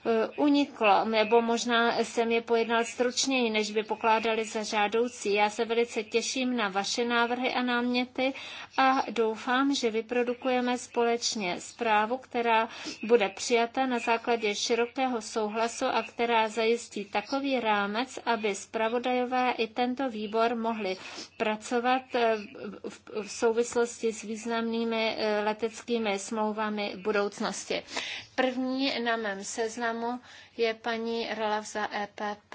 Eh, uniklo, nebo možná jsem je pojednal stručněji, než by pokládali za žádoucí. Já se velice těším na vaše návrhy a náměty a doufám, že vyprodukujeme společně zprávu, která bude přijata na základě širokého souhlasu a která zajistí takový rámec, aby zpravodajové i tento výbor mohli pracovat eh, v souvislosti s významnými eh, leteckými smlouvami budoucnosti. První na mém seznamu je paní Rolav za EPP.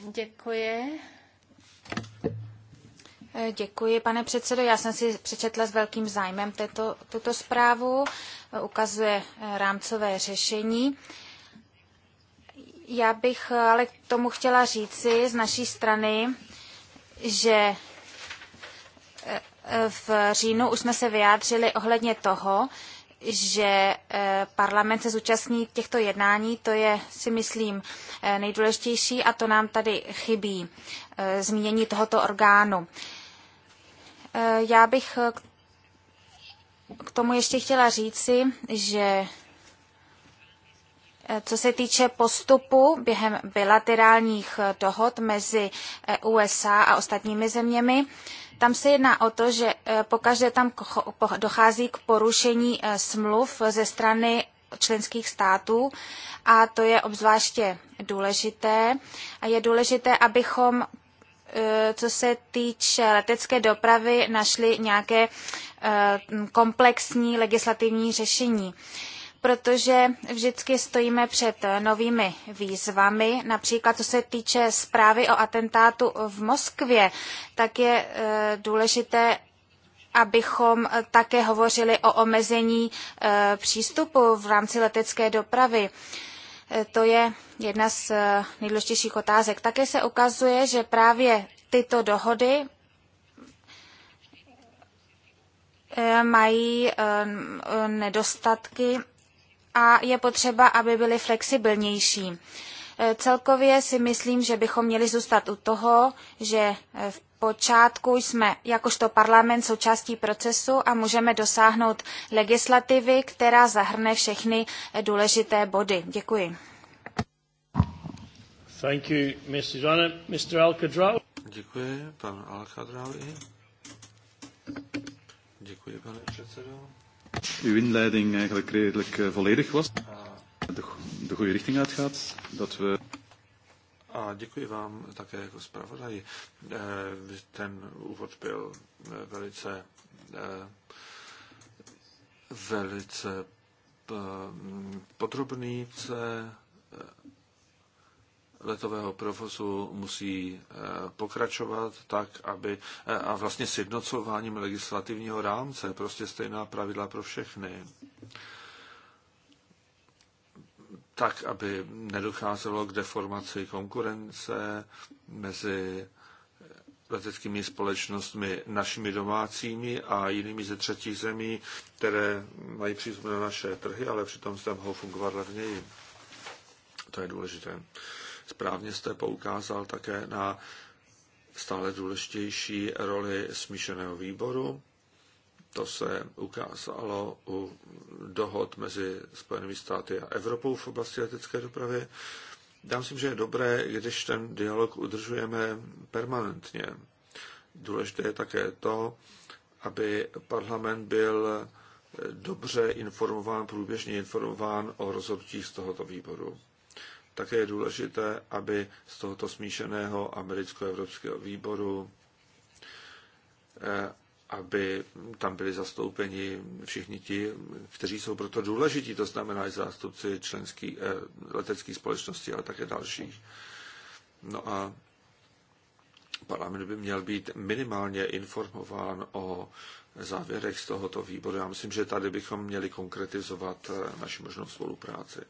Děkuji. Eh, děkuji, pane předsedo. Já jsem si přečetla s velkým zájmem této, tuto zprávu. Eh, ukazuje eh, rámcové řešení. Já bych ale k tomu chtěla říci z naší strany, že v říjnu už jsme se vyjádřili ohledně toho, že eh, parlament se zúčastní těchto jednání, to je, si myslím, eh, nejdůležitější a to nám tady chybí, eh, zmínění tohoto orgánu. Já bych k tomu ještě chtěla říci, že co se týče postupu během bilaterálních dohod mezi e USA a ostatními zeměmi, tam se jedná o to, že e, pokaždé tam dochází k porušení e, smluv ze strany členských států a to je obzvláště důležité. A je důležité, abychom co se týče letecké dopravy, našli nějaké komplexní legislativní řešení protože vždycky stojíme před novými výzvami. Například, co se týče zprávy o atentátu v Moskvě, tak je eh, důležité abychom také hovořili o omezení eh, přístupu v rámci letecké dopravy. Eh, to je jedna z nejdůležitějších otázek. Také se ukazuje, že právě tyto dohody mají nedostatky a je potřeba, aby byly flexibilnější. E, celkově si myslím, že bychom měli zůstat u toho, že e, v počátku jsme jakožto parlament součástí procesu a můžeme dosáhnout legislativy, která zahrne všechny e, důležité body. Děkuji. Thank you, Mrs. Anna. Mr. Alcadrawi. Děkuji, pan Alcadrawi. Děkuji, pane předsedo. Uw inleiding eigenlijk redelijk uh, volledig was. Ah, de, de goede richting uitgaat. Dat we... A ah, děkuji vám také jako zpravodaji. Eh, ten úvod byl eh, velice velice podrobný letového provozu musí eh, pokračovat tak, aby eh, a vlastně s jednocováním legislativního rámce, prostě stejná pravidla pro všechny, tak, aby nedocházelo k deformaci konkurence mezi eh, leteckými společnostmi, našimi domácími a jinými ze třetích zemí, které mají přístup na naše trhy, ale přitom se tam mohou fungovat levněji. To je důležité. Správně jste poukázal také na stále důležitější roli smíšeného výboru. To se ukázalo u dohod mezi Spojenými státy a Evropou v oblasti letecké dopravy. Já myslím, že je dobré, když ten dialog udržujeme permanentně. Důležité je také to, aby parlament byl dobře informován, průběžně informován o rozhodnutích z tohoto výboru. Také je důležité, aby z tohoto smíšeného americko-evropského výboru eh, aby tam byli zastoupeni všichni ti, kteří jsou proto důležití, to znamená i zástupci členský, eh, letecké společnosti, ale také dalších. No a parlament by měl být minimálně informován o závěrech z tohoto výboru. Já myslím, že tady bychom měli konkretizovat eh, naši možnou spolupráci.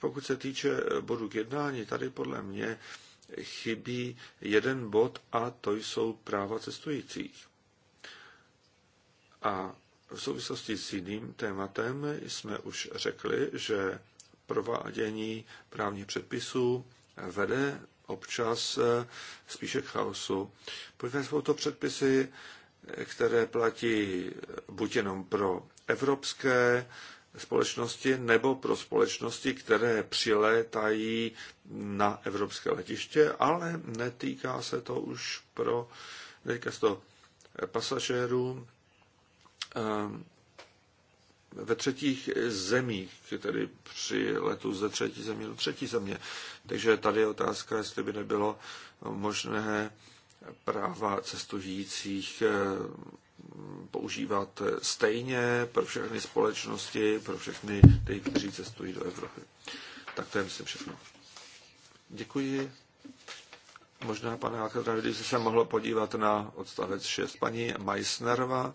Pokud se týče eh, bodu k jednání, tady podle mě chybí jeden bod a to jsou práva cestujících. A v souvislosti s jiným tématem jsme už řekli, že provádění právních předpisů vede občas eh, spíše k chaosu. Pojďme jsou to předpisy, eh, které platí buď jenom pro evropské společnosti nebo pro společnosti, které přilétají na evropské letiště, ale netýká se to už pro netýká se to pasažérů eh, ve třetích zemích, tedy při letu ze třetí země do třetí země. Takže tady je otázka, jestli by nebylo možné práva cestujících eh, Mm, používat stejně pro všechny společnosti, pro všechny ty, kteří cestují do Evropy. Tak to je, myslím, všechno. Děkuji. Možná, pane Alkadra, když se mohlo podívat na odstavec 6, paní Meissnerová.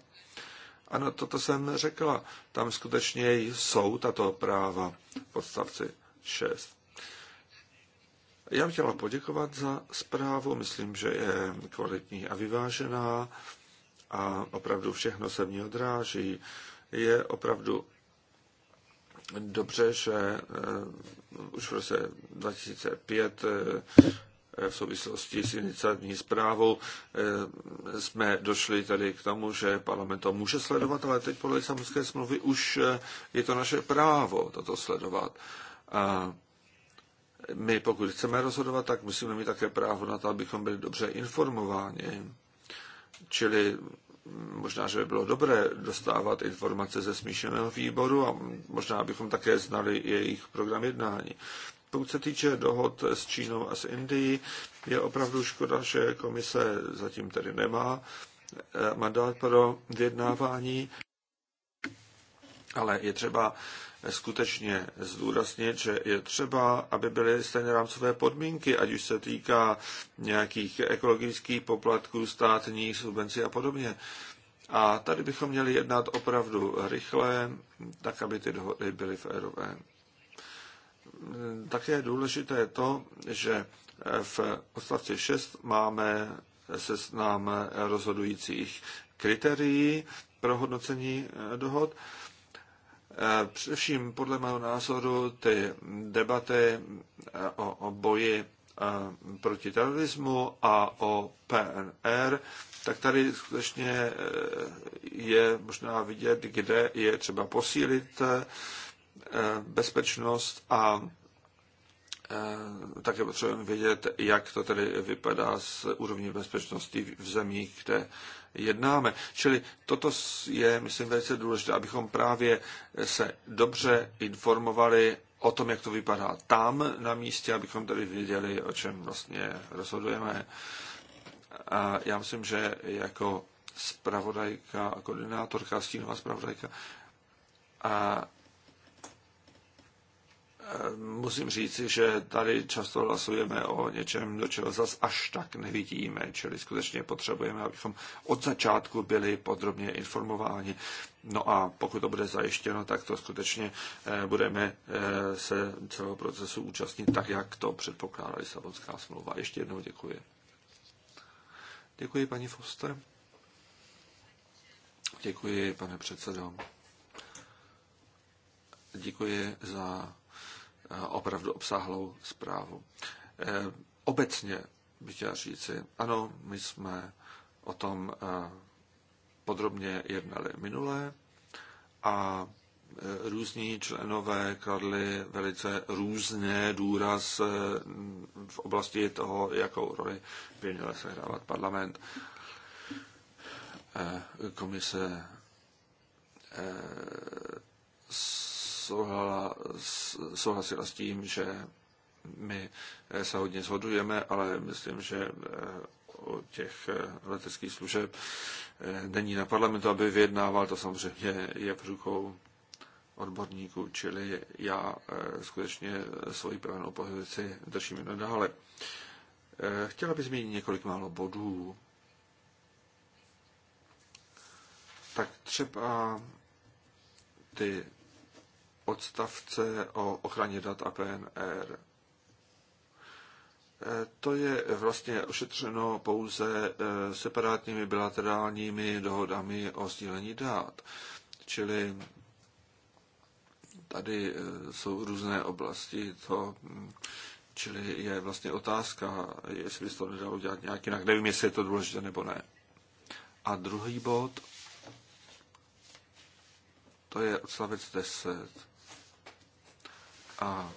Ano, toto jsem řekla. Tam skutečně jsou tato práva v odstavci 6. Já bych chtěla poděkovat za zprávu. Myslím, že je kvalitní a vyvážená a opravdu všechno se v ní odráží. Je opravdu dobře, že eh, už v roce 2005 eh, v souvislosti s iniciativní zprávou eh, jsme došli tedy k tomu, že parlament to může sledovat, ale teď podle samozřejmě smlouvy už je to naše právo toto sledovat. A my, pokud chceme rozhodovat, tak musíme mít také právo na to, abychom byli dobře informováni. Čili možná, že by bylo dobré dostávat informace ze smíšeného výboru a možná bychom také znali jejich program jednání. Pokud se týče dohod s Čínou a s Indií, je opravdu škoda, že komise zatím tedy nemá eh, mandát pro vyjednávání, ale je třeba skutečně zdůraznit, že je třeba, aby byly stejné rámcové podmínky, ať už se týká nějakých ekologických poplatků, státních subvencí a podobně. A tady bychom měli jednat opravdu rychle, tak aby ty dohody byly férové. Také je důležité je to, že v odstavci 6 máme seznam rozhodujících kritérií pro hodnocení dohod Eh, především podle mého názoru ty debaty eh, o, o boji eh, proti terorismu a o PNR, tak tady skutečně je možná vidět, kde je třeba posílit bezpečnost a také potřebujeme vědět, jak to tedy vypadá s úrovní bezpečnosti v zemích, kde jednáme. Čili toto je, myslím, velice důležité, abychom právě se dobře informovali o tom, jak to vypadá tam na místě, abychom tedy věděli, o čem vlastně rozhodujeme. A já myslím, že jako spravodajka a koordinátorka, stínová spravodajka, a musím říci, že tady často hlasujeme o něčem, do čeho zas až tak nevidíme, čili skutečně potřebujeme, abychom od začátku byli podrobně informováni. No a pokud to bude zajištěno, tak to skutečně eh, budeme eh, se celého procesu účastnit tak, jak to předpokládá Lisabonská smlouva. Ještě jednou děkuji. Děkuji, paní Foster. Děkuji, pane předsedo. Děkuji za opravdu obsáhlou zprávu. Eh, obecně bych chtěl říci, ano, my jsme o tom eh, podrobně jednali minule a eh, různí členové kladli velice různé důraz v oblasti toho, jakou roli by měl sehrávat parlament. Komise souhlasila s tím, že my eh, se hodně shodujeme, ale myslím, že o eh, těch eh, leteckých služeb není na parlamentu, aby vyjednával, to samozřejmě je v rukou odborníků, čili já skutečně svoji pevnou pozici držím nadále. Chtěla bych zmínit několik málo bodů. Tak třeba ty odstavce o ochraně dat a PNR. E, to je vlastně ošetřeno pouze e, separátními bilaterálními dohodami o sdílení dát. Čili tady e, jsou různé oblasti, to, mm, čili je vlastně otázka, jestli by se to nedalo udělat nějak jinak. Nevím, jestli je to důležité nebo ne. A druhý bod, to je odstavec 10. A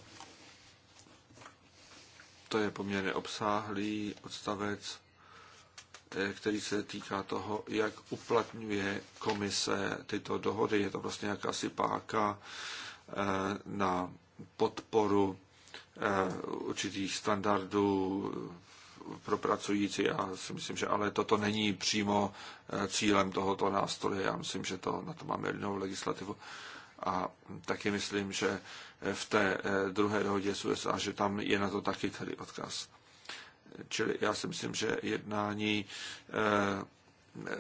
to je poměrně obsáhlý odstavec, eh, který se týká toho, jak uplatňuje komise tyto dohody. Je to vlastně jakási páka eh, na podporu eh, určitých standardů pro pracující. Já si myslím, že ale toto není přímo cílem tohoto nástroje. Já myslím, že to, na to máme jinou legislativu a taky myslím, že v té eh, druhé dohodě s USA, že tam je na to taky tedy odkaz. Čili já si myslím, že jednání eh, eh,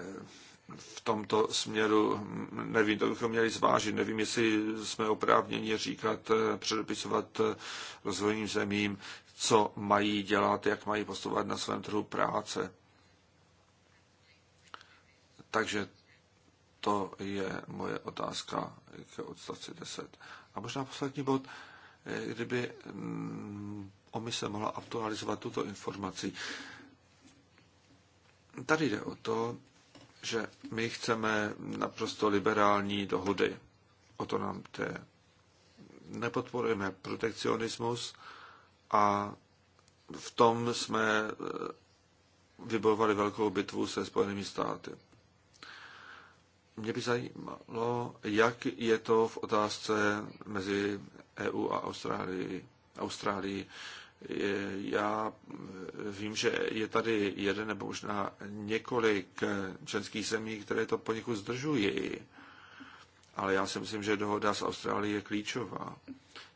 v tomto směru, hm, nevím, to bychom měli zvážit, nevím, jestli jsme oprávněni říkat, předepisovat rozvojním zemím, co mají dělat, jak mají postupovat na svém trhu práce. Takže to je moje otázka k odstavci 10. A možná poslední bod, kdyby mm, omise mohla aktualizovat tuto informaci. Tady jde o to, že my chceme naprosto liberální dohody. O to nám jde. Nepodporujeme protekcionismus a v tom jsme eh, vybojovali velkou bitvu se Spojenými státy. Mě by zajímalo, jak je to v otázce mezi EU a Austrálií. Austrálii. Já eh, vím, že je tady jeden nebo možná několik eh, členských zemí, které to poněkud zdržují, ale já si myslím, že dohoda s Austrálií je klíčová.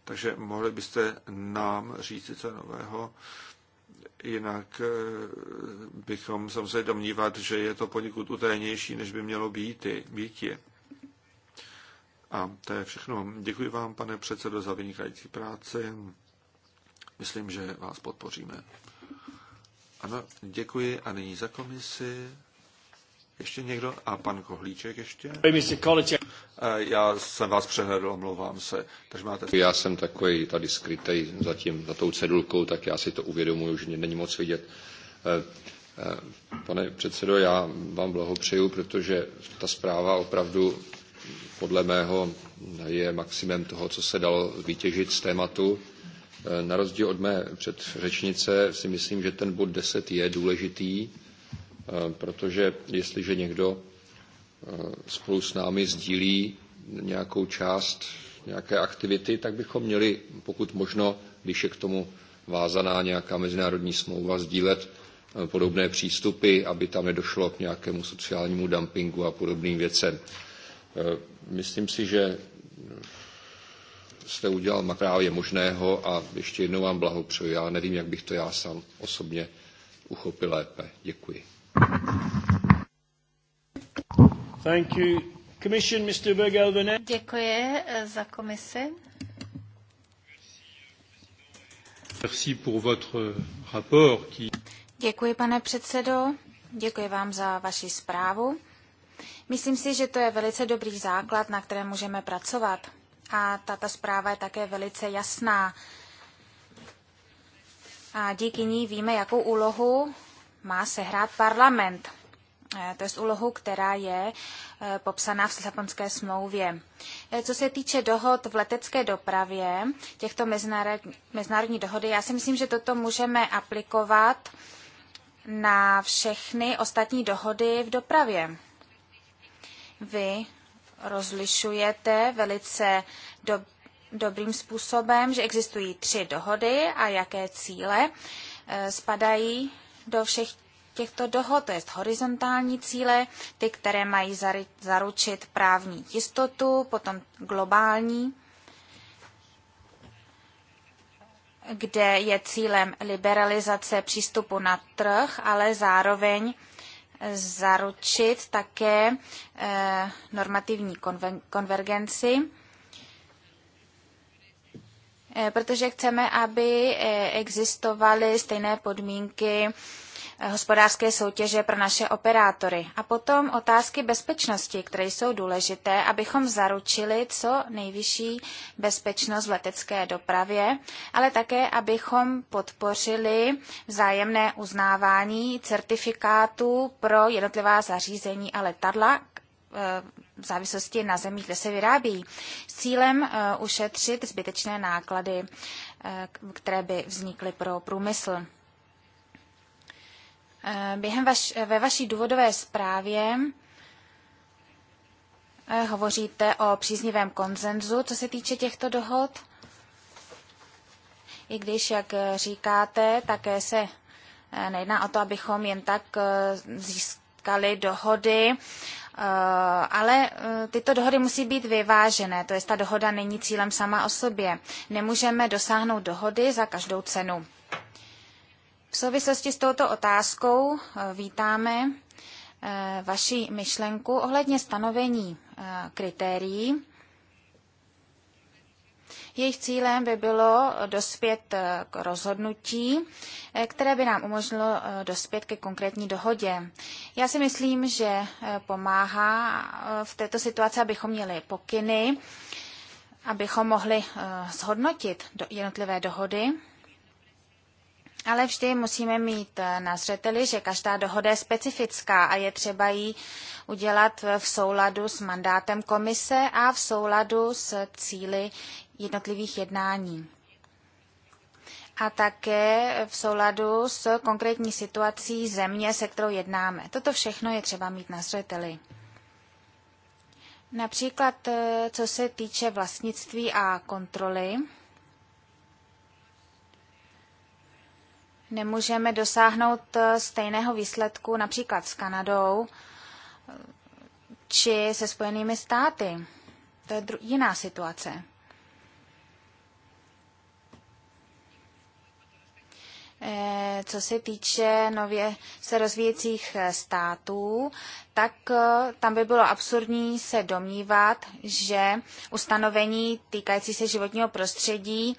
Takže mohli byste nám říct něco nového Jinak eh, bychom samozřejmě domnívat, že je to poněkud utajenější, než by mělo být. Býti. A to je všechno. Děkuji vám, pane předsedo, za vynikající práci. Myslím, že vás podpoříme. Ano, děkuji a nyní za komisi ještě někdo? A pan Kohlíček ještě? Eh, já jsem vás přehledl, omlouvám se. Takže máte... Já jsem takový tady skrytej zatím za tou cedulkou, tak já si to uvědomuji, že mě není moc vidět. Eh, eh, pane předsedo, já vám blahopřeju, protože ta zpráva opravdu podle mého je maximem toho, co se dalo vytěžit z tématu. Na rozdíl od mé předřečnice si myslím, že ten bod 10 je důležitý Eh, protože jestliže někdo eh, spolu s námi sdílí nějakou část nějaké aktivity, tak bychom měli, pokud možno, když je k tomu vázaná nějaká mezinárodní smlouva, sdílet eh, podobné přístupy, aby tam nedošlo k nějakému sociálnímu dumpingu a podobným věcem. Myslím si, že jste udělal právě možného a ještě jednou vám blahopřeju. Já nevím, jak bych to já sám osobně uchopil lépe. Děkuji. Děkuji eh, za komisi. Merci pour votre rapport qui... Děkuji, pane předsedo. Děkuji vám za vaši zprávu. Myslím si, že to je velice dobrý základ, na kterém můžeme pracovat. A tato zpráva je také velice jasná. A díky ní víme, jakou úlohu má sehrát parlament. Eh, to je z úlohu, která je eh, popsaná v Lisabonské smlouvě. Eh, co se týče dohod v letecké dopravě, těchto mezinárodní, mezinárodní dohody, já si myslím, že toto můžeme aplikovat na všechny ostatní dohody v dopravě. Vy rozlišujete velice do, dobrým způsobem, že existují tři dohody a jaké cíle spadají do všech těchto dohod, to je horizontální cíle, ty, které mají zaručit právní jistotu, potom globální, kde je cílem liberalizace přístupu na trh, ale zároveň zaručit také eh, normativní konvergenci Eh, protože chceme, aby eh, existovaly stejné podmínky eh, hospodářské soutěže pro naše operátory. A potom otázky bezpečnosti, které jsou důležité, abychom zaručili co nejvyšší bezpečnost v letecké dopravě, ale také abychom podpořili vzájemné uznávání certifikátů pro jednotlivá zařízení a letadla v závislosti na zemích, kde se vyrábí, s cílem eh, ušetřit zbytečné náklady, eh, které by vznikly pro průmysl. Eh, během vaš, ve vaší důvodové zprávě hovoříte o příznivém konzenzu, co se týče těchto dohod. I když, jak říkáte, také se nejedná o to, abychom jen tak získali dohody Eh, ale eh, tyto dohody musí být vyvážené, to je ta dohoda není cílem sama o sobě. Nemůžeme dosáhnout dohody za každou cenu. V souvislosti s touto otázkou eh, vítáme vaši myšlenku ohledně stanovení kritérií jejich cílem by bylo dospět eh, k rozhodnutí, eh, které by nám umožnilo eh, dospět ke konkrétní dohodě. Já si myslím, že pomáhá v této situaci, abychom měli pokyny, abychom mohli zhodnotit jednotlivé dohody. Ale vždy musíme mít na zřeteli, že každá dohoda je specifická a je třeba ji udělat v souladu s mandátem komise a v souladu s cíly jednotlivých jednání. A také v souladu s konkrétní situací země, se kterou jednáme. Toto všechno je třeba mít na zřeteli. Například, eh, co se týče vlastnictví a kontroly, nemůžeme dosáhnout eh, stejného výsledku například s Kanadou eh, či se Spojenými státy. To je jiná situace. Eh, co se týče nově se rozvíjecích eh, států, tak eh, tam by bylo absurdní se domnívat, že ustanovení týkající se životního prostředí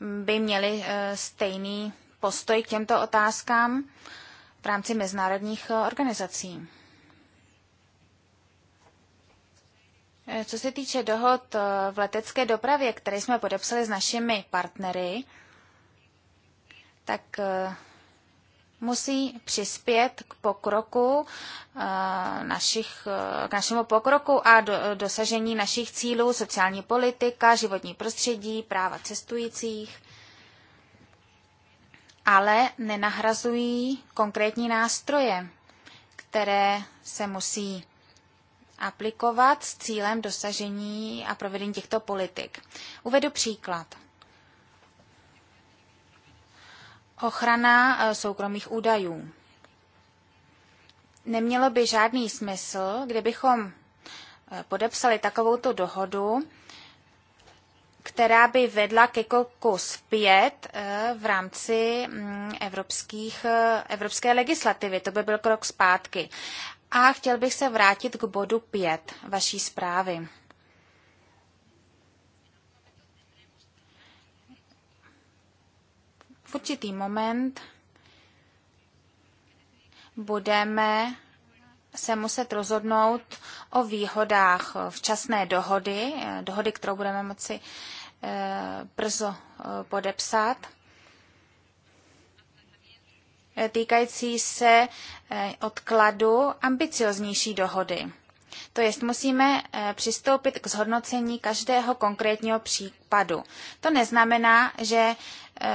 mm, by měly stejný postoj k těmto otázkám v rámci mezinárodních organizací. Co se týče dohod v letecké dopravě, které jsme podepsali s našimi partnery, tak eh, musí přispět k pokroku eh, našich, eh, k našemu pokroku a do, dosažení našich cílů, sociální politika, životní prostředí, práva cestujících, ale nenahrazují konkrétní nástroje, které se musí aplikovat s cílem dosažení a provedení těchto politik. Uvedu příklad. Ochrana eh, soukromých údajů. Nemělo by žádný smysl, kdybychom eh, podepsali takovouto dohodu, která by vedla ke kolku zpět eh, v rámci mm, evropských, evropské legislativy. To by byl krok zpátky. A chtěl bych se vrátit k bodu 5 vaší zprávy. v určitý moment budeme se muset rozhodnout o výhodách včasné dohody, dohody, kterou budeme moci eh, brzo eh, podepsat, eh, týkající se odkladu ambicioznější dohody. To jest, musíme eh, přistoupit k zhodnocení každého konkrétního případu. To neznamená, že eh,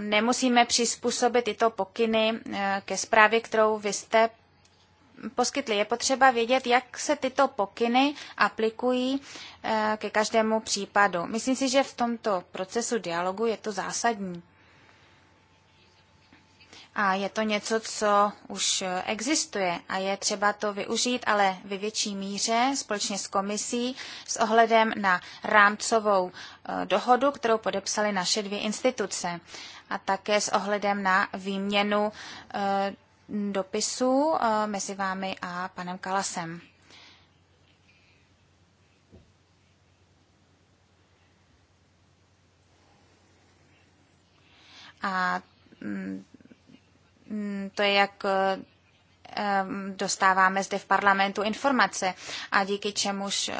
nemusíme přizpůsobit tyto pokyny eh, ke zprávě, kterou vy jste poskytli. Je potřeba vědět, jak se tyto pokyny aplikují ke každému případu. Myslím si, že v tomto procesu dialogu je to zásadní. A je to něco, co už existuje a je třeba to využít, ale ve větší míře společně s komisí s ohledem na rámcovou e, dohodu, kterou podepsaly naše dvě instituce a také s ohledem na výměnu e, dopisů e, mezi vámi a panem Kalasem. A mm, Mm, to je jak eh, dostáváme zde v parlamentu informace a díky čemuž eh,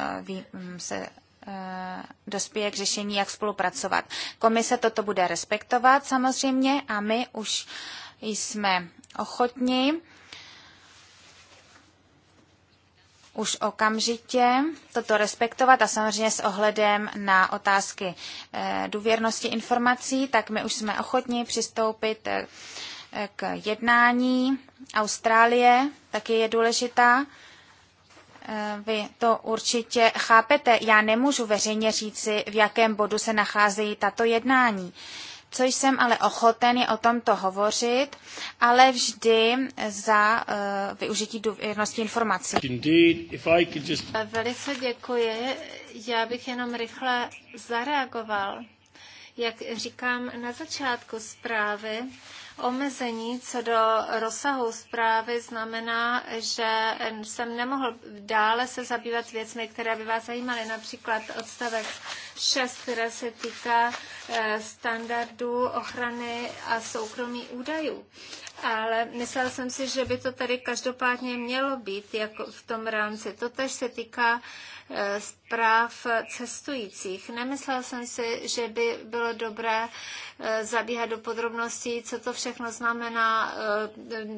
mm, se eh, dospěje k řešení, jak spolupracovat. Komise toto bude respektovat samozřejmě a my už jsme ochotni už okamžitě toto respektovat a samozřejmě s ohledem na otázky důvěrnosti informací, tak my už jsme ochotni přistoupit k jednání. Austrálie taky je důležitá. Eh, vy to určitě chápete. Já nemůžu veřejně říci, v jakém bodu se nacházejí tato jednání. Co jsem ale ochoten je o tomto hovořit, ale vždy za uh, využití důvěrnosti informací. Eh, velice děkuji. Já bych jenom rychle zareagoval. Jak říkám na začátku zprávy, Omezení co do rozsahu zprávy znamená, že jsem nemohl dále se zabývat věcmi, které by vás zajímaly, například odstavec 6, která se týká eh, standardů ochrany a soukromí údajů. Ale myslela jsem si, že by to tady každopádně mělo být jako v tom rámci. To tež se týká eh, zpráv cestujících. Nemyslela jsem si, že by bylo dobré eh, zabíhat do podrobností, co to všechno znamená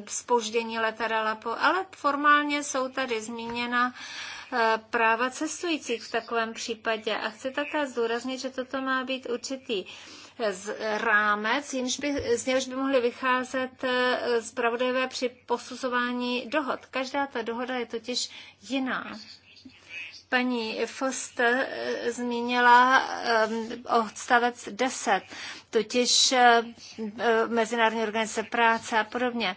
spoždění letadla, ale formálně jsou tady zmíněna Eh, práva cestujících v takovém případě. A chci také zdůraznit, že toto má být určitý eh, z rámec, jenž by, z něhož by mohly vycházet eh, zpravodajové při posuzování dohod. Každá ta dohoda je totiž jiná. Paní Fost zmínila odstavec 10, totiž Mezinárodní organizace práce a podobně.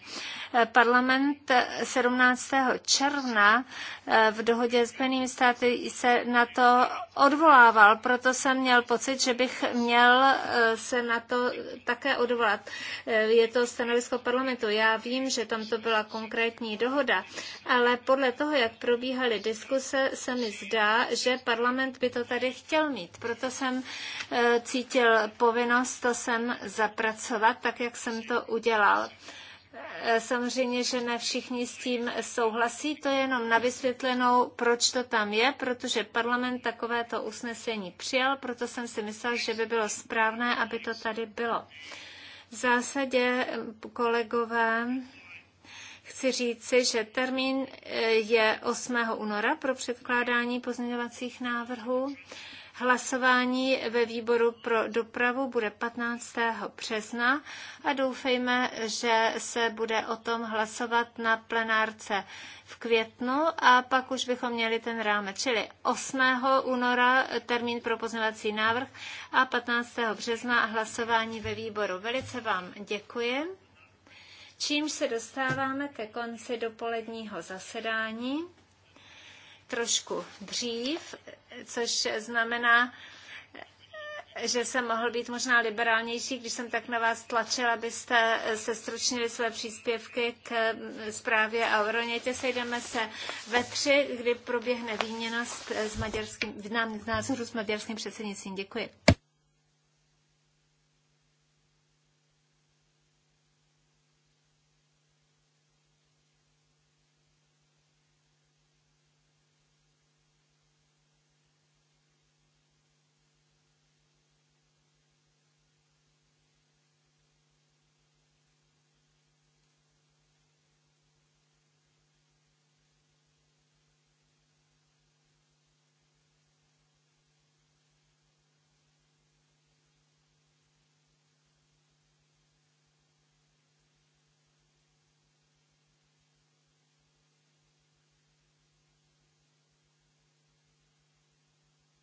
Parlament 17. června eh, v dohodě s Spojenými státy se na to odvolával, proto jsem měl pocit, že bych měl eh, se na to také odvolat. Eh, je to stanovisko parlamentu. Já vím, že tam to byla konkrétní dohoda, ale podle toho, jak probíhaly diskuse, se mi zdá, že parlament by to tady chtěl mít. Proto jsem cítil povinnost to sem zapracovat, tak jak jsem to udělal samozřejmě, že ne všichni s tím souhlasí, to je jenom na vysvětlenou, proč to tam je, protože parlament takovéto usnesení přijal, proto jsem si myslel, že by bylo správné, aby to tady bylo. V zásadě, kolegové, chci říci, že termín eh, je 8. února pro předkládání pozměňovacích návrhů. Hlasování ve výboru pro dopravu bude 15. března a doufejme, že se bude o tom hlasovat na plenárce v květnu a pak už bychom měli ten rámec, čili 8. února termín pro poznávací návrh a 15. března hlasování ve výboru. Velice vám děkuji. Čím se dostáváme ke konci dopoledního zasedání trošku dřív, což znamená, že jsem mohl být možná liberálnější, když jsem tak na vás tlačil, abyste se stručnili své příspěvky k zprávě a Euronětě. Sejdeme se ve tři, kdy proběhne výměna s, s maďarským, v nám, názoru s maďarským předsednictvím. Děkuji.